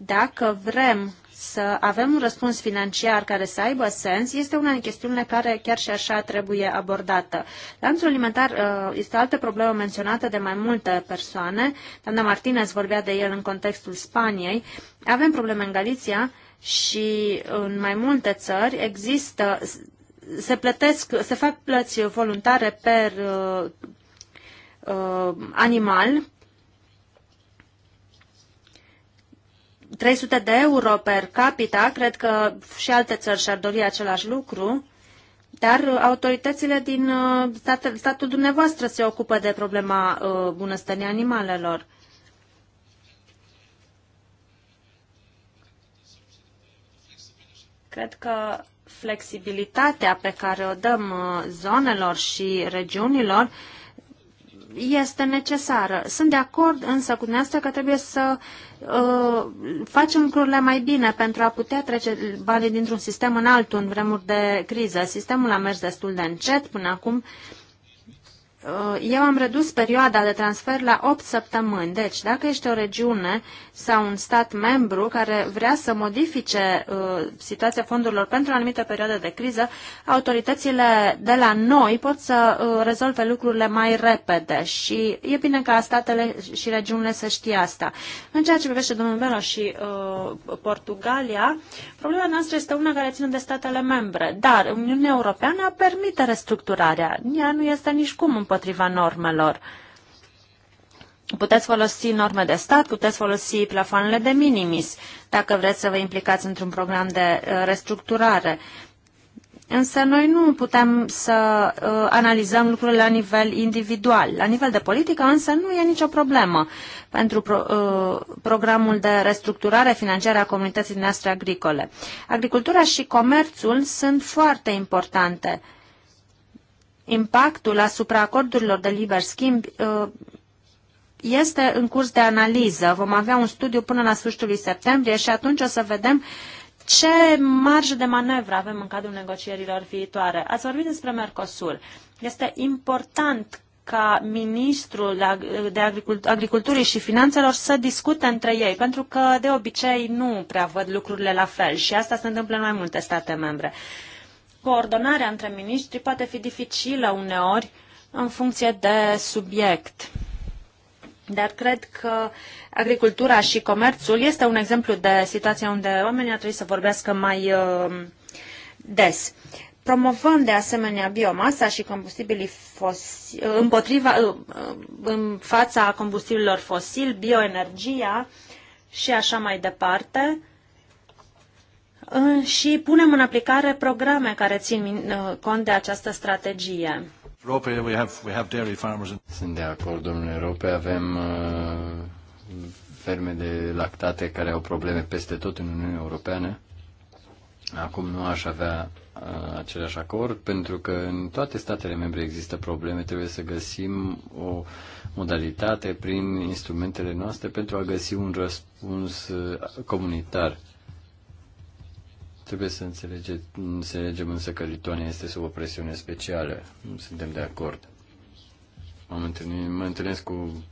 Dacă vrem să avem un răspuns financiar care să aibă sens este una din chestiunile care chiar și așa trebuie abordată. Lanțul alimentar uh, este o altă problemă menționată de mai multe persoane. Doamna Martinez vorbea de el în contextul Spaniei. Avem probleme în Galiția și în mai multe țări există se plătesc, se fac plăți voluntare per uh, uh, animal 300 de euro per capita, cred că și alte țări și-ar dori același lucru, dar uh, autoritățile din uh, statul, statul dumneavoastră se ocupă de problema uh, bunăstării animalelor. Cred că flexibilitatea pe care o dăm zonelor și regiunilor este necesară. Sunt de acord însă cu dumneavoastră că trebuie să uh, facem lucrurile mai bine pentru a putea trece banii dintr-un sistem în altul în vremuri de criză. Sistemul a mers destul de încet până acum Uh, eu am redus perioada de transfer la 8 săptămâni. Deci, dacă este o regiune sau un stat membru care vrea să modifice uh, situația fondurilor pentru o anumită perioadă de criză, autoritățile de la noi pot să uh, rezolve lucrurile mai repede și e bine ca statele și regiunile să știe asta. În ceea ce privește domnul Belo și uh, Portugalia, problema noastră este una care ține de statele membre, dar Uniunea Europeană permite restructurarea. Ea nu este nici cum împotriva împotriva normelor. Puteți folosi norme de stat, puteți folosi plafoanele de minimis, dacă vreți să vă implicați într-un program de uh, restructurare. Însă noi nu putem să uh, analizăm lucrurile la nivel individual. La nivel de politică însă nu e nicio problemă pentru pro, uh, programul de restructurare financiară a comunității noastre agricole. Agricultura și comerțul sunt foarte importante. Impactul asupra acordurilor de liber schimb uh, este în curs de analiză. Vom avea un studiu până la sfârșitul septembrie și atunci o să vedem ce marjă de manevră avem în cadrul negocierilor viitoare. Ați vorbit despre Mercosur. Este important ca ministrul de agriculturii și finanțelor să discute între ei, pentru că de obicei nu prea văd lucrurile la fel și asta se întâmplă în mai multe state membre coordonarea între miniștri poate fi dificilă uneori în funcție de subiect. Dar cred că agricultura și comerțul este un exemplu de situație unde oamenii ar trebui să vorbească mai uh, des. Promovăm de asemenea biomasa și combustibilii fosili, uh, împotriva, uh, în fața combustibililor fosili, bioenergia și așa mai departe și punem în aplicare programe care țin uh, cont de această strategie. Sunt de acord, domnule Rope, avem uh, ferme de lactate care au probleme peste tot în Uniunea Europeană. Acum nu aș avea uh, același acord, pentru că în toate statele membre există probleme, trebuie să găsim o modalitate prin instrumentele noastre pentru a găsi un răspuns comunitar. Trebuie să înțelege, înțelegem însă că Lituania este sub o presiune specială. Nu suntem de acord. Am întâlnit, mă întâlnesc cu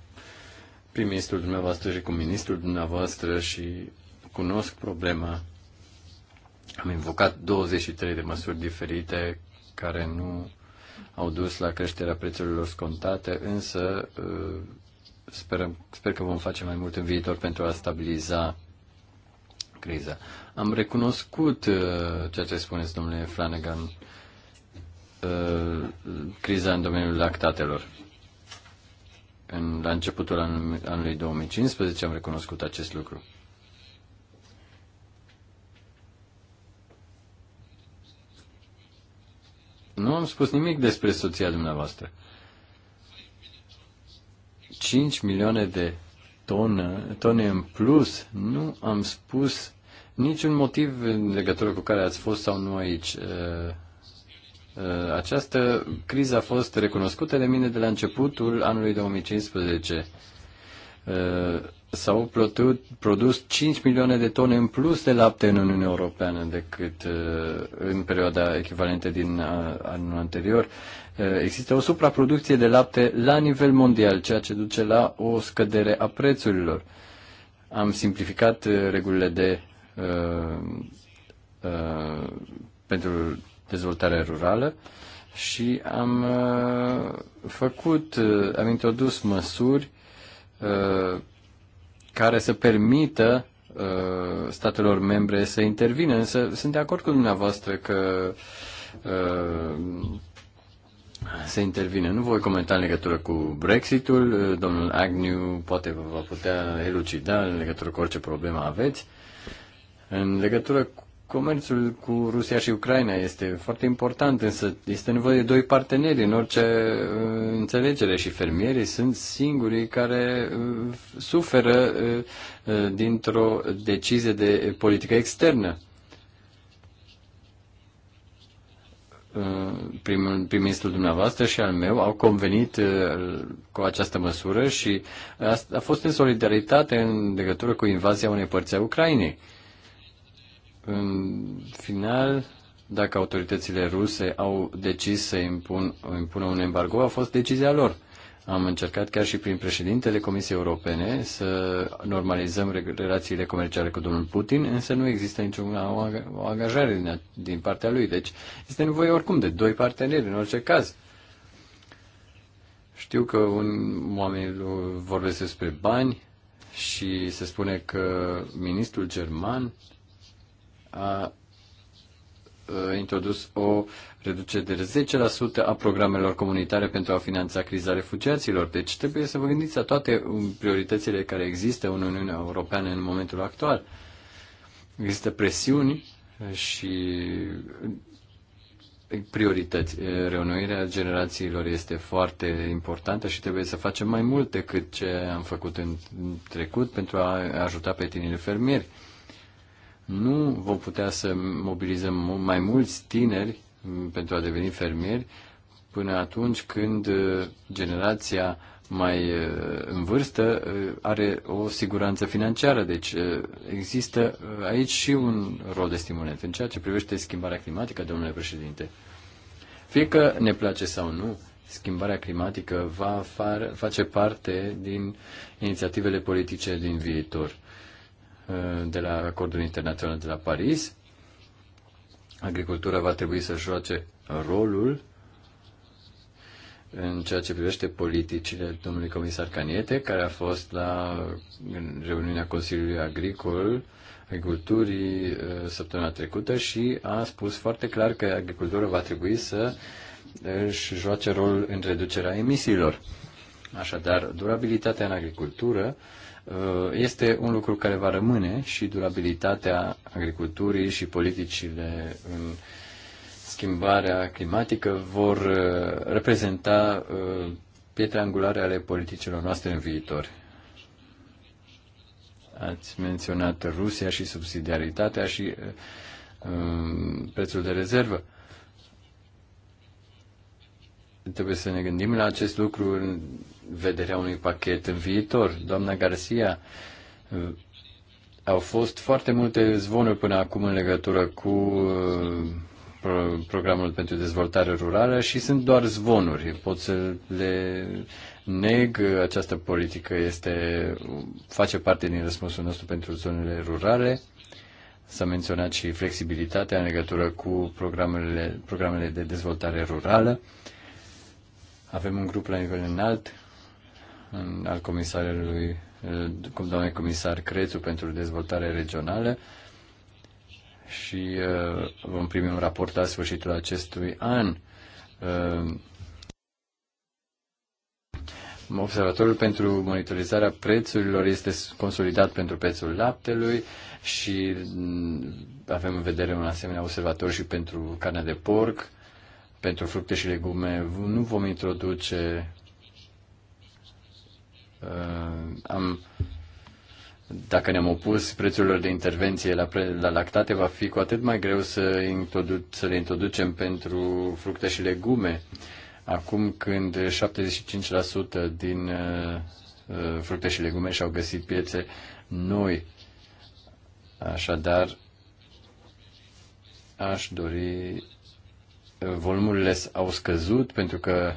prim-ministrul dumneavoastră și cu ministrul dumneavoastră și cunosc problema. Am invocat 23 de măsuri diferite care nu au dus la creșterea prețurilor scontate, însă uh, sperăm, sper că vom face mai mult în viitor pentru a stabiliza criza. Am recunoscut uh, ceea ce spuneți, domnule Flanagan, uh, criza în domeniul lactatelor. În, la începutul anului, anului 2015 am recunoscut acest lucru. Nu am spus nimic despre soția dumneavoastră. 5 milioane de tonă, tone în plus, nu am spus Niciun motiv în legătură cu care ați fost sau nu aici. Această criză a fost recunoscută de mine de la începutul anului 2015. S-au produs 5 milioane de tone în plus de lapte în Uniunea Europeană decât în perioada echivalentă din anul anterior. Există o supraproducție de lapte la nivel mondial, ceea ce duce la o scădere a prețurilor. Am simplificat regulile de Uh, uh, pentru dezvoltare rurală și am uh, făcut, am introdus măsuri care să permită statelor membre să intervină, însă sunt de acord cu dumneavoastră că se intervine. Nu voi comenta în legătură cu Brexitul. Domnul Agnew poate vă va putea elucida în legătură cu orice problemă aveți. În legătură cu comerțul cu Rusia și Ucraina este foarte important, însă este nevoie de doi parteneri în orice uh, înțelegere și fermierii sunt singurii care uh, suferă uh, dintr-o decizie de politică externă. primul, prim-ministrul dumneavoastră și al meu au convenit cu această măsură și a fost în solidaritate în legătură cu invazia unei părți a Ucrainei. În final, dacă autoritățile ruse au decis să impun, impună un embargo, a fost decizia lor. Am încercat chiar și prin președintele Comisiei Europene să normalizăm relațiile comerciale cu domnul Putin, însă nu există niciuna o angajare din, din partea lui. Deci este nevoie oricum de doi parteneri în orice caz. Știu că un, oamenii vorbesc despre bani și se spune că ministrul german a introdus o reducere de 10% a programelor comunitare pentru a finanța criza refugiaților. Deci trebuie să vă gândiți la toate um, prioritățile care există în Uniunea Europeană în momentul actual. Există presiuni și uh, priorități. Uh, Reunuirea generațiilor este foarte importantă și trebuie să facem mai mult decât ce am făcut în trecut pentru a ajuta pe tinerii fermieri nu vom putea să mobilizăm mai mulți tineri mm, pentru a deveni fermieri până atunci când uh, generația mai uh, în vârstă uh, are o siguranță financiară. Deci există aici și un rol de stimulant în ceea ce privește schimbarea climatică, domnule președinte. Fie că ne place sau nu, schimbarea climatică va face parte din inițiativele politice din viitor. Eh, de la acordul internațional de la Paris. Agricultura va trebui să joace rolul în ceea ce privește politicile domnului comisar Caniete, care a fost la reuniunea Consiliului Agricol Agriculturii eh, săptămâna trecută și a spus foarte clar că agricultura va trebui să își joace rolul în reducerea emisiilor. Așadar, durabilitatea în agricultură uh, Uh, este un lucru care va rămâne și durabilitatea agriculturii și politicile în schimbarea climatică vor uh, reprezenta uh, pietre angulare ale politicilor noastre în viitor. Ați menționat Rusia și subsidiaritatea și prețul de rezervă trebuie să ne gândim la acest lucru în vederea unui pachet în viitor. Doamna Garcia, au fost foarte multe zvonuri până acum în legătură cu uh, programul pentru dezvoltare rurală și sunt doar zvonuri. Pot să le neg. Această politică este, face parte din răspunsul nostru pentru zonele rurale. S-a menționat și flexibilitatea în legătură cu programele, programele de dezvoltare rurală. Uh, avem un grup la nivel înalt al comisarului, doamne comisar Crețu pentru dezvoltare regională și uh, vom primi un raport la sfârșitul acestui an. Uh, observatorul pentru monitorizarea prețurilor este consolidat pentru prețul laptelui și mm, avem în vedere un asemenea observator și pentru carnea de porc pentru fructe și legume nu vom introduce uh, am, dacă ne-am opus prețurilor de intervenție la, pre, la lactate, va fi cu atât mai greu să, introdu- să le introducem pentru fructe și legume. Acum când 75% din uh, uh, fructe și legume și-au găsit piețe noi. Așadar, aș dori volumurile au scăzut pentru că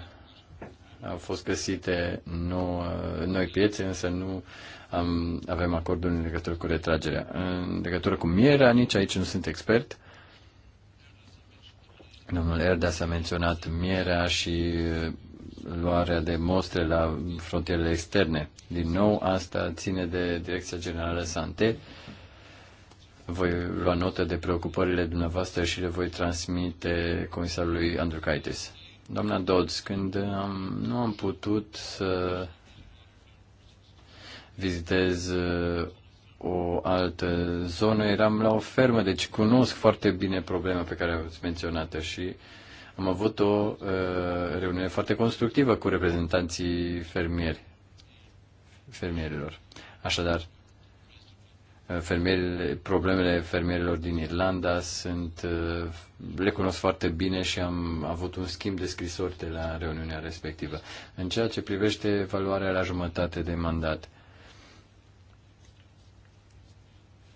au fost găsite nou, noi piețe, însă nu am, avem acordul în legătură cu retragerea. În legătură cu mierea, nici aici nu sunt expert. Domnul Erda s-a menționat mierea și uh, luarea de mostre la frontierele externe. Din nou, asta ține de Direcția Generală Sante. Uh, voi lua notă de preocupările dumneavoastră și le voi transmite comisarului Andrukaitis. Doamna Dodds, când am, nu am putut să vizitez uh, o altă zonă, eram la o fermă, deci cunosc foarte bine problema pe care ați menționat-o și am avut o uh, reuniune foarte constructivă cu reprezentanții fermieri, fermierilor. Așadar, fermierile, problemele fermierilor din Irlanda sunt, uh, le cunosc foarte bine și am avut un schimb de scrisori de la reuniunea respectivă. În ceea ce privește evaluarea la jumătate de mandat,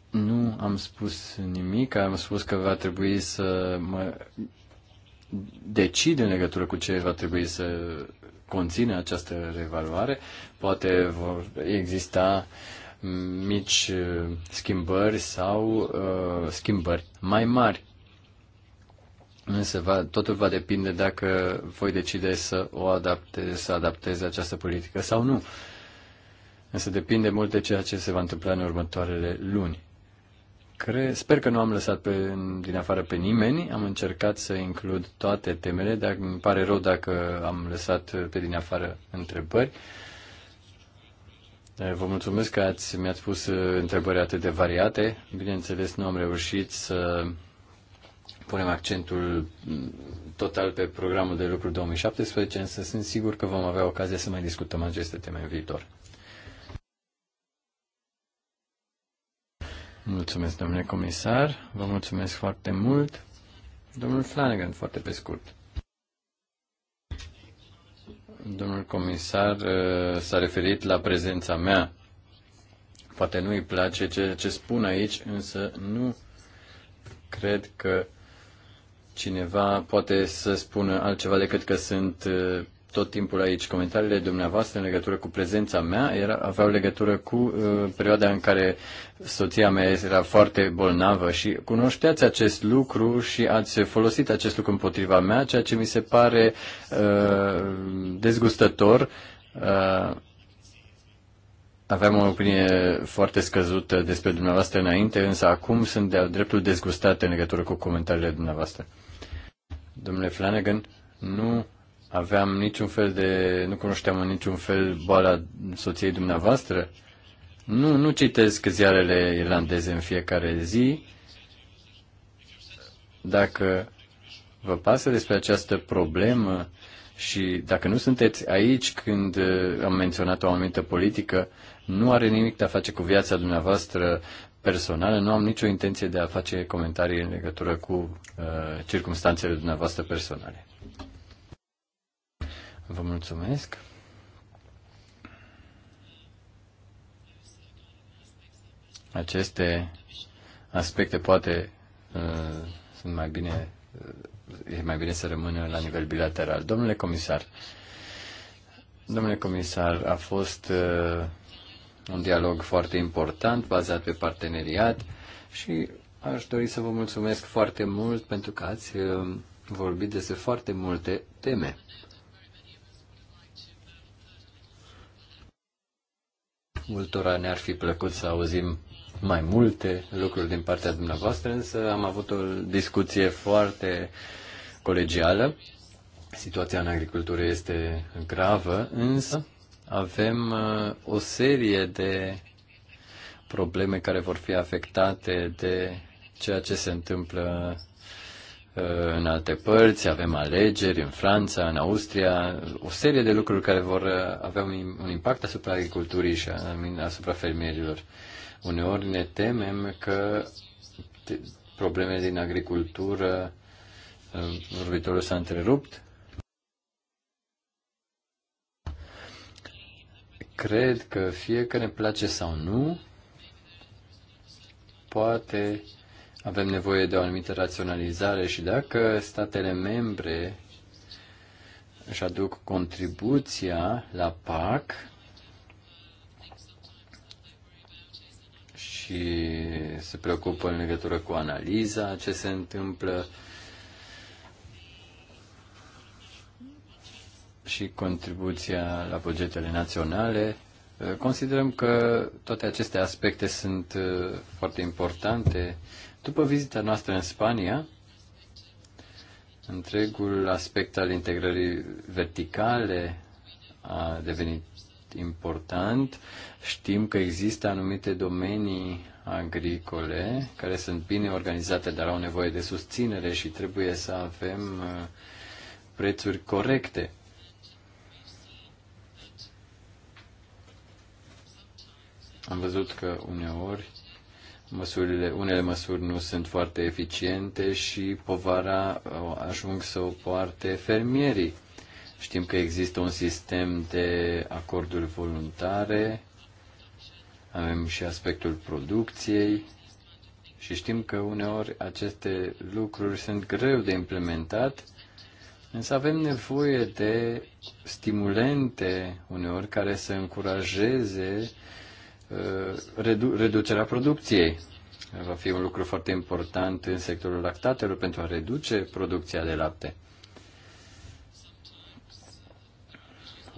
nu am spus nimic, am spus că va trebui să mă decid în legătură cu ce va trebui să conține această revaluare. Poate vor exista uh, mici eh, schimbări sau uh, schimbări mai mari. Însă va, totul va depinde dacă voi decide să o adapteze, să adapteze această politică sau nu. Însă depinde mult de ceea ce se va întâmpla în următoarele luni. Cre- Sper că nu am lăsat pe, din afară pe nimeni. Am încercat să includ toate temele, dar îmi pare rău dacă am lăsat pe din afară întrebări. Eh, vă mulțumesc că ați, mi-ați pus eh, întrebări atât de variate. Bineînțeles, nu am reușit să punem accentul mm, total pe programul de lucru 2017, însă sunt sigur că vom avea ocazia să mai discutăm aceste teme în viitor. Mulțumesc, domnule comisar. Vă mulțumesc foarte mult. Domnul Flanagan, foarte pe scurt. Domnul comisar uh, s-a referit la prezența mea. Poate nu îi place ce ce spun aici, însă nu cred că cineva poate să spună altceva decât că sunt uh, tot timpul aici. Comentariile dumneavoastră în legătură cu prezența mea era, aveau legătură cu uh, perioada în care soția mea era foarte bolnavă și cunoșteați acest lucru și ați folosit acest lucru împotriva mea, ceea ce mi se pare uh, dezgustător. Uh, aveam o opinie foarte scăzută despre dumneavoastră înainte, însă acum sunt de-al dreptul dezgustat în legătură cu comentariile dumneavoastră. Domnule Flanagan, nu aveam niciun fel de, nu cunoșteam în niciun fel boala soției dumneavoastră. Nu, nu citesc ziarele irlandeze în fiecare zi. Dacă vă pasă despre această problemă și dacă nu sunteți aici când eh, am menționat o anumită politică, nu are nimic de a face cu viața dumneavoastră personală, nu am nicio intenție de a face comentarii în legătură cu uh, circumstanțele dumneavoastră personale. Vă mulțumesc. Aceste aspecte poate uh, sunt mai bine, uh, e mai bine să rămână la nivel bilateral. Domnule comisar, domnule comisar, a fost uh, un dialog foarte important, bazat pe parteneriat și aș dori să vă mulțumesc foarte mult pentru că ați uh, vorbit despre foarte multe teme. Multora ne-ar fi plăcut să auzim mai multe lucruri din partea dumneavoastră, însă am avut o discuție foarte colegială. Situația în agricultură este gravă, însă avem uh, o serie de probleme care vor fi afectate de ceea ce se întâmplă în alte părți, avem alegeri în Franța, în Austria, o serie de lucruri care vor avea un impact asupra agriculturii și asupra fermierilor. Uneori ne temem că problemele din agricultură, uh, vorbitorul s-a întrerupt. Cred că fie că ne place sau nu, poate avem nevoie de o anumită raționalizare și dacă statele membre își aduc contribuția la PAC și se preocupă în legătură cu analiza, ce se întâmplă și contribuția la bugetele naționale, Considerăm că toate aceste aspecte sunt uh, foarte importante după vizita noastră în Spania, întregul aspect al integrării verticale a devenit important. Știm că există anumite domenii agricole care sunt bine organizate, dar au nevoie de susținere și trebuie să avem uh, prețuri corecte. Am văzut că uneori Măsurile, unele măsuri nu sunt foarte eficiente și povara ajung să o poarte fermierii. Știm că există un sistem de acorduri voluntare, avem și aspectul producției și știm că uneori aceste lucruri sunt greu de implementat, însă avem nevoie de stimulente uneori care să încurajeze Uh, redu- reducerea producției. Va fi un lucru foarte important în sectorul lactatelor pentru a reduce producția de lapte.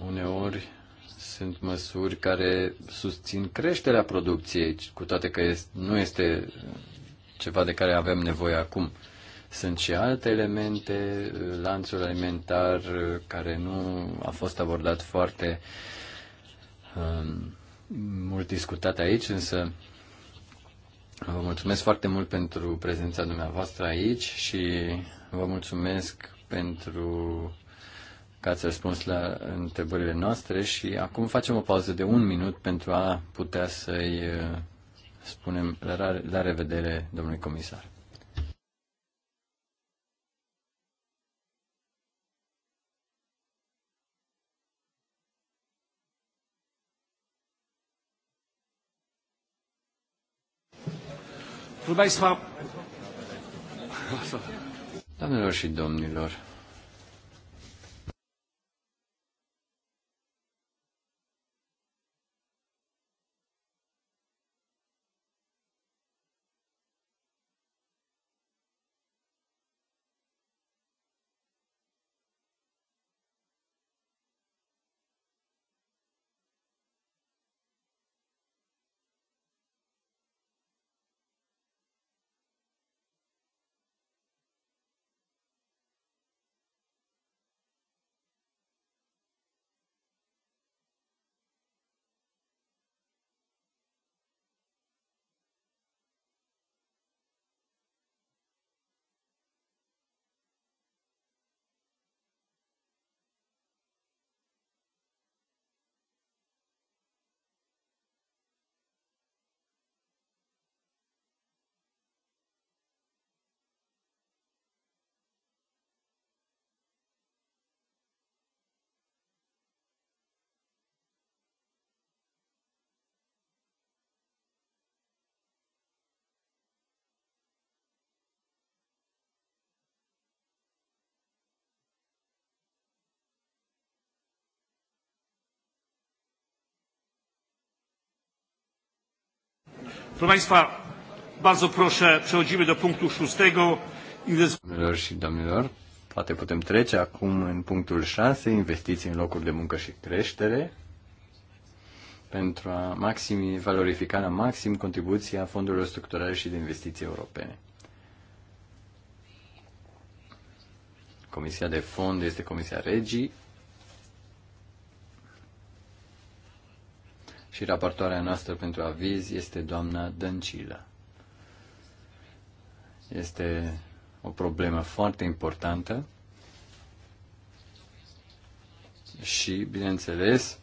Uneori sunt măsuri care susțin creșterea producției, cu toate că nu este ceva de care avem nevoie acum. Sunt și alte elemente, lanțul alimentar uh, care nu a fost abordat foarte um, mult discutat aici, însă vă mulțumesc foarte mult pentru prezența dumneavoastră aici și vă mulțumesc pentru că ați răspuns la întrebările noastre și acum facem o pauză de un minut pentru a putea să-i uh, spunem la, revedere, domnului comisar. Proszę Doamnelor și domnilor, Proszę Państwa, bardzo proszę, przechodzimy do punktu szóstego. Domnilor și domnilor, poate putem trece acum în punctul 6, investiții în locuri de muncă și creștere, pentru a maxim, valorifica la maxim contribuția fondurilor structurale și de investiții europene. Comisia de fond este Comisia Regii, și raportoarea noastră pentru aviz este doamna Dăncilă. Este o problemă foarte importantă și, bineînțeles,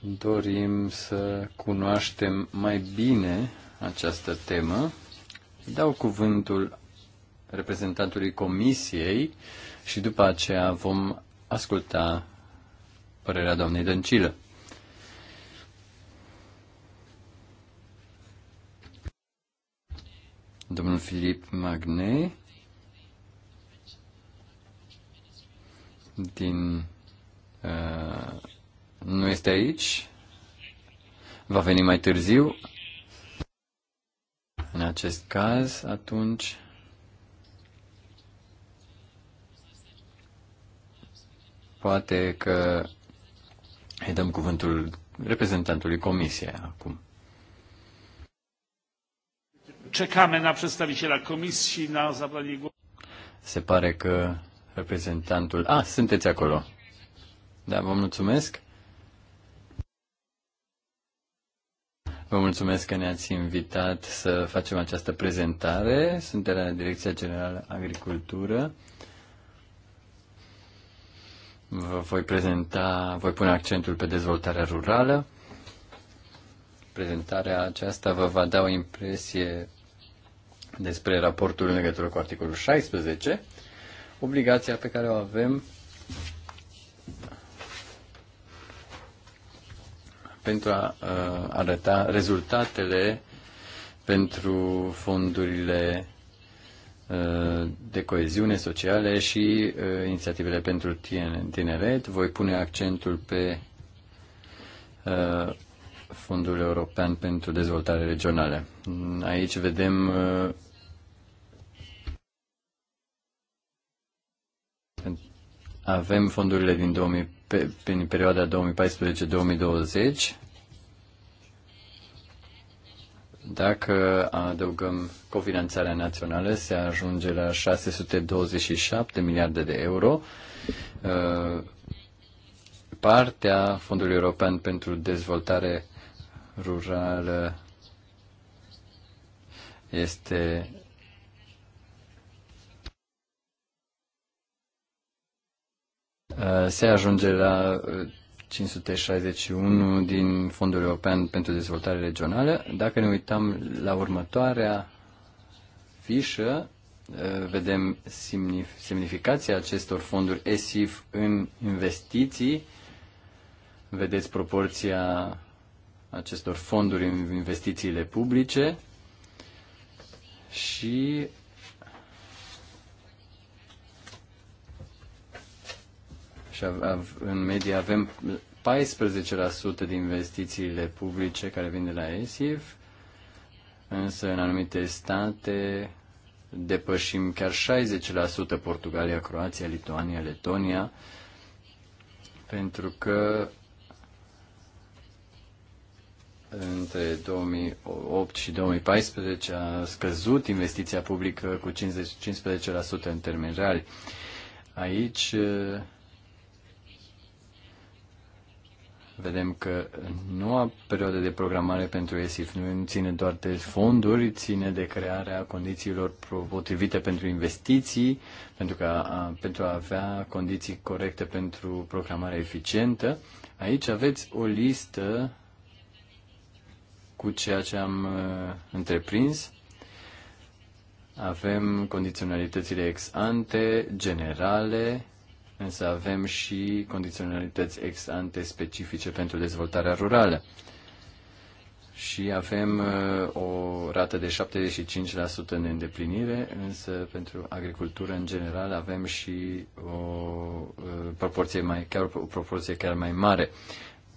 dorim să cunoaștem mai bine această temă. Dau cuvântul reprezentantului comisiei și după aceea vom asculta părerea doamnei Dăncilă. Domnul Filip Magne din uh, nu este aici. Va veni mai târziu. În acest caz, atunci poate că îi dăm cuvântul reprezentantului comisiei acum. Czekamy na przedstawiciela komisji, na zabranie głosu. Se pare că reprezentantul... Ah, sunteți acolo. Da, vă mulțumesc. Vă mulțumesc că ne-ați invitat să facem această prezentare. Sunt de la Direcția Generală Agricultură. Vă voi prezenta, voi pune accentul pe dezvoltarea rurală. Prezentarea aceasta vă va da o impresie despre raportul în legătură cu articolul 16, obligația pe care o avem pentru a uh, arăta rezultatele pentru fondurile de coeziune sociale și uh, inițiativele pentru tineret. Voi pune accentul pe uh, Fondul European pentru Dezvoltare Regională. Aici vedem uh, Avem fondurile din 2000, pe, din perioada 2014-2020. Dacă adăugăm cofinanțarea națională, se ajunge la 627 miliarde de euro. Uh, partea Fondului European pentru Dezvoltare Rurală este Uh, se ajunge la 561 uh, din Fondul European pentru Dezvoltare Regională. Dacă ne uităm la următoarea fișă, uh, vedem semnificația acestor fonduri ESIF în investiții. Vedeți proporția acestor fonduri în investițiile publice și și în medie avem 14% din investițiile publice care vin de la ESIF, însă în anumite state depășim chiar 60% Portugalia, Croația, Lituania, Letonia, pentru că între 2008 și 2014 a scăzut investiția publică cu 50, 15% în termeni reali. Aici vedem că noua perioadă de programare pentru ESIF nu ține doar de fonduri, ține de crearea condițiilor potrivite pentru investiții, pentru, că, a, pentru a avea condiții corecte pentru programare eficientă. Aici aveți o listă cu ceea ce am uh, întreprins. Avem condiționalitățile ex ante, generale, însă avem și condiționalități ex ante specifice pentru dezvoltarea rurală. Și avem uh, o rată de 75% în îndeplinire, însă pentru agricultură în general avem și o uh, proporție mai, chiar, o proporție chiar mai mare.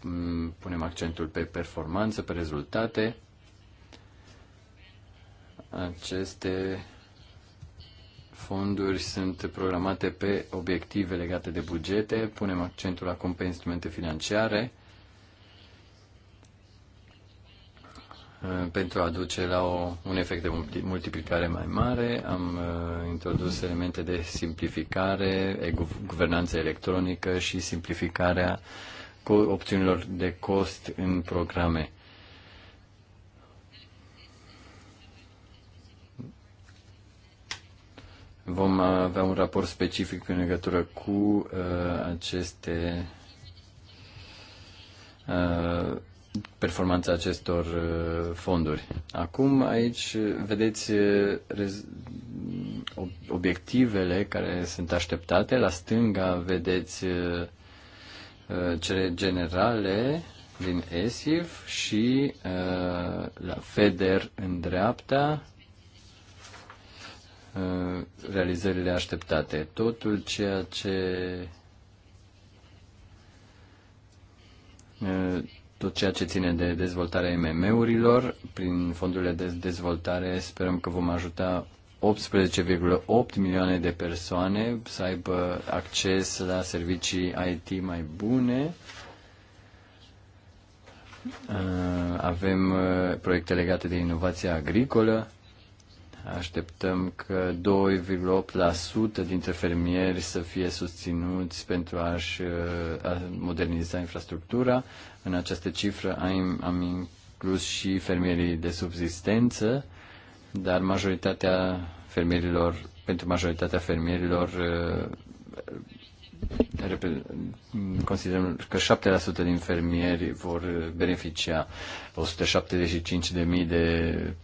Mm, punem accentul pe performanță, pe rezultate. Aceste fonduri sunt programate pe obiective legate de bugete, punem accentul acum pe instrumente financiare uh, pentru a aduce la o, un efect de multiplicare mai mare. Am uh, introdus elemente de simplificare, guvernanță electronică și simplificarea cu opțiunilor de cost în programe. Vom avea un raport specific în legătură cu uh, aceste uh, performanța acestor uh, fonduri. Acum aici vedeți uh, obiectivele care sunt așteptate. La stânga vedeți uh, uh, cele generale din ESIF și uh, la FEDER în dreapta Uh, realizările așteptate. Totul ceea ce uh, tot ceea ce ține de dezvoltarea MM-urilor, prin fondurile de dezvoltare sperăm că vom ajuta 18,8 milioane de persoane să aibă acces la servicii IT mai bune. Uh, avem proiecte legate de inovația agricolă, Așteptăm că 2,8% dintre fermieri să fie susținuți pentru a-și a moderniza infrastructura. În această cifră am, am inclus și fermierii de subsistență, dar majoritatea fermierilor, pentru majoritatea fermierilor uh, considerăm că 7% din fermieri vor beneficia 175.000 de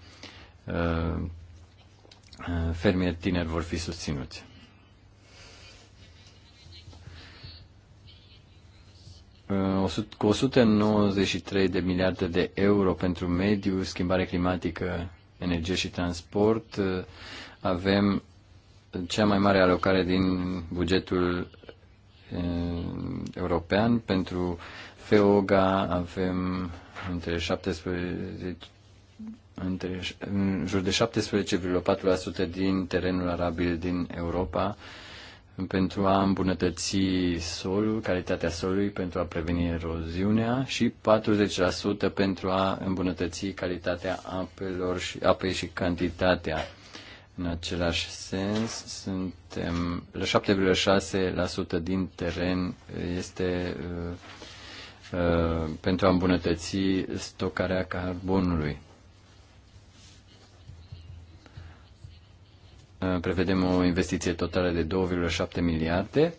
uh, fermieri tineri vor fi susținuți. Uh, cu 193 de miliarde de euro pentru mediu, schimbare climatică, energie și transport, uh, avem cea mai mare alocare din bugetul uh, european. Pentru FEOGA avem între 17 între, în jur de 17,4% din terenul arabil din Europa pentru a îmbunătăți solul, calitatea solului pentru a preveni eroziunea și 40% pentru a îmbunătăți calitatea apelor și, apei și cantitatea. În același sens, suntem la 7,6% din teren este uh, uh, pentru a îmbunătăți stocarea carbonului. Uh, prevedem o investiție totală de 2,7 miliarde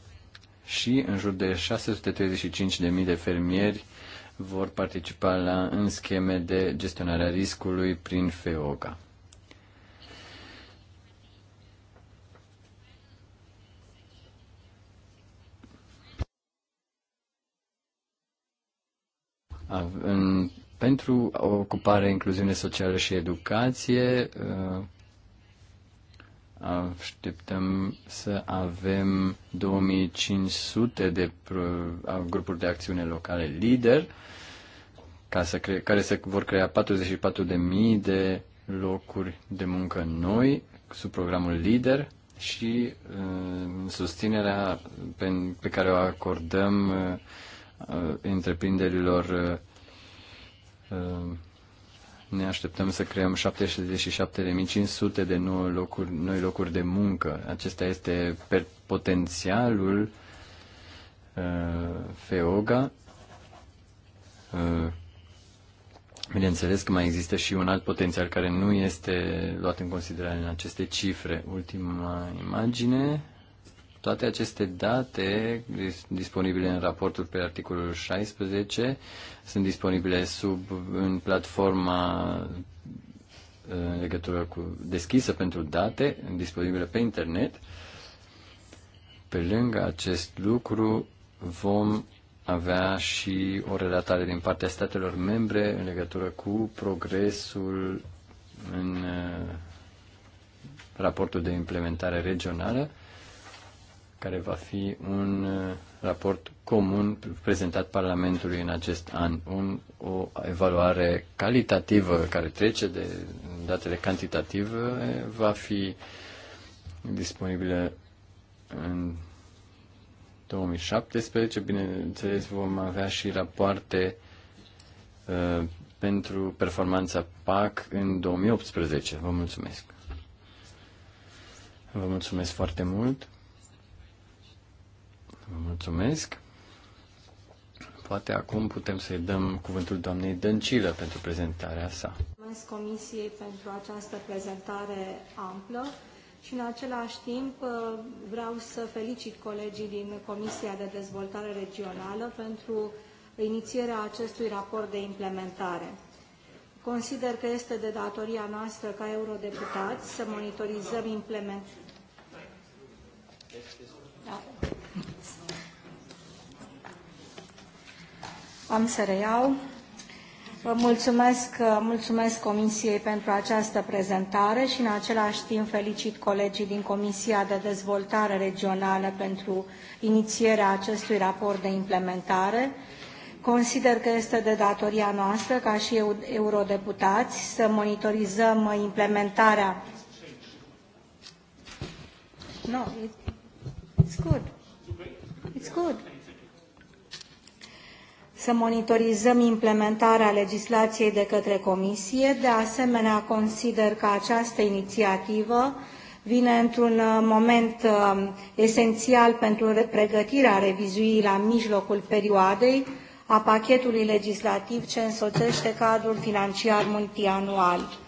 și în jur de 635.000 de fermieri vor participa la în scheme de gestionare a riscului prin FEOGA. pentru ocupare, incluziune socială și educație, uh, Așteptăm să avem 2500 de grupuri de acțiune locale lider, ca să cre- care să vor crea 44.000 de locuri de muncă noi sub programul lider și uh, susținerea pe, pe care o acordăm uh, întreprinderilor uh, ne așteptăm să creăm 77.500 de noi locuri, noi locuri de muncă. Acesta este potențialul uh, FEOGA. Uh, bineînțeles că mai există și un alt potențial care nu este luat în considerare în aceste cifre. Ultima imagine toate aceste date disponibile în raportul pe articolul 16 sunt disponibile sub în platforma uh, în legătură cu deschisă pentru date, disponibile pe internet. Pe lângă acest lucru vom avea și o relatare din partea statelor membre în legătură cu progresul în uh, raportul de implementare regională care va fi un uh, raport comun prezentat Parlamentului în acest an. Un, o evaluare calitativă care trece de datele cantitative uh, va fi disponibilă în 2017. Bineînțeles, vom avea și rapoarte uh, pentru performanța PAC în 2018. Vă mulțumesc! Vă mulțumesc foarte mult! Vă mulțumesc. Poate acum putem să-i dăm cuvântul doamnei Dăncilă pentru prezentarea sa. Mulțumesc Comisiei pentru această prezentare amplă și în același timp uh, vreau să felicit colegii din Comisia de Dezvoltare Regională pentru inițierea acestui raport de implementare. Consider că este de datoria noastră ca eurodeputați să monitorizăm implementarea. Da. Am să reiau. mulțumesc, mulțumesc Comisiei pentru această prezentare și în același timp felicit colegii din Comisia de Dezvoltare Regională pentru inițierea acestui raport de implementare. Consider că este de datoria noastră, ca și eurodeputați, să monitorizăm implementarea. No, it's good. It's good să monitorizăm implementarea legislației de către Comisie. De asemenea, consider că această inițiativă vine într-un uh, moment um, esențial pentru pregătirea revizuirii la mijlocul perioadei a pachetului legislativ ce însoțește cadrul financiar multianual.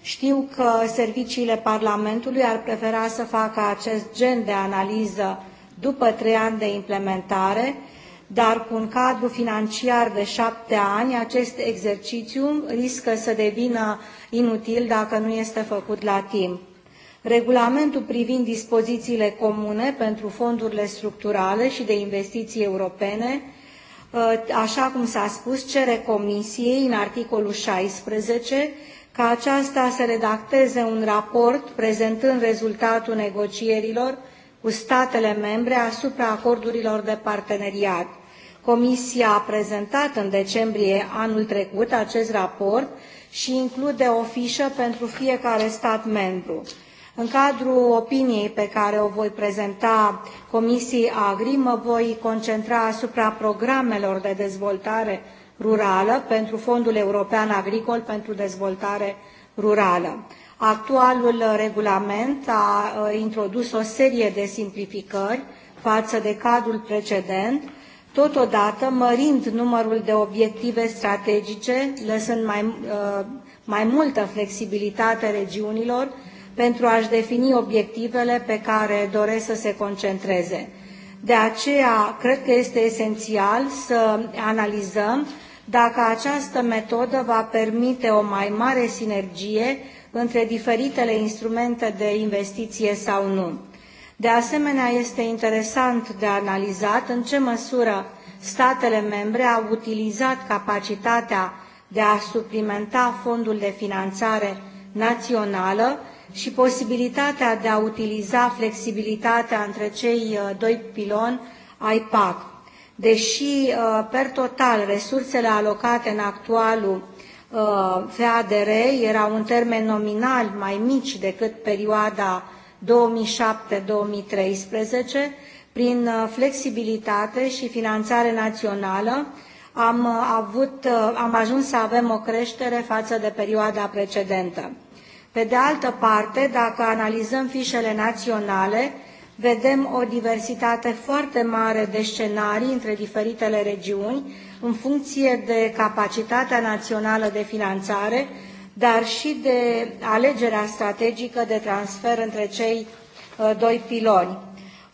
Știu că serviciile Parlamentului ar prefera să facă acest gen de analiză după trei ani de implementare, dar cu un cadru financiar de șapte ani, acest exercițiu riscă să devină inutil dacă nu este făcut la timp. Regulamentul privind dispozițiile comune pentru fondurile structurale și de investiții europene, ă, așa cum s-a spus, cere Comisiei în articolul 16 ca aceasta să redacteze un raport prezentând rezultatul negocierilor cu statele membre asupra acordurilor de parteneriat. Comisia a prezentat în decembrie anul trecut acest raport și include o fișă pentru fiecare stat membru. În cadrul opiniei pe care o voi prezenta Comisiei Agri, mă voi concentra asupra programelor de dezvoltare rurală pentru Fondul European Agricol pentru Dezvoltare Rurală. Actualul regulament a introdus o serie de simplificări față de cadrul precedent, totodată mărind numărul de obiective strategice, lăsând mai, mai multă flexibilitate regiunilor pentru a-și defini obiectivele pe care doresc să se concentreze. De aceea, cred că este esențial să analizăm dacă această metodă va permite o mai mare sinergie între diferitele instrumente de investiție sau nu. De asemenea, este interesant de analizat în ce măsură statele membre au utilizat capacitatea de a suplimenta fondul de finanțare națională și posibilitatea de a utiliza flexibilitatea între cei uh, doi piloni ai PAC. Deși, uh, per total, resursele alocate în actualul Uh, FADR erau în termen nominal mai mici decât perioada 2007-2013, prin uh, flexibilitate și finanțare națională am, uh, avut, am ajuns să avem o creștere față de perioada precedentă. Pe de altă parte, dacă analizăm fișele naționale, vedem o diversitate foarte mare de scenarii între diferitele regiuni, în funcție de capacitatea națională de finanțare, dar și de alegerea strategică de transfer între cei uh, doi piloni.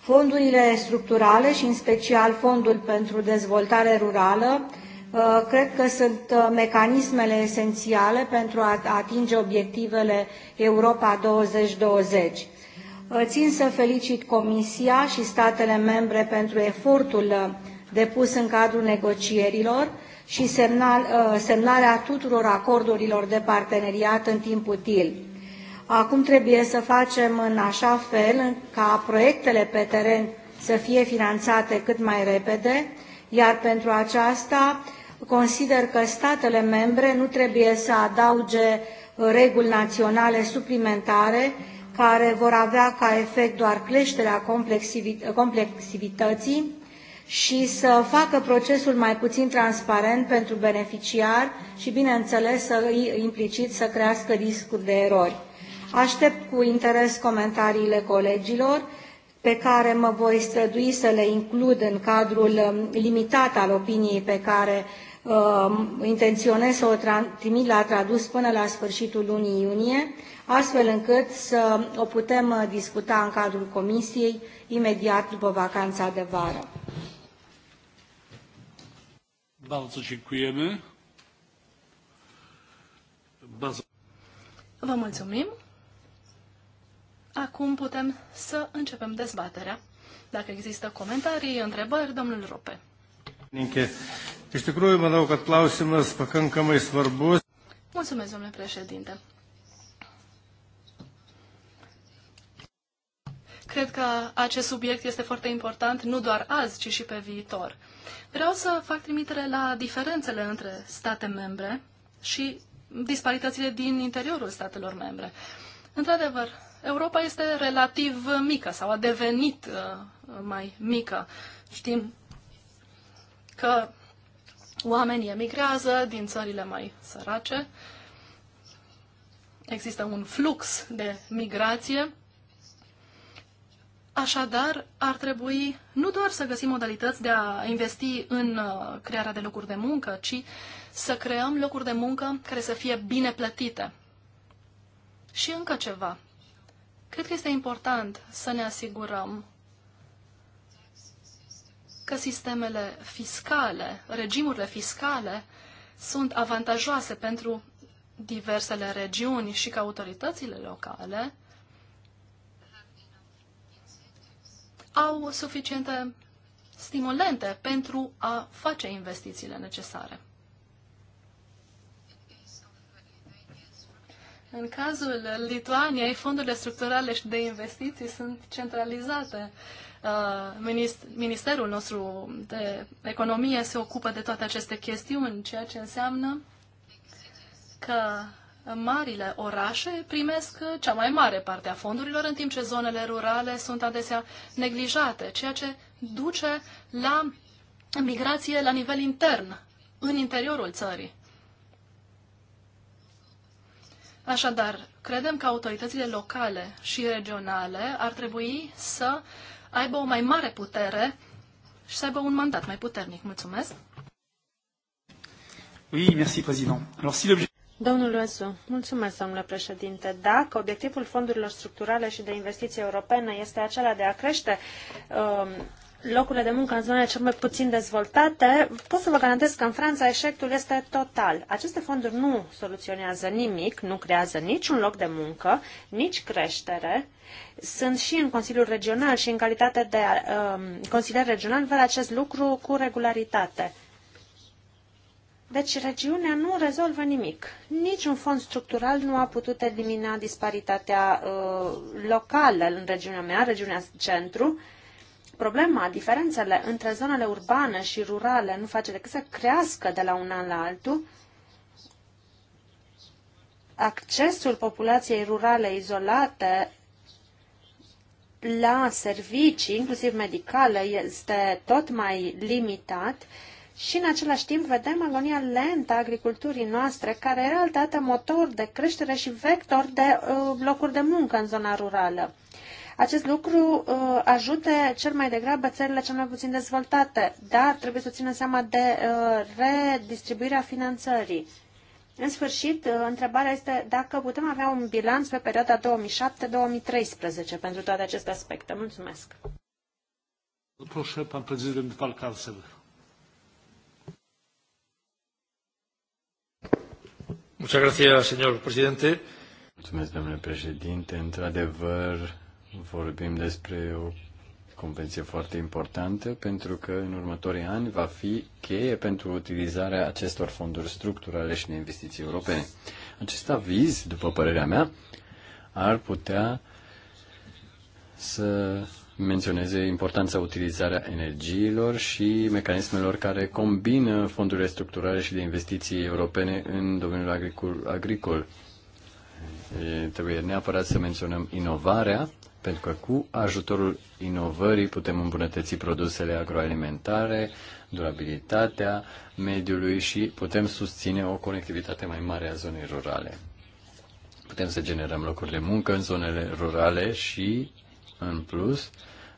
Fondurile structurale și în special Fondul pentru Dezvoltare Rurală uh, cred că sunt uh, mecanismele esențiale pentru a atinge obiectivele Europa 2020. Țin să felicit Comisia și statele membre pentru efortul depus în cadrul negocierilor și semnal, uh, semnarea tuturor acordurilor de parteneriat în timp util. Acum trebuie să facem în așa fel ca proiectele pe teren să fie finanțate cât mai repede, iar pentru aceasta consider că statele membre nu trebuie să adauge reguli naționale suplimentare care vor avea ca efect doar creșterea complexivității și să facă procesul mai puțin transparent pentru beneficiar și, bineînțeles, să implicit să crească riscul de erori. Aștept cu interes comentariile colegilor pe care mă voi strădui să le includ în cadrul um, limitat al opiniei pe care uh, intenționez să o trimit la tradus până la sfârșitul lunii iunie, astfel încât să o putem uh, discuta în cadrul comisiei imediat după vacanța de vară. Bardzo dziękujemy. Vă mulțumim. Acum putem să începem dezbaterea. Dacă există comentarii, întrebări, domnul Rope. Iš tikrųjų, manau, kad klausimas pakankamai svarbus. Mulțumesc, domnule președinte. Cred că acest subiect este foarte important nu doar azi, ci și pe viitor. Vreau să fac trimitere la diferențele între state membre și disparitățile din interiorul statelor membre. Într-adevăr, Europa este relativ mică sau a devenit uh, mai mică. Știm că oamenii emigrează din țările mai sărace, există un flux de migrație Așadar, ar trebui nu doar să găsim modalități de a investi în uh, crearea de locuri de muncă, ci să creăm locuri de muncă care să fie bine plătite. Și încă ceva. Cred că este important să ne asigurăm că sistemele fiscale, regimurile fiscale, sunt avantajoase pentru diversele regiuni și că autoritățile locale au suficiente stimulente pentru a face investițiile necesare. În cazul Lituaniei, fondurile structurale și de investiții sunt centralizate. Uh, Ministerul nostru de economie se ocupă de toate aceste chestiuni, ceea ce înseamnă că marile orașe primesc cea mai mare parte a fondurilor, în timp ce zonele rurale sunt adesea neglijate, ceea ce duce la migrație la nivel intern, în interiorul țării. Așadar, credem că autoritățile locale și regionale ar trebui să aibă o mai mare putere și să aibă un mandat mai puternic. Mulțumesc! Oui, merci, président. Alors, si Domnul Lozu, mulțumesc, domnule președinte. Dacă obiectivul fondurilor structurale și de investiții europene este acela de a crește um, locurile de muncă în zonele cel mai puțin dezvoltate, pot să vă garantez că în Franța eșecul este total. Aceste fonduri nu soluționează nimic, nu creează niciun loc de muncă, nici creștere. Sunt și în Consiliul Regional și în calitate de um, consilier regional, văd acest lucru cu regularitate. Deci regiunea nu rezolvă nimic. Niciun fond structural nu a putut elimina disparitatea uh, locală în regiunea mea, regiunea centru. Problema, diferențele între zonele urbane și rurale nu face decât să crească de la un an la altul. Accesul populației rurale izolate la servicii, inclusiv medicale, este tot mai limitat și în același timp vedem agonia lentă a agriculturii noastre, care era altădată motor de creștere și vector de uh, locuri de muncă în zona rurală. Acest lucru uh, ajută cel mai degrabă țările cel mai puțin dezvoltate, dar trebuie să țină seama de uh, redistribuirea finanțării. În sfârșit, uh, întrebarea este dacă putem avea un bilanț pe perioada 2007-2013 pentru toate aceste aspecte. Mulțumesc. Proszę, pan prezydent Valkarcev. Mulțumesc, domnule președinte. Într-adevăr, vorbim despre o convenție foarte importantă pentru că în următorii ani va fi cheie pentru utilizarea acestor fonduri structurale și de investiții europene. Acest aviz, după părerea mea, ar putea să menționeze importanța utilizarea energiilor și mecanismelor care combină fondurile structurale și de investiții europene în domeniul agricol. agricol. E, trebuie neapărat să menționăm inovarea, pentru că cu ajutorul inovării putem îmbunătăți produsele agroalimentare, durabilitatea mediului și putem susține o conectivitate mai mare a zonei rurale. Putem să generăm locuri de muncă în zonele rurale și, în plus,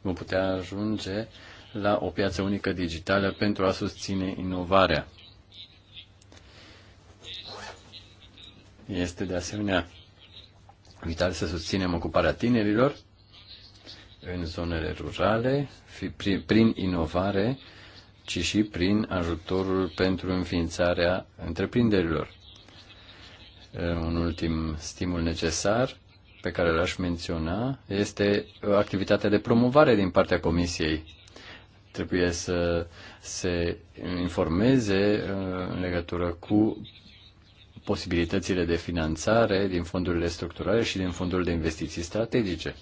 Vom putea ajunge la o piață unică digitală pentru a susține inovarea. Este de asemenea vital să susținem ocuparea tinerilor în zonele rurale prin inovare, ci și prin ajutorul pentru înființarea întreprinderilor. Un ultim stimul necesar pe care l-aș menționa este activitatea de promovare din partea Comisiei. Trebuie să se informeze uh, în legătură cu posibilitățile de finanțare din fondurile structurale și din fondurile de investiții strategice.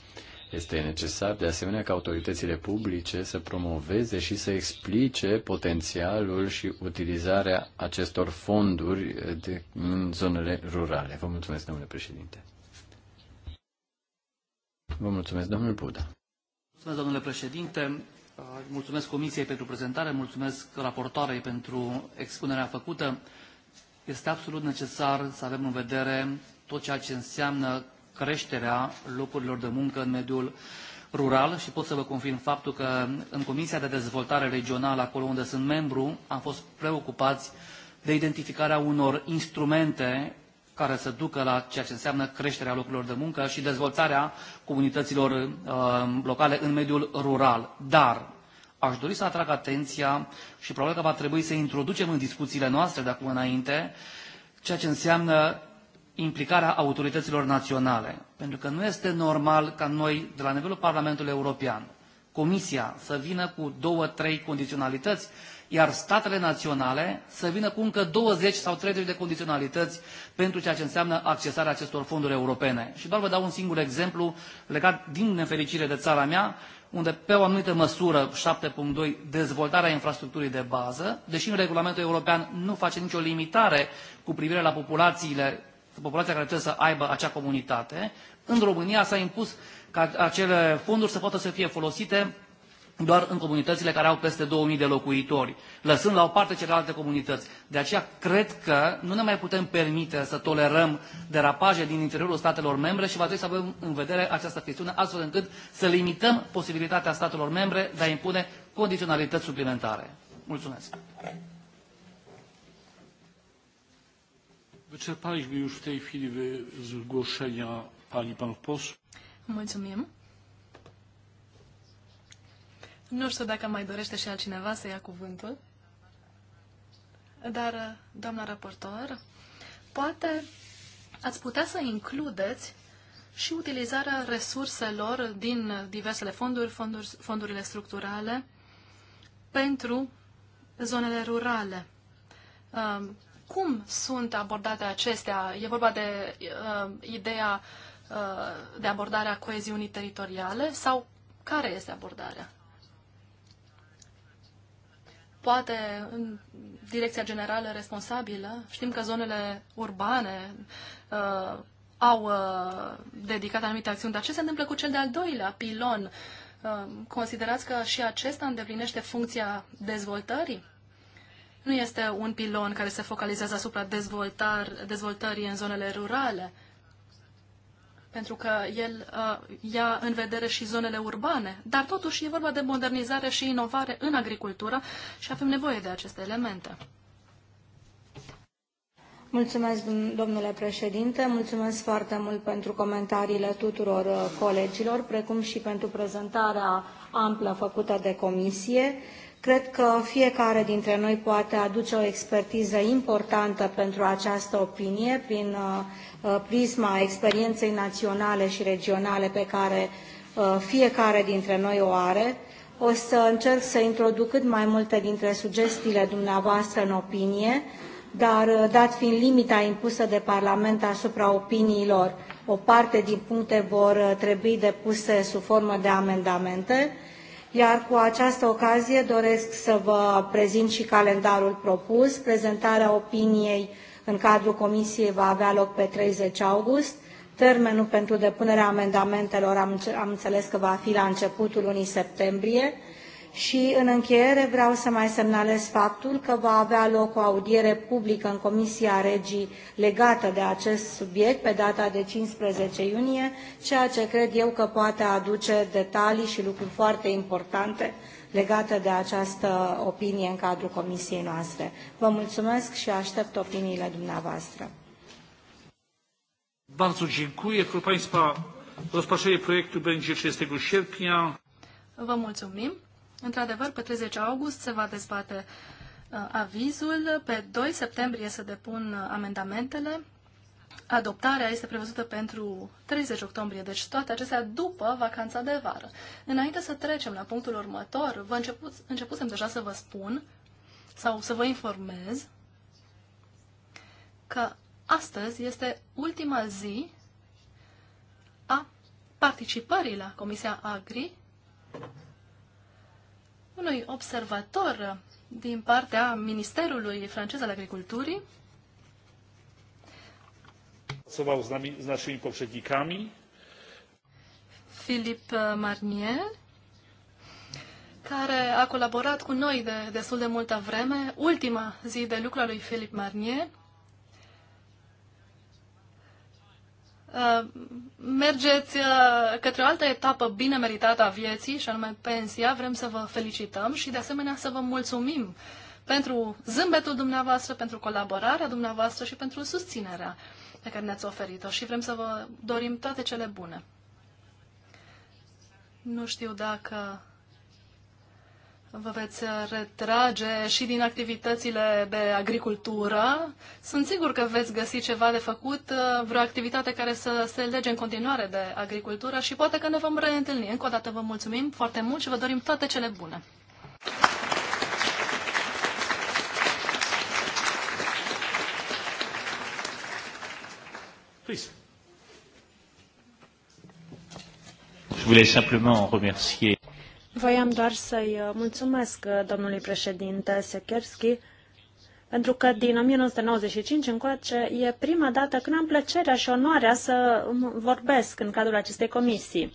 Este necesar, de asemenea, ca autoritățile publice să promoveze și să explice potențialul și utilizarea acestor fonduri de, în zonele rurale. Vă mulțumesc, domnule președinte. Vă mulțumesc, domnul Buda. Mulțumesc, domnule președinte. Mulțumesc Comisiei pentru prezentare, mulțumesc raportoarei pentru expunerea făcută. Este absolut necesar să avem în vedere tot ceea ce înseamnă creșterea locurilor de muncă în mediul rural și pot să vă confirm faptul că în Comisia de Dezvoltare Regională, acolo unde sunt membru, am fost preocupați de identificarea unor instrumente care să ducă la ceea ce înseamnă creșterea locurilor de muncă și dezvoltarea comunităților uh, locale în mediul rural. Dar aș dori să atrag atenția și probabil că va trebui să introducem în discuțiile noastre de acum înainte ceea ce înseamnă implicarea autorităților naționale. Pentru că nu este normal ca noi, de la nivelul Parlamentului European, Comisia să vină cu două, trei condiționalități, iar statele naționale să vină cu încă 20 sau 30 de condiționalități pentru ceea ce înseamnă accesarea acestor fonduri europene. Și doar vă dau un singur exemplu legat din nefericire de țara mea, unde pe o anumită măsură, 7.2, dezvoltarea infrastructurii de bază, deși în regulamentul european nu face nicio limitare cu privire la populațiile, populația care trebuie să aibă acea comunitate, în România s-a impus ca acele fonduri să poată să fie folosite doar în comunitățile care au peste 2000 de locuitori, lăsând la o parte celelalte comunități. De aceea cred că nu ne mai putem permite să tolerăm derapaje din interiorul statelor membre și va trebui să avem în vedere această chestiune astfel încât să limităm posibilitatea statelor membre de a impune condiționalități suplimentare. Mulțumesc. Wyczerpaliśmy już w tej chwili zgłoszenia pani panów posłów. Mulțumim. Nu știu dacă mai dorește și altcineva să ia cuvântul. Dar, doamna raportor, poate ați putea să includeți și utilizarea resurselor din diversele fonduri, fonduri fondurile structurale, pentru zonele rurale. Um, cum sunt abordate acestea? E vorba de uh, ideea Uh, de abordarea coeziunii teritoriale sau care este abordarea? Poate în direcția generală responsabilă, știm că zonele urbane uh, au uh, dedicat anumite acțiuni, dar ce se întâmplă cu cel de-al doilea pilon? Uh, considerați că și acesta îndeplinește funcția dezvoltării? Nu este un pilon care se focalizează asupra dezvoltar, dezvoltării în zonele rurale, uh, pentru că el uh, ia în vedere și zonele urbane, dar totuși e vorba de modernizare și inovare în agricultură și avem nevoie de aceste elemente. Mulțumesc, domnule președinte, mulțumesc foarte mult pentru comentariile tuturor uh, colegilor, precum și pentru prezentarea amplă făcută de comisie. Cred că fiecare dintre noi poate aduce o expertiză importantă pentru această opinie prin uh, uh, prisma experienței naționale și regionale pe care uh, fiecare dintre noi o are. O să încerc să introduc cât mai multe dintre sugestiile dumneavoastră în opinie, dar dat fiind limita impusă de Parlament asupra opiniilor, o parte din puncte vor trebui depuse sub formă de amendamente iar cu această ocazie doresc să vă prezint și calendarul propus. Prezentarea opiniei în cadrul comisiei va avea loc pe 30 august. Termenul pentru depunerea amendamentelor am, am înțeles că va fi la începutul lunii septembrie și în încheiere vreau să mai semnalez faptul că va avea loc o audiere publică în Comisia Regii legată de acest subiect pe data de 15 iunie, ceea ce cred eu că poate aduce detalii și lucruri foarte importante legate de această opinie în cadrul comisiei noastre. Vă mulțumesc și aștept opiniile dumneavoastră. Bardzo dziękuję. Proszę Państwa, rozpatrzenie projektu będzie 30 sierpnia. Vă mulțumim. Într-adevăr, pe 30 august se va dezbate uh, avizul, pe 2 septembrie se depun uh, amendamentele, adoptarea este prevăzută pentru 30 octombrie, deci toate acestea după vacanța de vară. Înainte să trecem la punctul următor, vă început, începusem deja să vă spun sau să vă informez că astăzi este ultima zi a participării la Comisia Agri unui observator din partea Ministerului francez al Agriculturii. Pracował z, nami, z naszymi poprzednikami. Filip Marnier, care a colaborat cu noi de destul de multă vreme. Ultima zi de lucru a lui Filip Marnier Uh, mergeți uh, către o altă etapă bine meritată a vieții, și anume pensia. Vrem să vă felicităm și, de asemenea, să vă mulțumim pentru zâmbetul dumneavoastră, pentru colaborarea dumneavoastră și pentru susținerea pe care ne-ați oferit-o și vrem să vă dorim toate cele bune. Nu știu dacă vă veți retrage și din activitățile de agricultură. Sunt sigur că veți găsi ceva de făcut, uh, vreo activitate care să se lege în continuare de agricultură și poate că ne vom reîntâlni. Încă o dată vă mulțumim foarte mult și vă dorim toate cele bune. Please. Je voulais simplement remercier Voiam doar să-i uh, mulțumesc uh, domnului președinte Sekerski pentru că din 1995 încoace e prima dată când am plăcerea și onoarea să vorbesc în cadrul acestei comisii.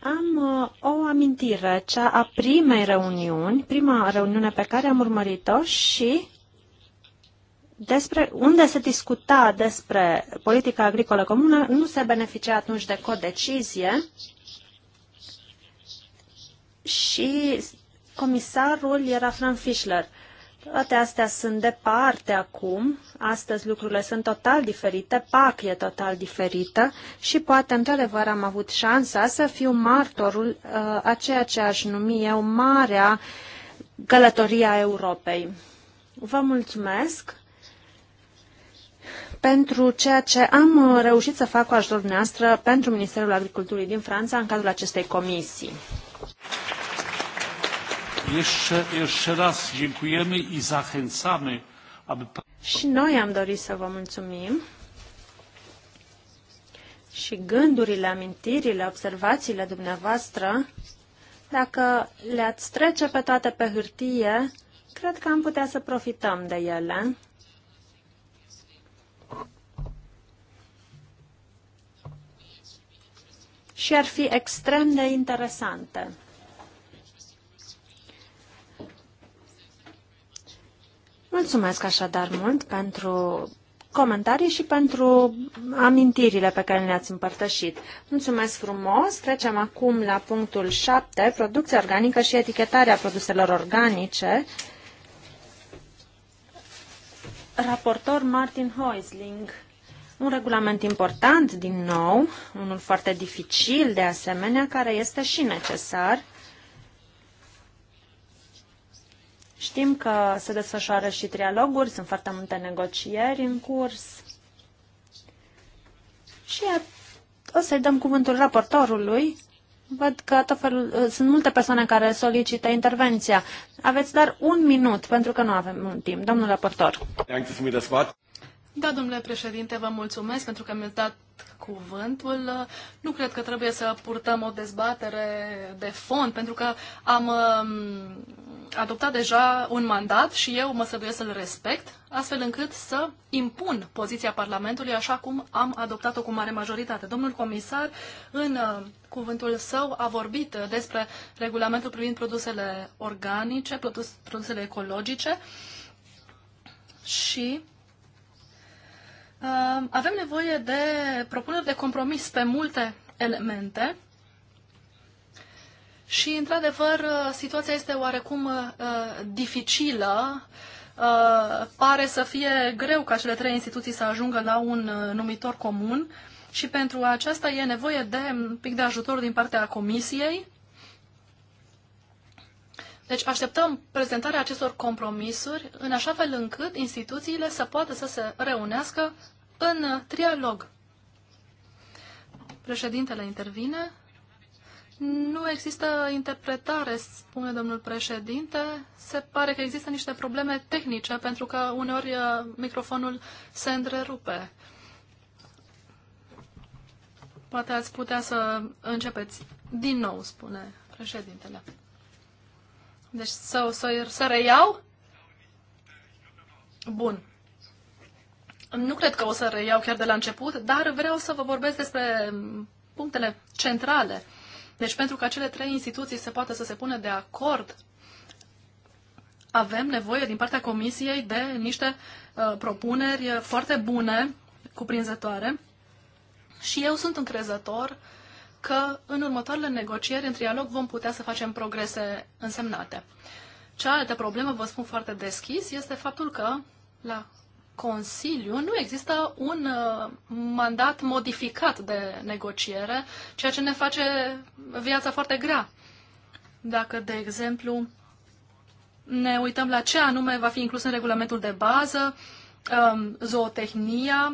Am uh, o amintire, cea a primei reuniuni, prima reuniune pe care am urmărit-o și despre unde se discuta despre politica agricolă comună, nu se beneficia atunci de codecizie, și comisarul era Frank Fischler. Toate astea sunt departe acum, astăzi lucrurile sunt total diferite, PAC e total diferită și poate într-adevăr am avut șansa să fiu martorul uh, a ceea ce aș numi eu marea călătoria Europei. Vă mulțumesc pentru ceea ce am uh, reușit să fac cu ajutorul noastră pentru Ministerul Agriculturii din Franța în cadrul acestei comisii. Jeszcze, jeszcze raz dziękujemy i zachęcamy, aby... Și noi am dorit să vă mulțumim și gândurile, amintirile, observațiile dumneavoastră, dacă le-ați trece pe toate pe hârtie, cred că am putea să profităm de ele. Și ar fi extrem de interesante. Mulțumesc așadar mult pentru comentarii și pentru amintirile pe care le-ați împărtășit. Mulțumesc frumos! Trecem acum la punctul 7, producția organică și etichetarea produselor organice. Raportor Martin Heusling. Un regulament important, din nou, unul foarte dificil de asemenea, care este și necesar Știm că se desfășoară și trialoguri, sunt foarte multe negocieri în curs. Și o să-i dăm cuvântul raportorului. Văd că tot felul, ă, sunt multe persoane care solicită intervenția. Aveți doar un minut, pentru că nu avem mult timp. Domnul raportor. Da, domnule președinte, vă mulțumesc pentru că mi-ați dat cuvântul. Nu cred că trebuie să purtăm o dezbatere de fond, pentru că am adoptat deja un mandat și eu mă săduiesc să-l respect, astfel încât să impun poziția Parlamentului așa cum am adoptat-o cu mare majoritate. Domnul comisar, în uh, cuvântul său, a vorbit despre regulamentul privind produsele organice, produsele ecologice și uh, avem nevoie de propuneri de compromis pe multe elemente și, într-adevăr, uh, situația este oarecum uh, dificilă. Uh, pare să fie greu ca cele trei instituții să ajungă la un uh, numitor comun și pentru aceasta e nevoie de un pic de ajutor din partea Comisiei. Deci așteptăm prezentarea acestor compromisuri în așa fel încât instituțiile să poată să se reunească în trialog. Președintele intervine. Nu există interpretare, spune domnul președinte. Se pare că există niște probleme tehnice, pentru că uneori uh, microfonul se întrerupe. Poate ați putea să începeți din nou, spune președintele. Deci să, să, să reiau? Bun. Nu cred că o să reiau chiar de la început, dar vreau să vă vorbesc despre punctele centrale deci pentru ca cele trei instituții se poată să se pună de acord, avem nevoie din partea Comisiei de niște uh, propuneri foarte bune, cuprinzătoare. Și eu sunt încrezător că în următoarele negocieri, în trialog, vom putea să facem progrese însemnate. Cealaltă problemă, vă spun foarte deschis, este faptul că la Consiliu nu există un uh, mandat modificat de negociere, ceea ce ne face viața foarte grea. Dacă, de exemplu, ne uităm la ce anume va fi inclus în regulamentul de bază, um, zootehnia,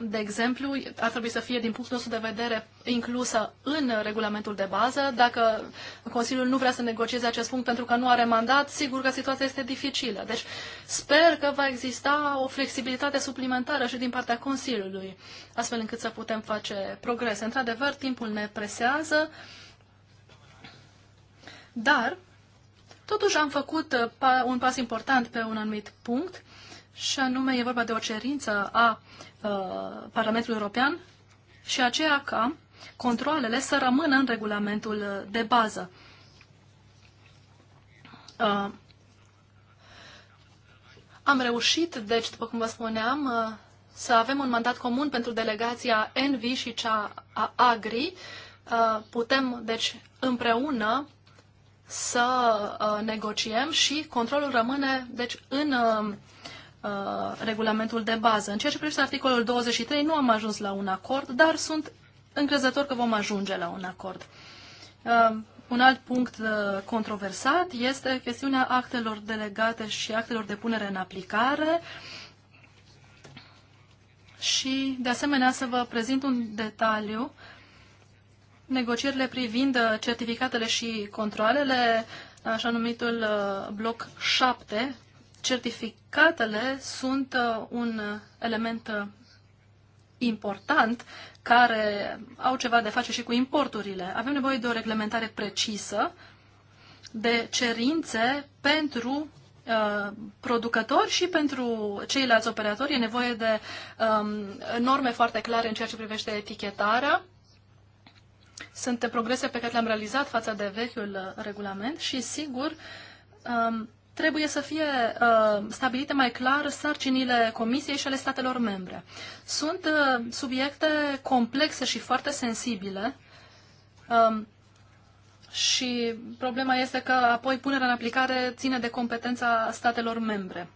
de exemplu, ar trebui să fie, din punctul nostru de vedere, inclusă în regulamentul de bază. Dacă Consiliul nu vrea să negocieze acest punct pentru că nu are mandat, sigur că situația este dificilă. Deci sper că va exista o flexibilitate suplimentară și din partea Consiliului, astfel încât să putem face progrese. Într-adevăr, timpul ne presează, dar totuși am făcut uh, un pas important pe un anumit punct și anume e vorba de o cerință a uh, Parlamentului European și aceea ca controlele să rămână în regulamentul de bază. Uh, am reușit, deci, după cum vă spuneam, uh, să avem un mandat comun pentru delegația ENVI și cea a AGRI. Uh, putem, deci, împreună să uh, negociem și controlul rămâne, deci, în Uh, regulamentul de bază. În ceea ce privește articolul 23, nu am ajuns la un acord, dar sunt încrezător că vom ajunge la un acord. Uh, un alt punct uh, controversat este chestiunea actelor delegate și actelor de punere în aplicare. Și, de asemenea, să vă prezint un detaliu. Negocierile privind uh, certificatele și controlele, așa numitul uh, bloc 7, certificatele sunt uh, un uh, element uh, important care au ceva de face și cu importurile. Avem nevoie de o reglementare precisă de cerințe pentru producători și pentru ceilalți operatori. E nevoie de um, norme foarte clare în ceea ce privește etichetarea. Sunt progrese pe care le-am realizat față de vechiul regulament și, sigur, um, trebuie să fie uh, stabilite mai clar sarcinile Comisiei și ale statelor membre. Sunt uh, subiecte complexe și foarte sensibile um, și problema este că apoi punerea în aplicare ține de competența statelor membre.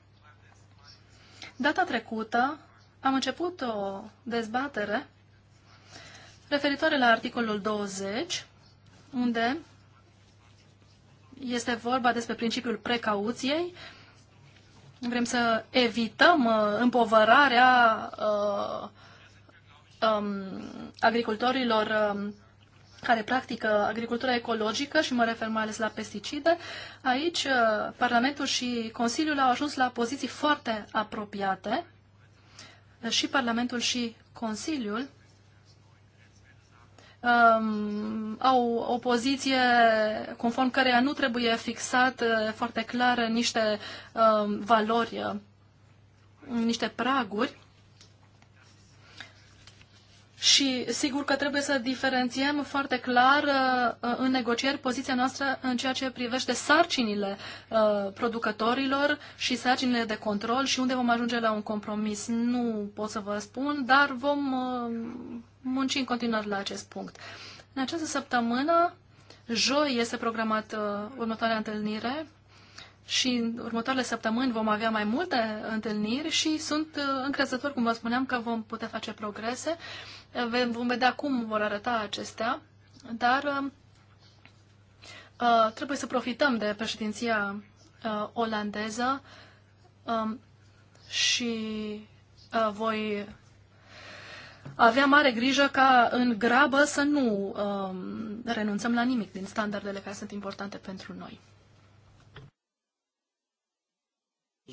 Data trecută am început o dezbatere referitoare la articolul 20, unde este vorba despre principiul precauției. Vrem să evităm uh, împovărarea uh, um, agricultorilor um, care practică agricultura ecologică și mă refer mai ales la pesticide. Aici uh, Parlamentul și Consiliul au ajuns la poziții foarte apropiate. Și Parlamentul și Consiliul um, au o poziție conform căreia nu trebuie fixat uh, foarte clar niște um, valori, uh, niște praguri și sigur că trebuie să diferențiem foarte clar uh, uh, în negocieri poziția noastră în ceea ce privește sarcinile uh, producătorilor și sarcinile de control și unde vom ajunge la un compromis. Nu pot să vă spun, dar vom munci în continuare la acest punct. În această săptămână, joi este programat următoarea întâlnire și în următoarele săptămâni vom avea mai multe întâlniri și sunt încrezător, cum vă spuneam, că vom putea face progrese. Uh, Vom vedea cum vor arăta acestea, dar uh, uh, trebuie să profităm de președinția uh, olandeză um, și voi avea mare grijă ca în grabă să nu um, renunțăm la nimic din standardele care sunt importante pentru noi.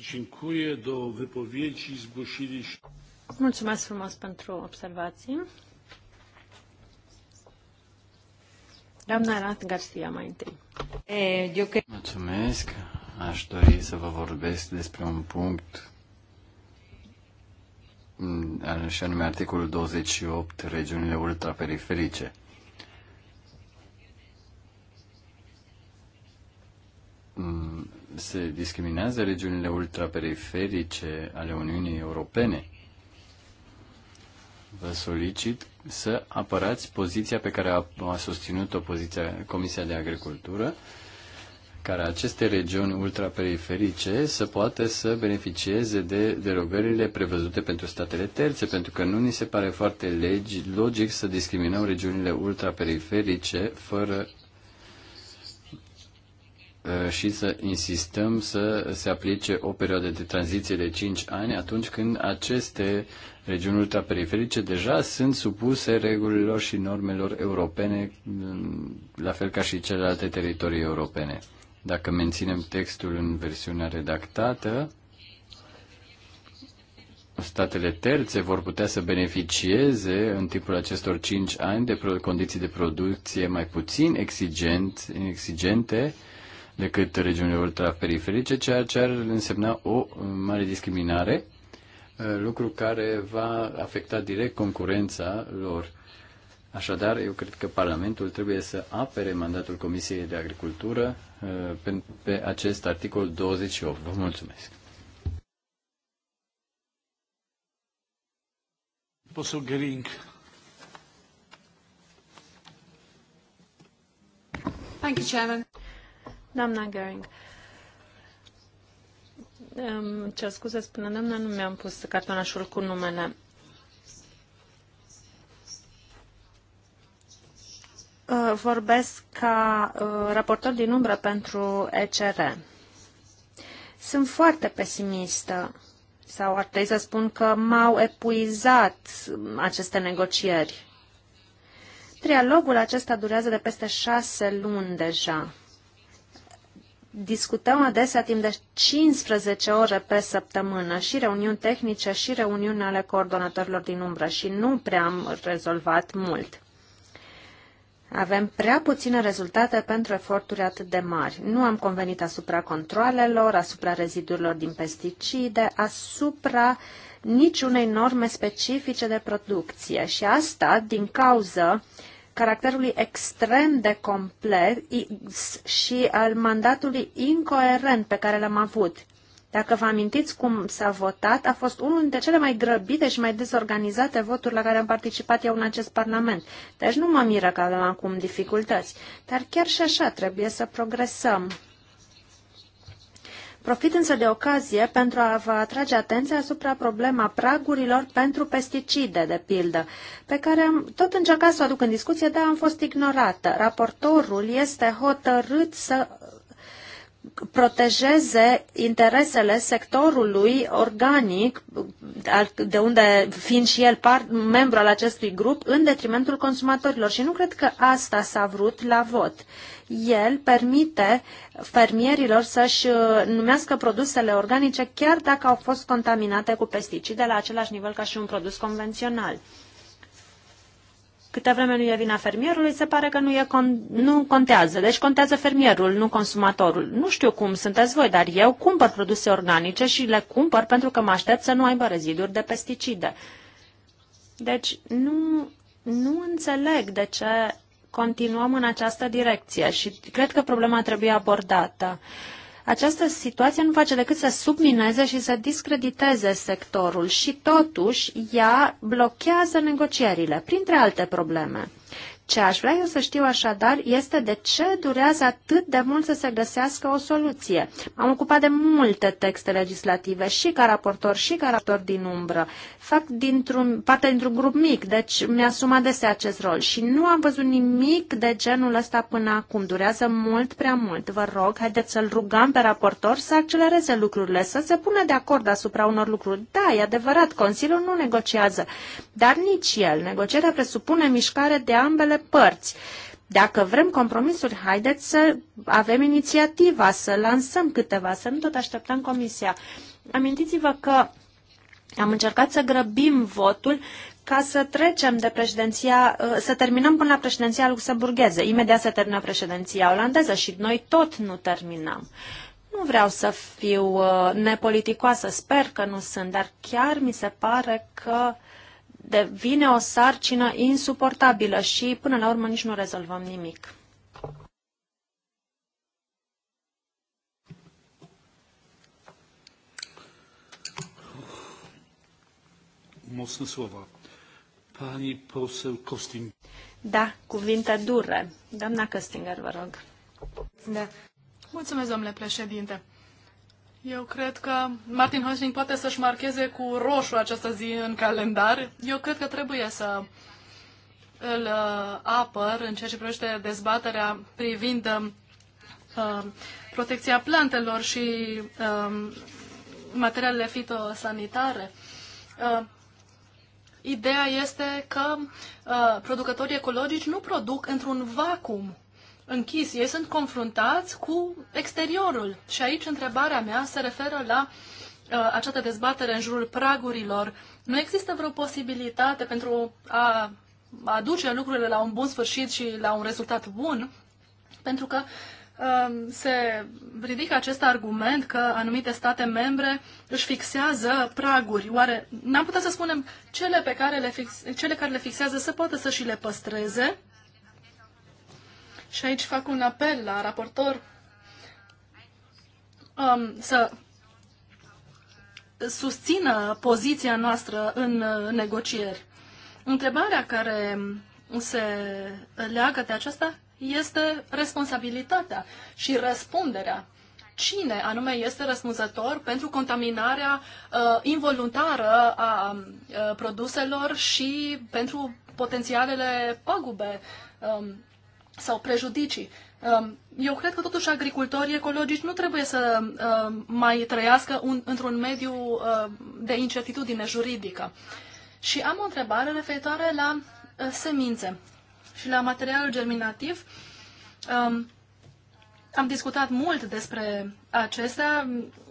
Dziękuję. Do wypowiedzi zgłosili się... Mulțumesc frumos pentru observații. Doamna Rat Garcia, mai întâi. Eu Mulțumesc. Aș dori să vă vorbesc despre un punct mm, și anume articolul 28, regiunile ultraperiferice. Mm, se discriminează regiunile ultraperiferice ale Uniunii Europene vă solicit să apărați poziția pe care a, a susținut-o Comisia de Agricultură, care aceste regiuni ultraperiferice să poată să beneficieze de derogările prevăzute pentru statele terțe, pentru că nu ni se pare foarte legi, logic să discriminăm regiunile ultraperiferice fără ă, și să insistăm să se aplice o perioadă de tranziție de 5 ani atunci când aceste regiuni ultraperiferice deja sunt supuse regulilor și normelor europene, la fel ca și celelalte teritorii europene. Dacă menținem textul în versiunea redactată, statele terțe vor putea să beneficieze în timpul acestor 5 ani de condiții de producție mai puțin exigent, exigente decât regiunile ultraperiferice, ceea ce ar însemna o mare discriminare Uh, lucru care va afecta direct concurența lor. Așadar, eu cred că Parlamentul trebuie să apere mandatul Comisiei de Agricultură uh, pe, pe acest articol 28. Vă mulțumesc. Posso Gering. Thank you, Chairman. Doamna Gering ce scuze spune doamna, nu mi-am pus cartonașul cu numele. Uh, vorbesc ca uh, raportor din umbră pentru ECR. Sunt foarte pesimistă sau ar trebui să spun că m-au epuizat aceste negocieri. Trialogul acesta durează de peste șase luni deja discutăm adesea timp de 15 ore pe săptămână și reuniuni tehnice și reuniuni ale coordonatorilor din umbră și nu prea am rezolvat mult. Avem prea puține rezultate pentru eforturi atât de mari. Nu am convenit asupra controlelor, asupra rezidurilor din pesticide, asupra niciunei norme specifice de producție și asta din cauza uh, caracterului extrem de complet și al mandatului incoerent pe care l-am avut. Dacă vă amintiți cum s-a votat, a fost unul dintre cele mai grăbite și mai dezorganizate voturi la care am participat eu în acest Parlament. Deci nu mă miră că avem acum dificultăți. Dar chiar și așa trebuie să progresăm. Profit însă de ocazie pentru a vă atrage atenția asupra problema pragurilor pentru pesticide, de pildă, pe care am tot încercat să o aduc în discuție, dar am fost ignorată. Raportorul este hotărât să protejeze interesele sectorului organic, de unde fiind și el part, membru al acestui grup, în detrimentul consumatorilor. Și nu cred că asta s-a vrut la vot el permite fermierilor să-și uh, numească produsele organice chiar dacă au fost contaminate cu pesticide la același nivel ca și un produs convențional. Câte vreme nu e vina fermierului, se pare că nu, e con- nu contează. Deci contează fermierul, nu consumatorul. Nu știu cum sunteți voi, dar eu cumpăr produse organice și le cumpăr pentru că mă aștept să nu aibă reziduri de pesticide. Deci nu, nu înțeleg de ce continuăm în această direcție și cred că problema trebuie abordată. Această situație nu face decât să submineze și să discrediteze sectorul și totuși ea blochează negocierile, printre alte probleme. Ce aș vrea eu să știu așadar este de ce durează atât de mult să se găsească o soluție. am ocupat de multe texte legislative și ca raportor și ca raportor din umbră. Fac dintr-un, parte dintr-un grup mic, deci mi-asum adesea acest rol și nu am văzut nimic de genul ăsta până acum. Durează mult prea mult. Vă rog, haideți să-l rugăm pe raportor să accelereze lucrurile, să se pună de acord asupra unor lucruri. Da, e adevărat, Consiliul nu negociază, dar nici el. Negocierea presupune mișcare de ambele ambele părți. Dacă vrem compromisuri, haideți să avem inițiativa, să lansăm câteva, să nu tot așteptăm comisia. Amintiți-vă că am încercat să grăbim votul ca să trecem de președinția, uh, să terminăm până la președinția luxemburgheză. Imediat se termină președinția olandeză și noi tot nu terminăm. Nu vreau să fiu uh, nepoliticoasă, sper că nu sunt, dar chiar mi se pare că uh, devine o sarcină insuportabilă și până la urmă nici nu rezolvăm nimic. Mocne słowa. Pani poseł Kosting. Da, cuvinte dure. Doamna Köstinger, vă rog. Da. Mulțumesc, domnule președinte. Eu cred că Martin Hosling poate să-și marcheze cu roșu această zi în calendar. Eu cred că trebuie să îl uh, apăr în ceea ce privește dezbaterea privind uh, protecția plantelor și uh, materialele fitosanitare. Uh, ideea este că uh, producătorii ecologici nu produc într-un vacuum închis, ei sunt confruntați cu exteriorul. Și aici întrebarea mea se referă la uh, această dezbatere în jurul pragurilor. Nu există vreo posibilitate pentru a aduce lucrurile la un bun sfârșit și la un rezultat bun? Pentru că um, se ridică acest argument că anumite state membre își fixează praguri. Oare n-am putea să spunem cele, pe care le fix, cele care le fixează să poată să și le păstreze și aici fac un apel la raportor um, să susțină poziția noastră în uh, negocieri. Întrebarea care se leagă de aceasta este responsabilitatea și răspunderea. Cine anume este răspunzător pentru contaminarea uh, involuntară a uh, produselor și pentru potențialele pagube um, sau prejudicii. Um, eu cred că totuși agricultorii ecologici nu trebuie să um, mai trăiască un, într-un mediu uh, de incertitudine juridică. Și am o întrebare referitoare la uh, semințe și la materialul germinativ. Um, am discutat mult despre acestea.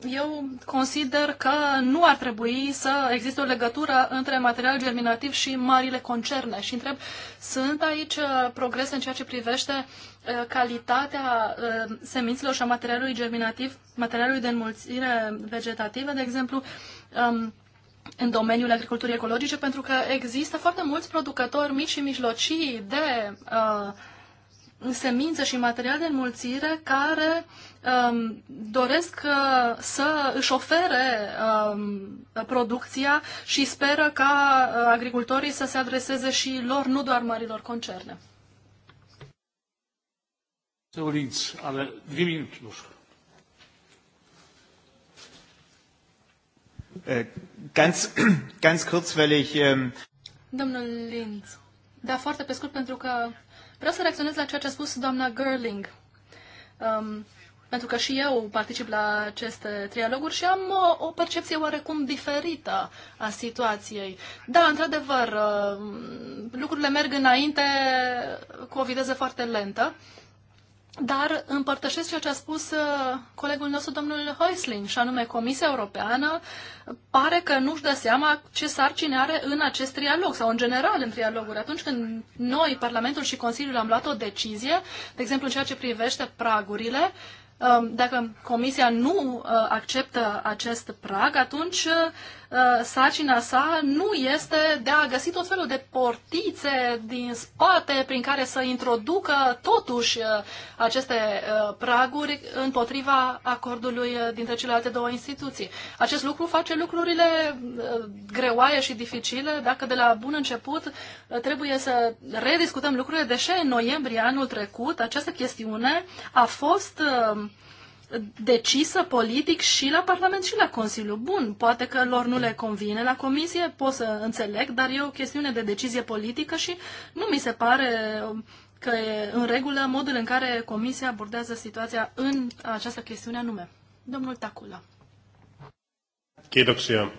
Eu consider că nu ar trebui să existe o legătură între material germinativ și marile concerne. Și întreb, sunt aici progrese în ceea ce privește uh, calitatea uh, semințelor și a materialului germinativ, materialului de înmulțire vegetativă, de exemplu, um, în domeniul agriculturii ecologice, pentru că există foarte mulți producători mici și mijlocii de uh, semință și material de înmulțire care um, doresc uh, să își ofere um, producția și speră ca uh, agricultorii să se adreseze și lor, nu doar mărilor concerne. Äh, ganz, (clears throat) ganz kurz, weil ich... Ähm... Domnul Linz, da, foarte pe scurt, pentru că Vreau să reacționez la ceea ce a spus doamna Gerling. Um, pentru că și eu particip la aceste trialoguri și am o, uh, o percepție oarecum diferită a situației. Da, într-adevăr, uh, lucrurile merg înainte cu o viteză foarte lentă dar împărtășesc ceea ce a spus uh, colegul nostru, domnul Heusling, și anume Comisia Europeană pare că nu-și dă seama ce sarcine are în acest trialog sau în general în trialoguri. Atunci când noi, Parlamentul și Consiliul, am luat o decizie, de exemplu în ceea ce privește pragurile, um, dacă Comisia nu uh, acceptă acest prag, atunci uh, Uh, sarcina sa nu este de a găsi tot felul de portițe din spate prin care să introducă totuși uh, aceste uh, praguri împotriva acordului dintre celelalte două instituții. Acest lucru face lucrurile greoaie și dificile dacă de la bun început trebuie să rediscutăm lucrurile, deși în noiembrie anul trecut această chestiune a fost uh, decisă politic și la Parlament și la Consiliu. Bun, poate că lor nu le convine la Comisie, pot să înțeleg, dar e o chestiune de decizie politică și nu mi se pare că e în regulă modul în care Comisia abordează situația în această chestiune anume. Domnul Tacula. Kiitoksia,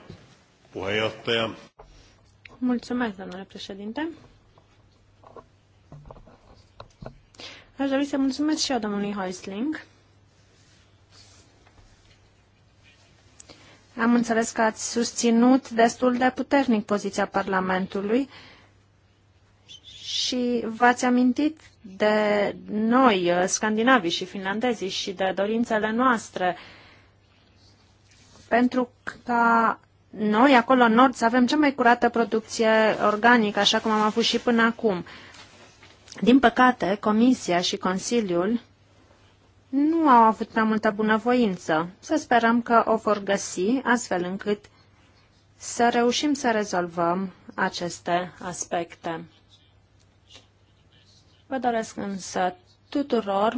puheenjohtaja. Mulțumesc, domnule președinte. Aș dori să mulțumesc și eu domnului Heusling Am înțeles că ați susținut destul de puternic poziția Parlamentului și v-ați amintit de noi, uh, scandinavii și finlandezii, și de dorințele noastre pentru ca noi, acolo în Nord, să avem cea mai curată producție organică, așa cum am avut și până acum. Din păcate, Comisia și Consiliul nu au avut prea multă bunăvoință. Să sperăm că o vor găsi astfel încât să reușim să rezolvăm aceste aspecte. Vă doresc însă tuturor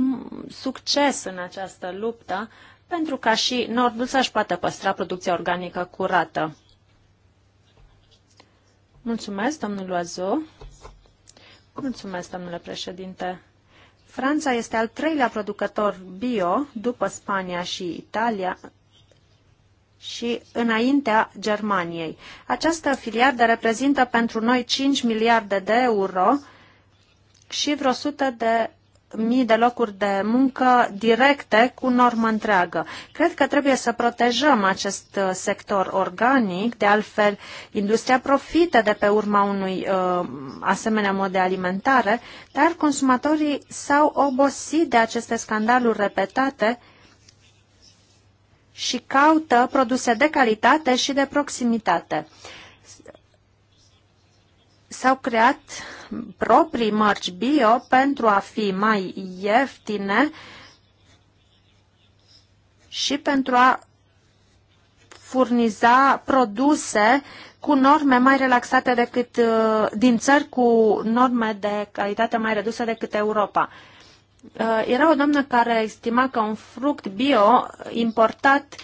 succes în această luptă pentru ca și Nordul să-și poată păstra producția organică curată. Mulțumesc, domnul Loazu. Mulțumesc, domnule președinte. Franța este al treilea producător bio după Spania și Italia și înaintea Germaniei. Această filiardă reprezintă pentru noi 5 miliarde de euro și vreo 100 de mii de locuri de muncă directe cu normă întreagă. Cred că trebuie să protejăm acest uh, sector organic, de altfel industria profită de pe urma unui uh, asemenea mod de alimentare, dar consumatorii s-au obosit de aceste scandaluri repetate și caută produse de calitate și de proximitate. Uh, s-au creat proprii mărci bio pentru a fi mai ieftine și pentru a furniza produse cu norme mai relaxate decât uh, din țări cu norme de calitate mai redusă decât Europa. Uh, era o doamnă care estima că un fruct bio importat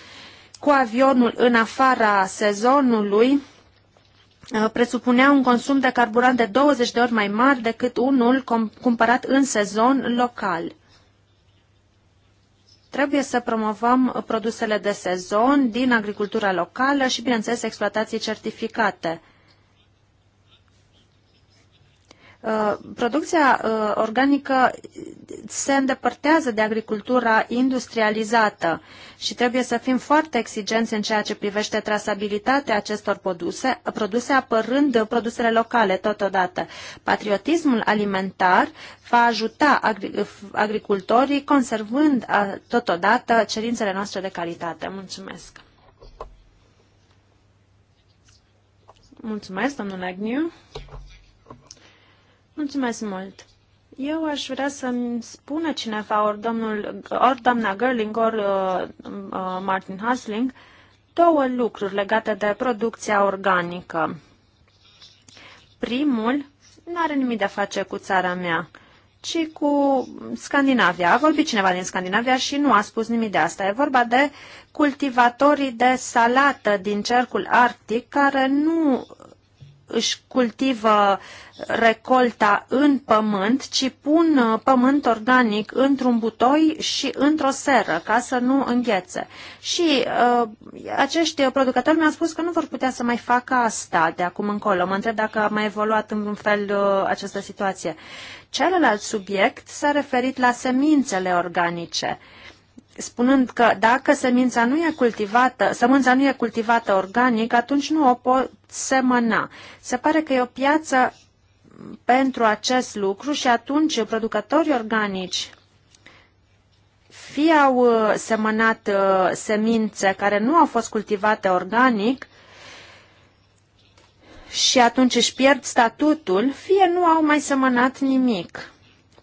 cu avionul în afara sezonului Uh, presupunea un consum de carburant de 20 de ori mai mare decât unul cumpărat în sezon local. Trebuie să promovăm produsele de sezon din agricultura locală și, bineînțeles, exploatații certificate. Uh, producția uh, organică se îndepărtează de agricultura industrializată și trebuie să fim foarte exigenți în ceea ce privește trasabilitatea acestor produse, produse apărând produsele locale totodată. Patriotismul alimentar va ajuta agricultorii conservând uh, totodată cerințele noastre de calitate. Mulțumesc! Mulțumesc, domnule Agniu. Mulțumesc mult! Eu aș vrea să-mi spună cineva, ori, domnul, ori doamna Gerling, ori uh, uh, Martin Hasling, două lucruri legate de producția organică. Primul nu are nimic de a face cu țara mea, ci cu Scandinavia. A vorbit cineva din Scandinavia și nu a spus nimic de asta. E vorba de cultivatorii de salată din cercul arctic care nu își cultivă recolta în pământ, ci pun uh, pământ organic într-un butoi și într-o seră ca să nu înghețe. Și uh, acești producători mi-au spus că nu vor putea să mai facă asta de acum încolo. Mă întreb dacă a mai evoluat în un fel uh, această situație. Celălalt subiect s-a referit la semințele organice. Uh, spunând că dacă semința nu e cultivată, sămânța nu e cultivată organic, atunci nu o pot semăna. Se pare că e o piață pentru acest lucru și atunci producătorii organici fie au uh, semănat uh, semințe care nu au fost cultivate organic și atunci își pierd statutul, fie nu au mai semănat nimic.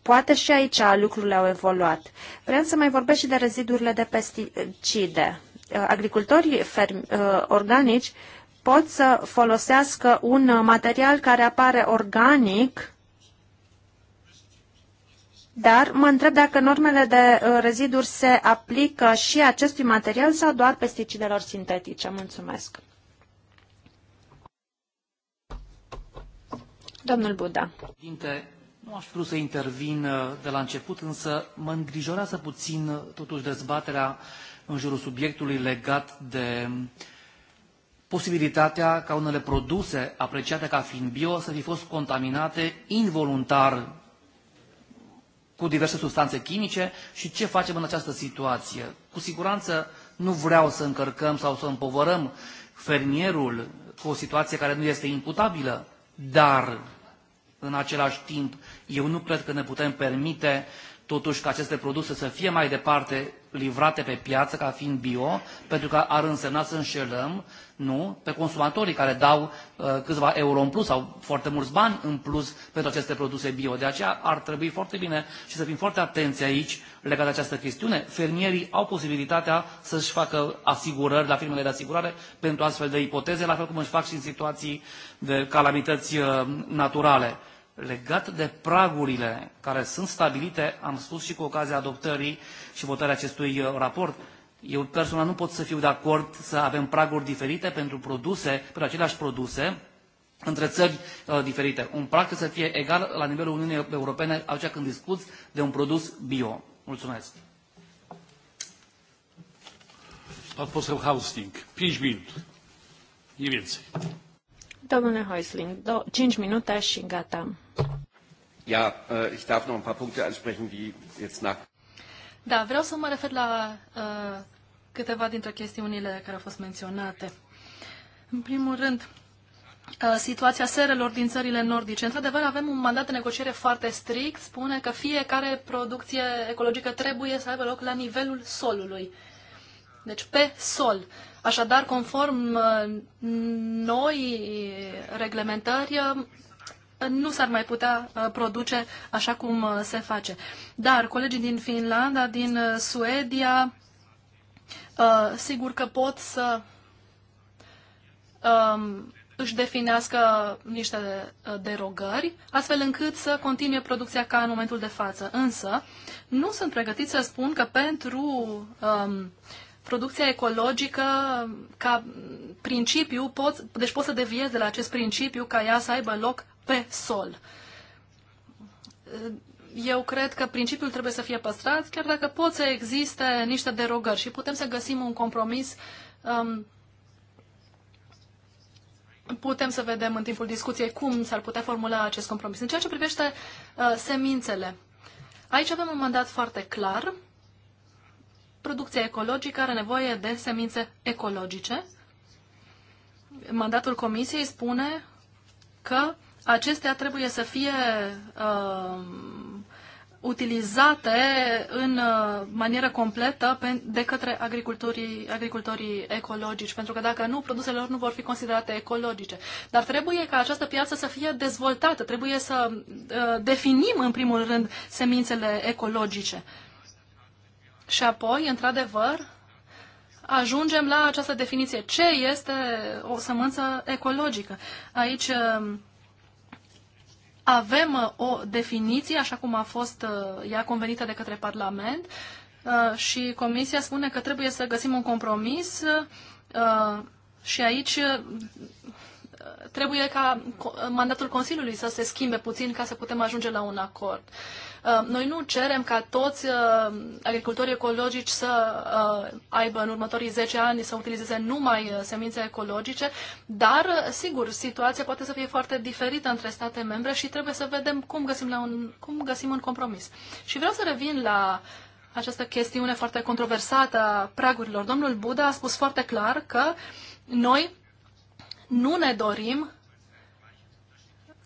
Poate și aici lucrurile au evoluat. Vreau să mai vorbesc și de rezidurile de pesticide. Uh, agricultorii fermi, uh, organici pot să folosească un uh, material care apare organic, dar mă întreb dacă normele de reziduri se aplică și acestui material sau doar pesticidelor sintetice. Mulțumesc. Domnul Buda. Dinte, nu aș vrea să intervin uh, de la început, însă mă îngrijorează puțin uh, totuși dezbaterea în jurul subiectului legat de um, posibilitatea ca unele produse apreciate ca fiind bio să fi fost contaminate involuntar cu diverse substanțe chimice și ce facem în această situație. Cu siguranță nu vreau să încărcăm sau să împovărăm fermierul cu o situație care nu este imputabilă, dar în același timp, eu nu cred că ne putem permite totuși ca aceste produse să fie mai departe livrate pe piață ca fiind bio, pentru că ar însemna să înșelăm, nu, pe consumatorii care dau uh, câțiva euro în plus sau foarte mulți bani în plus pentru aceste produse bio. De aceea ar trebui foarte bine și să fim foarte atenți aici legat de această chestiune. Fermierii au posibilitatea să-și facă asigurări la firmele de asigurare pentru astfel de ipoteze, la fel cum își fac și în situații de calamități uh, naturale legat de pragurile care sunt stabilite, am spus și cu ocazia adoptării și votării acestui uh, raport, eu personal nu pot să fiu de acord să avem praguri diferite pentru produse, pentru aceleași produse, între țări uh, diferite. Un prag să fie egal la nivelul Uniunii Europene atunci când discuți de un produs bio. Mulțumesc. Pan poseł Hausling, 5 minut, nie więcej. Domnule Häusling, 5 minute și gata. Ja, äh, ich darf noch ein paar Punkte ansprechen, jetzt nach. Da, vreau să mă refer la uh, câteva dintre chestiunile care au fost menționate. În primul rând, äh, situația serelor din țările nordice. Într-adevăr, avem un mandat de negociere foarte strict, spune că fiecare producție ecologică trebuie să aibă loc la nivelul solului. Deci pe sol. Așadar, conform noi reglementări, nu s-ar mai putea uh, produce așa cum uh, se face. Dar colegii din Finlanda, din uh, Suedia, sigur că pot să um, își definească niște derogări, astfel încât să continue producția ca în momentul de față. Însă, nu sunt pregătiți să spun că pentru um, producția ecologică, ca principiu, pot, deci pot să deviez de la acest principiu ca ea să aibă loc pe sol. Eu cred că principiul trebuie să fie păstrat, chiar dacă pot să existe niște derogări și putem să găsim un compromis um, putem să vedem în timpul discuției cum s-ar putea formula acest compromis. În ceea ce privește uh, semințele, aici avem un mandat foarte clar. Producția ecologică are nevoie de semințe ecologice. Mandatul comisiei spune că acestea trebuie să fie uh, utilizate în uh, manieră completă pe, de către agricultorii, agricultorii ecologici, pentru că dacă nu, produsele lor nu vor fi considerate ecologice. Dar trebuie ca această piață să fie dezvoltată, trebuie să uh, definim în primul rând semințele ecologice. Și apoi, într-adevăr, ajungem la această definiție. Ce este o sămânță ecologică? Aici uh, avem uh, o definiție, așa cum a fost uh, ea convenită de către Parlament uh, și Comisia spune că trebuie să găsim un compromis și aici trebuie ca mandatul Consiliului să se schimbe puțin ca să putem ajunge la un acord. Uh, noi nu cerem ca toți uh, agricultorii ecologici să uh, aibă în următorii 10 ani să utilizeze numai semințe ecologice, dar, sigur, situația poate să fie foarte diferită între state membre și trebuie să vedem cum găsim, la un, cum găsim un compromis. Și vreau să revin la această chestiune foarte controversată a pragurilor. Domnul Buda a spus foarte clar că noi nu ne dorim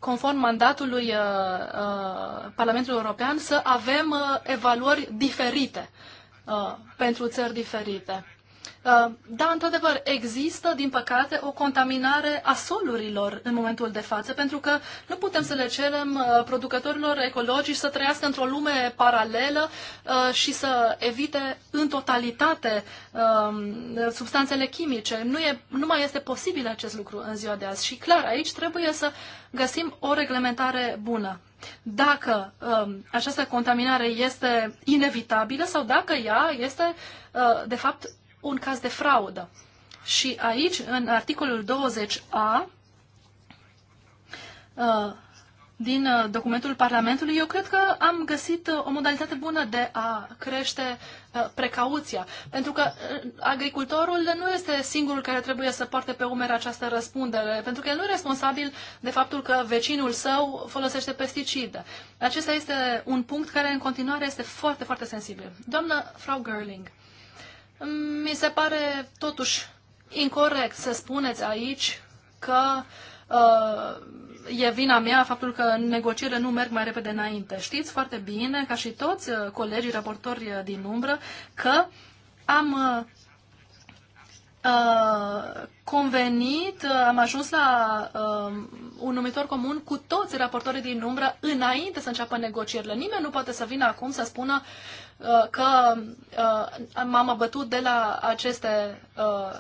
conform mandatului uh, uh, Parlamentului European, să avem uh, evaluări diferite uh, pentru țări diferite. Uh, da, într-adevăr, există, din păcate, o contaminare a solurilor în momentul de față, pentru că nu putem să le cerem uh, producătorilor ecologici să trăiască într-o lume paralelă uh, și să evite în totalitate um, substanțele chimice. Nu, e, nu mai este posibil acest lucru în ziua de azi și, clar, aici trebuie să găsim o reglementare bună. Dacă um, această contaminare este inevitabilă sau dacă ea este, uh, de fapt, un caz de fraudă. Și aici, în articolul 20a uh, din uh, documentul Parlamentului, eu cred că am găsit uh, o modalitate bună de a crește precauția. Pentru că agricultorul nu este singurul care trebuie să poarte pe umeri această răspundere, pentru că el nu e responsabil de faptul că vecinul său folosește pesticide. Acesta este un punct care în continuare este foarte, foarte sensibil. Doamnă Frau Gerling, mi se pare totuși incorrect să spuneți aici că uh, e vina mea faptul că negocierile nu merg mai repede înainte. Știți foarte bine, ca și toți uh, colegii raportori uh, din umbră, că am uh, uh convenit, am ajuns la uh, un numitor comun cu toți raportorii din umbră înainte să înceapă negocierile. Nimeni nu poate să vină acum să spună Uh, că uh, m-am abătut de la aceste uh,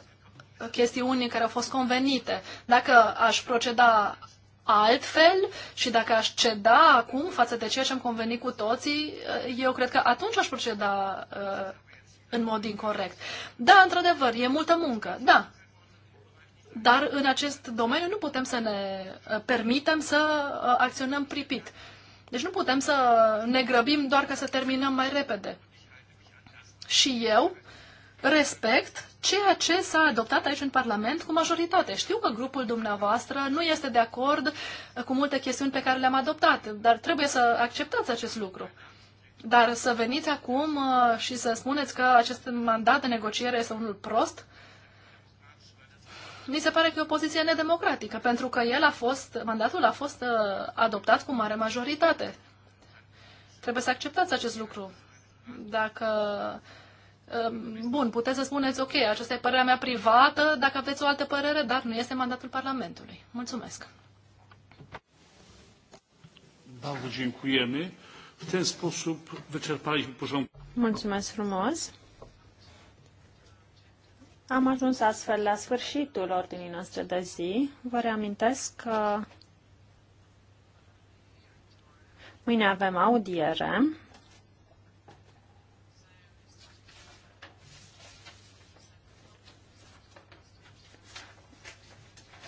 chestiuni care au fost convenite. Dacă aș proceda altfel și dacă aș ceda acum față de ceea ce am convenit cu toții, eu cred că atunci aș proceda în mod incorrect. Da, într-adevăr, e multă muncă, da. Dar în acest domeniu nu putem să ne permitem să acționăm pripit. Deci nu putem să ne grăbim doar ca să terminăm mai repede. Și eu respect ceea ce s-a adoptat aici în Parlament cu majoritate. Știu că grupul dumneavoastră nu este de acord cu multe chestiuni pe care le-am adoptat, dar trebuie să acceptați acest lucru. Dar să veniți acum uh, și să spuneți că acest mandat de negociere este unul prost, mi se pare că e o poziție nedemocratică, pentru că el a fost, mandatul a fost uh, adoptat cu mare majoritate. Trebuie să acceptați acest lucru. Dacă um, Bun, puteți să spuneți, ok, aceasta e părerea mea privată, dacă aveți o altă părere, dar nu este mandatul Parlamentului. Mulțumesc. Mulțumesc frumos. Am ajuns astfel la sfârșitul ordinii noastre de zi. Vă reamintesc că mâine avem audiere.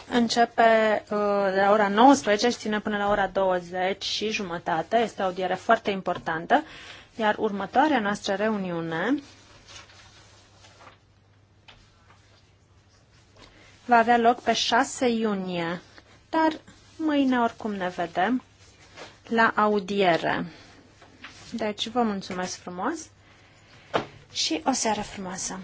Începe de uh, la ora 19 și ține până la ora 20 și jumătate. Este o audiere foarte importantă. Iar următoarea noastră reuniune va avea loc pe 6 iunie, dar mâine oricum ne vedem la audiere. Deci vă mulțumesc frumos și o seară frumoasă!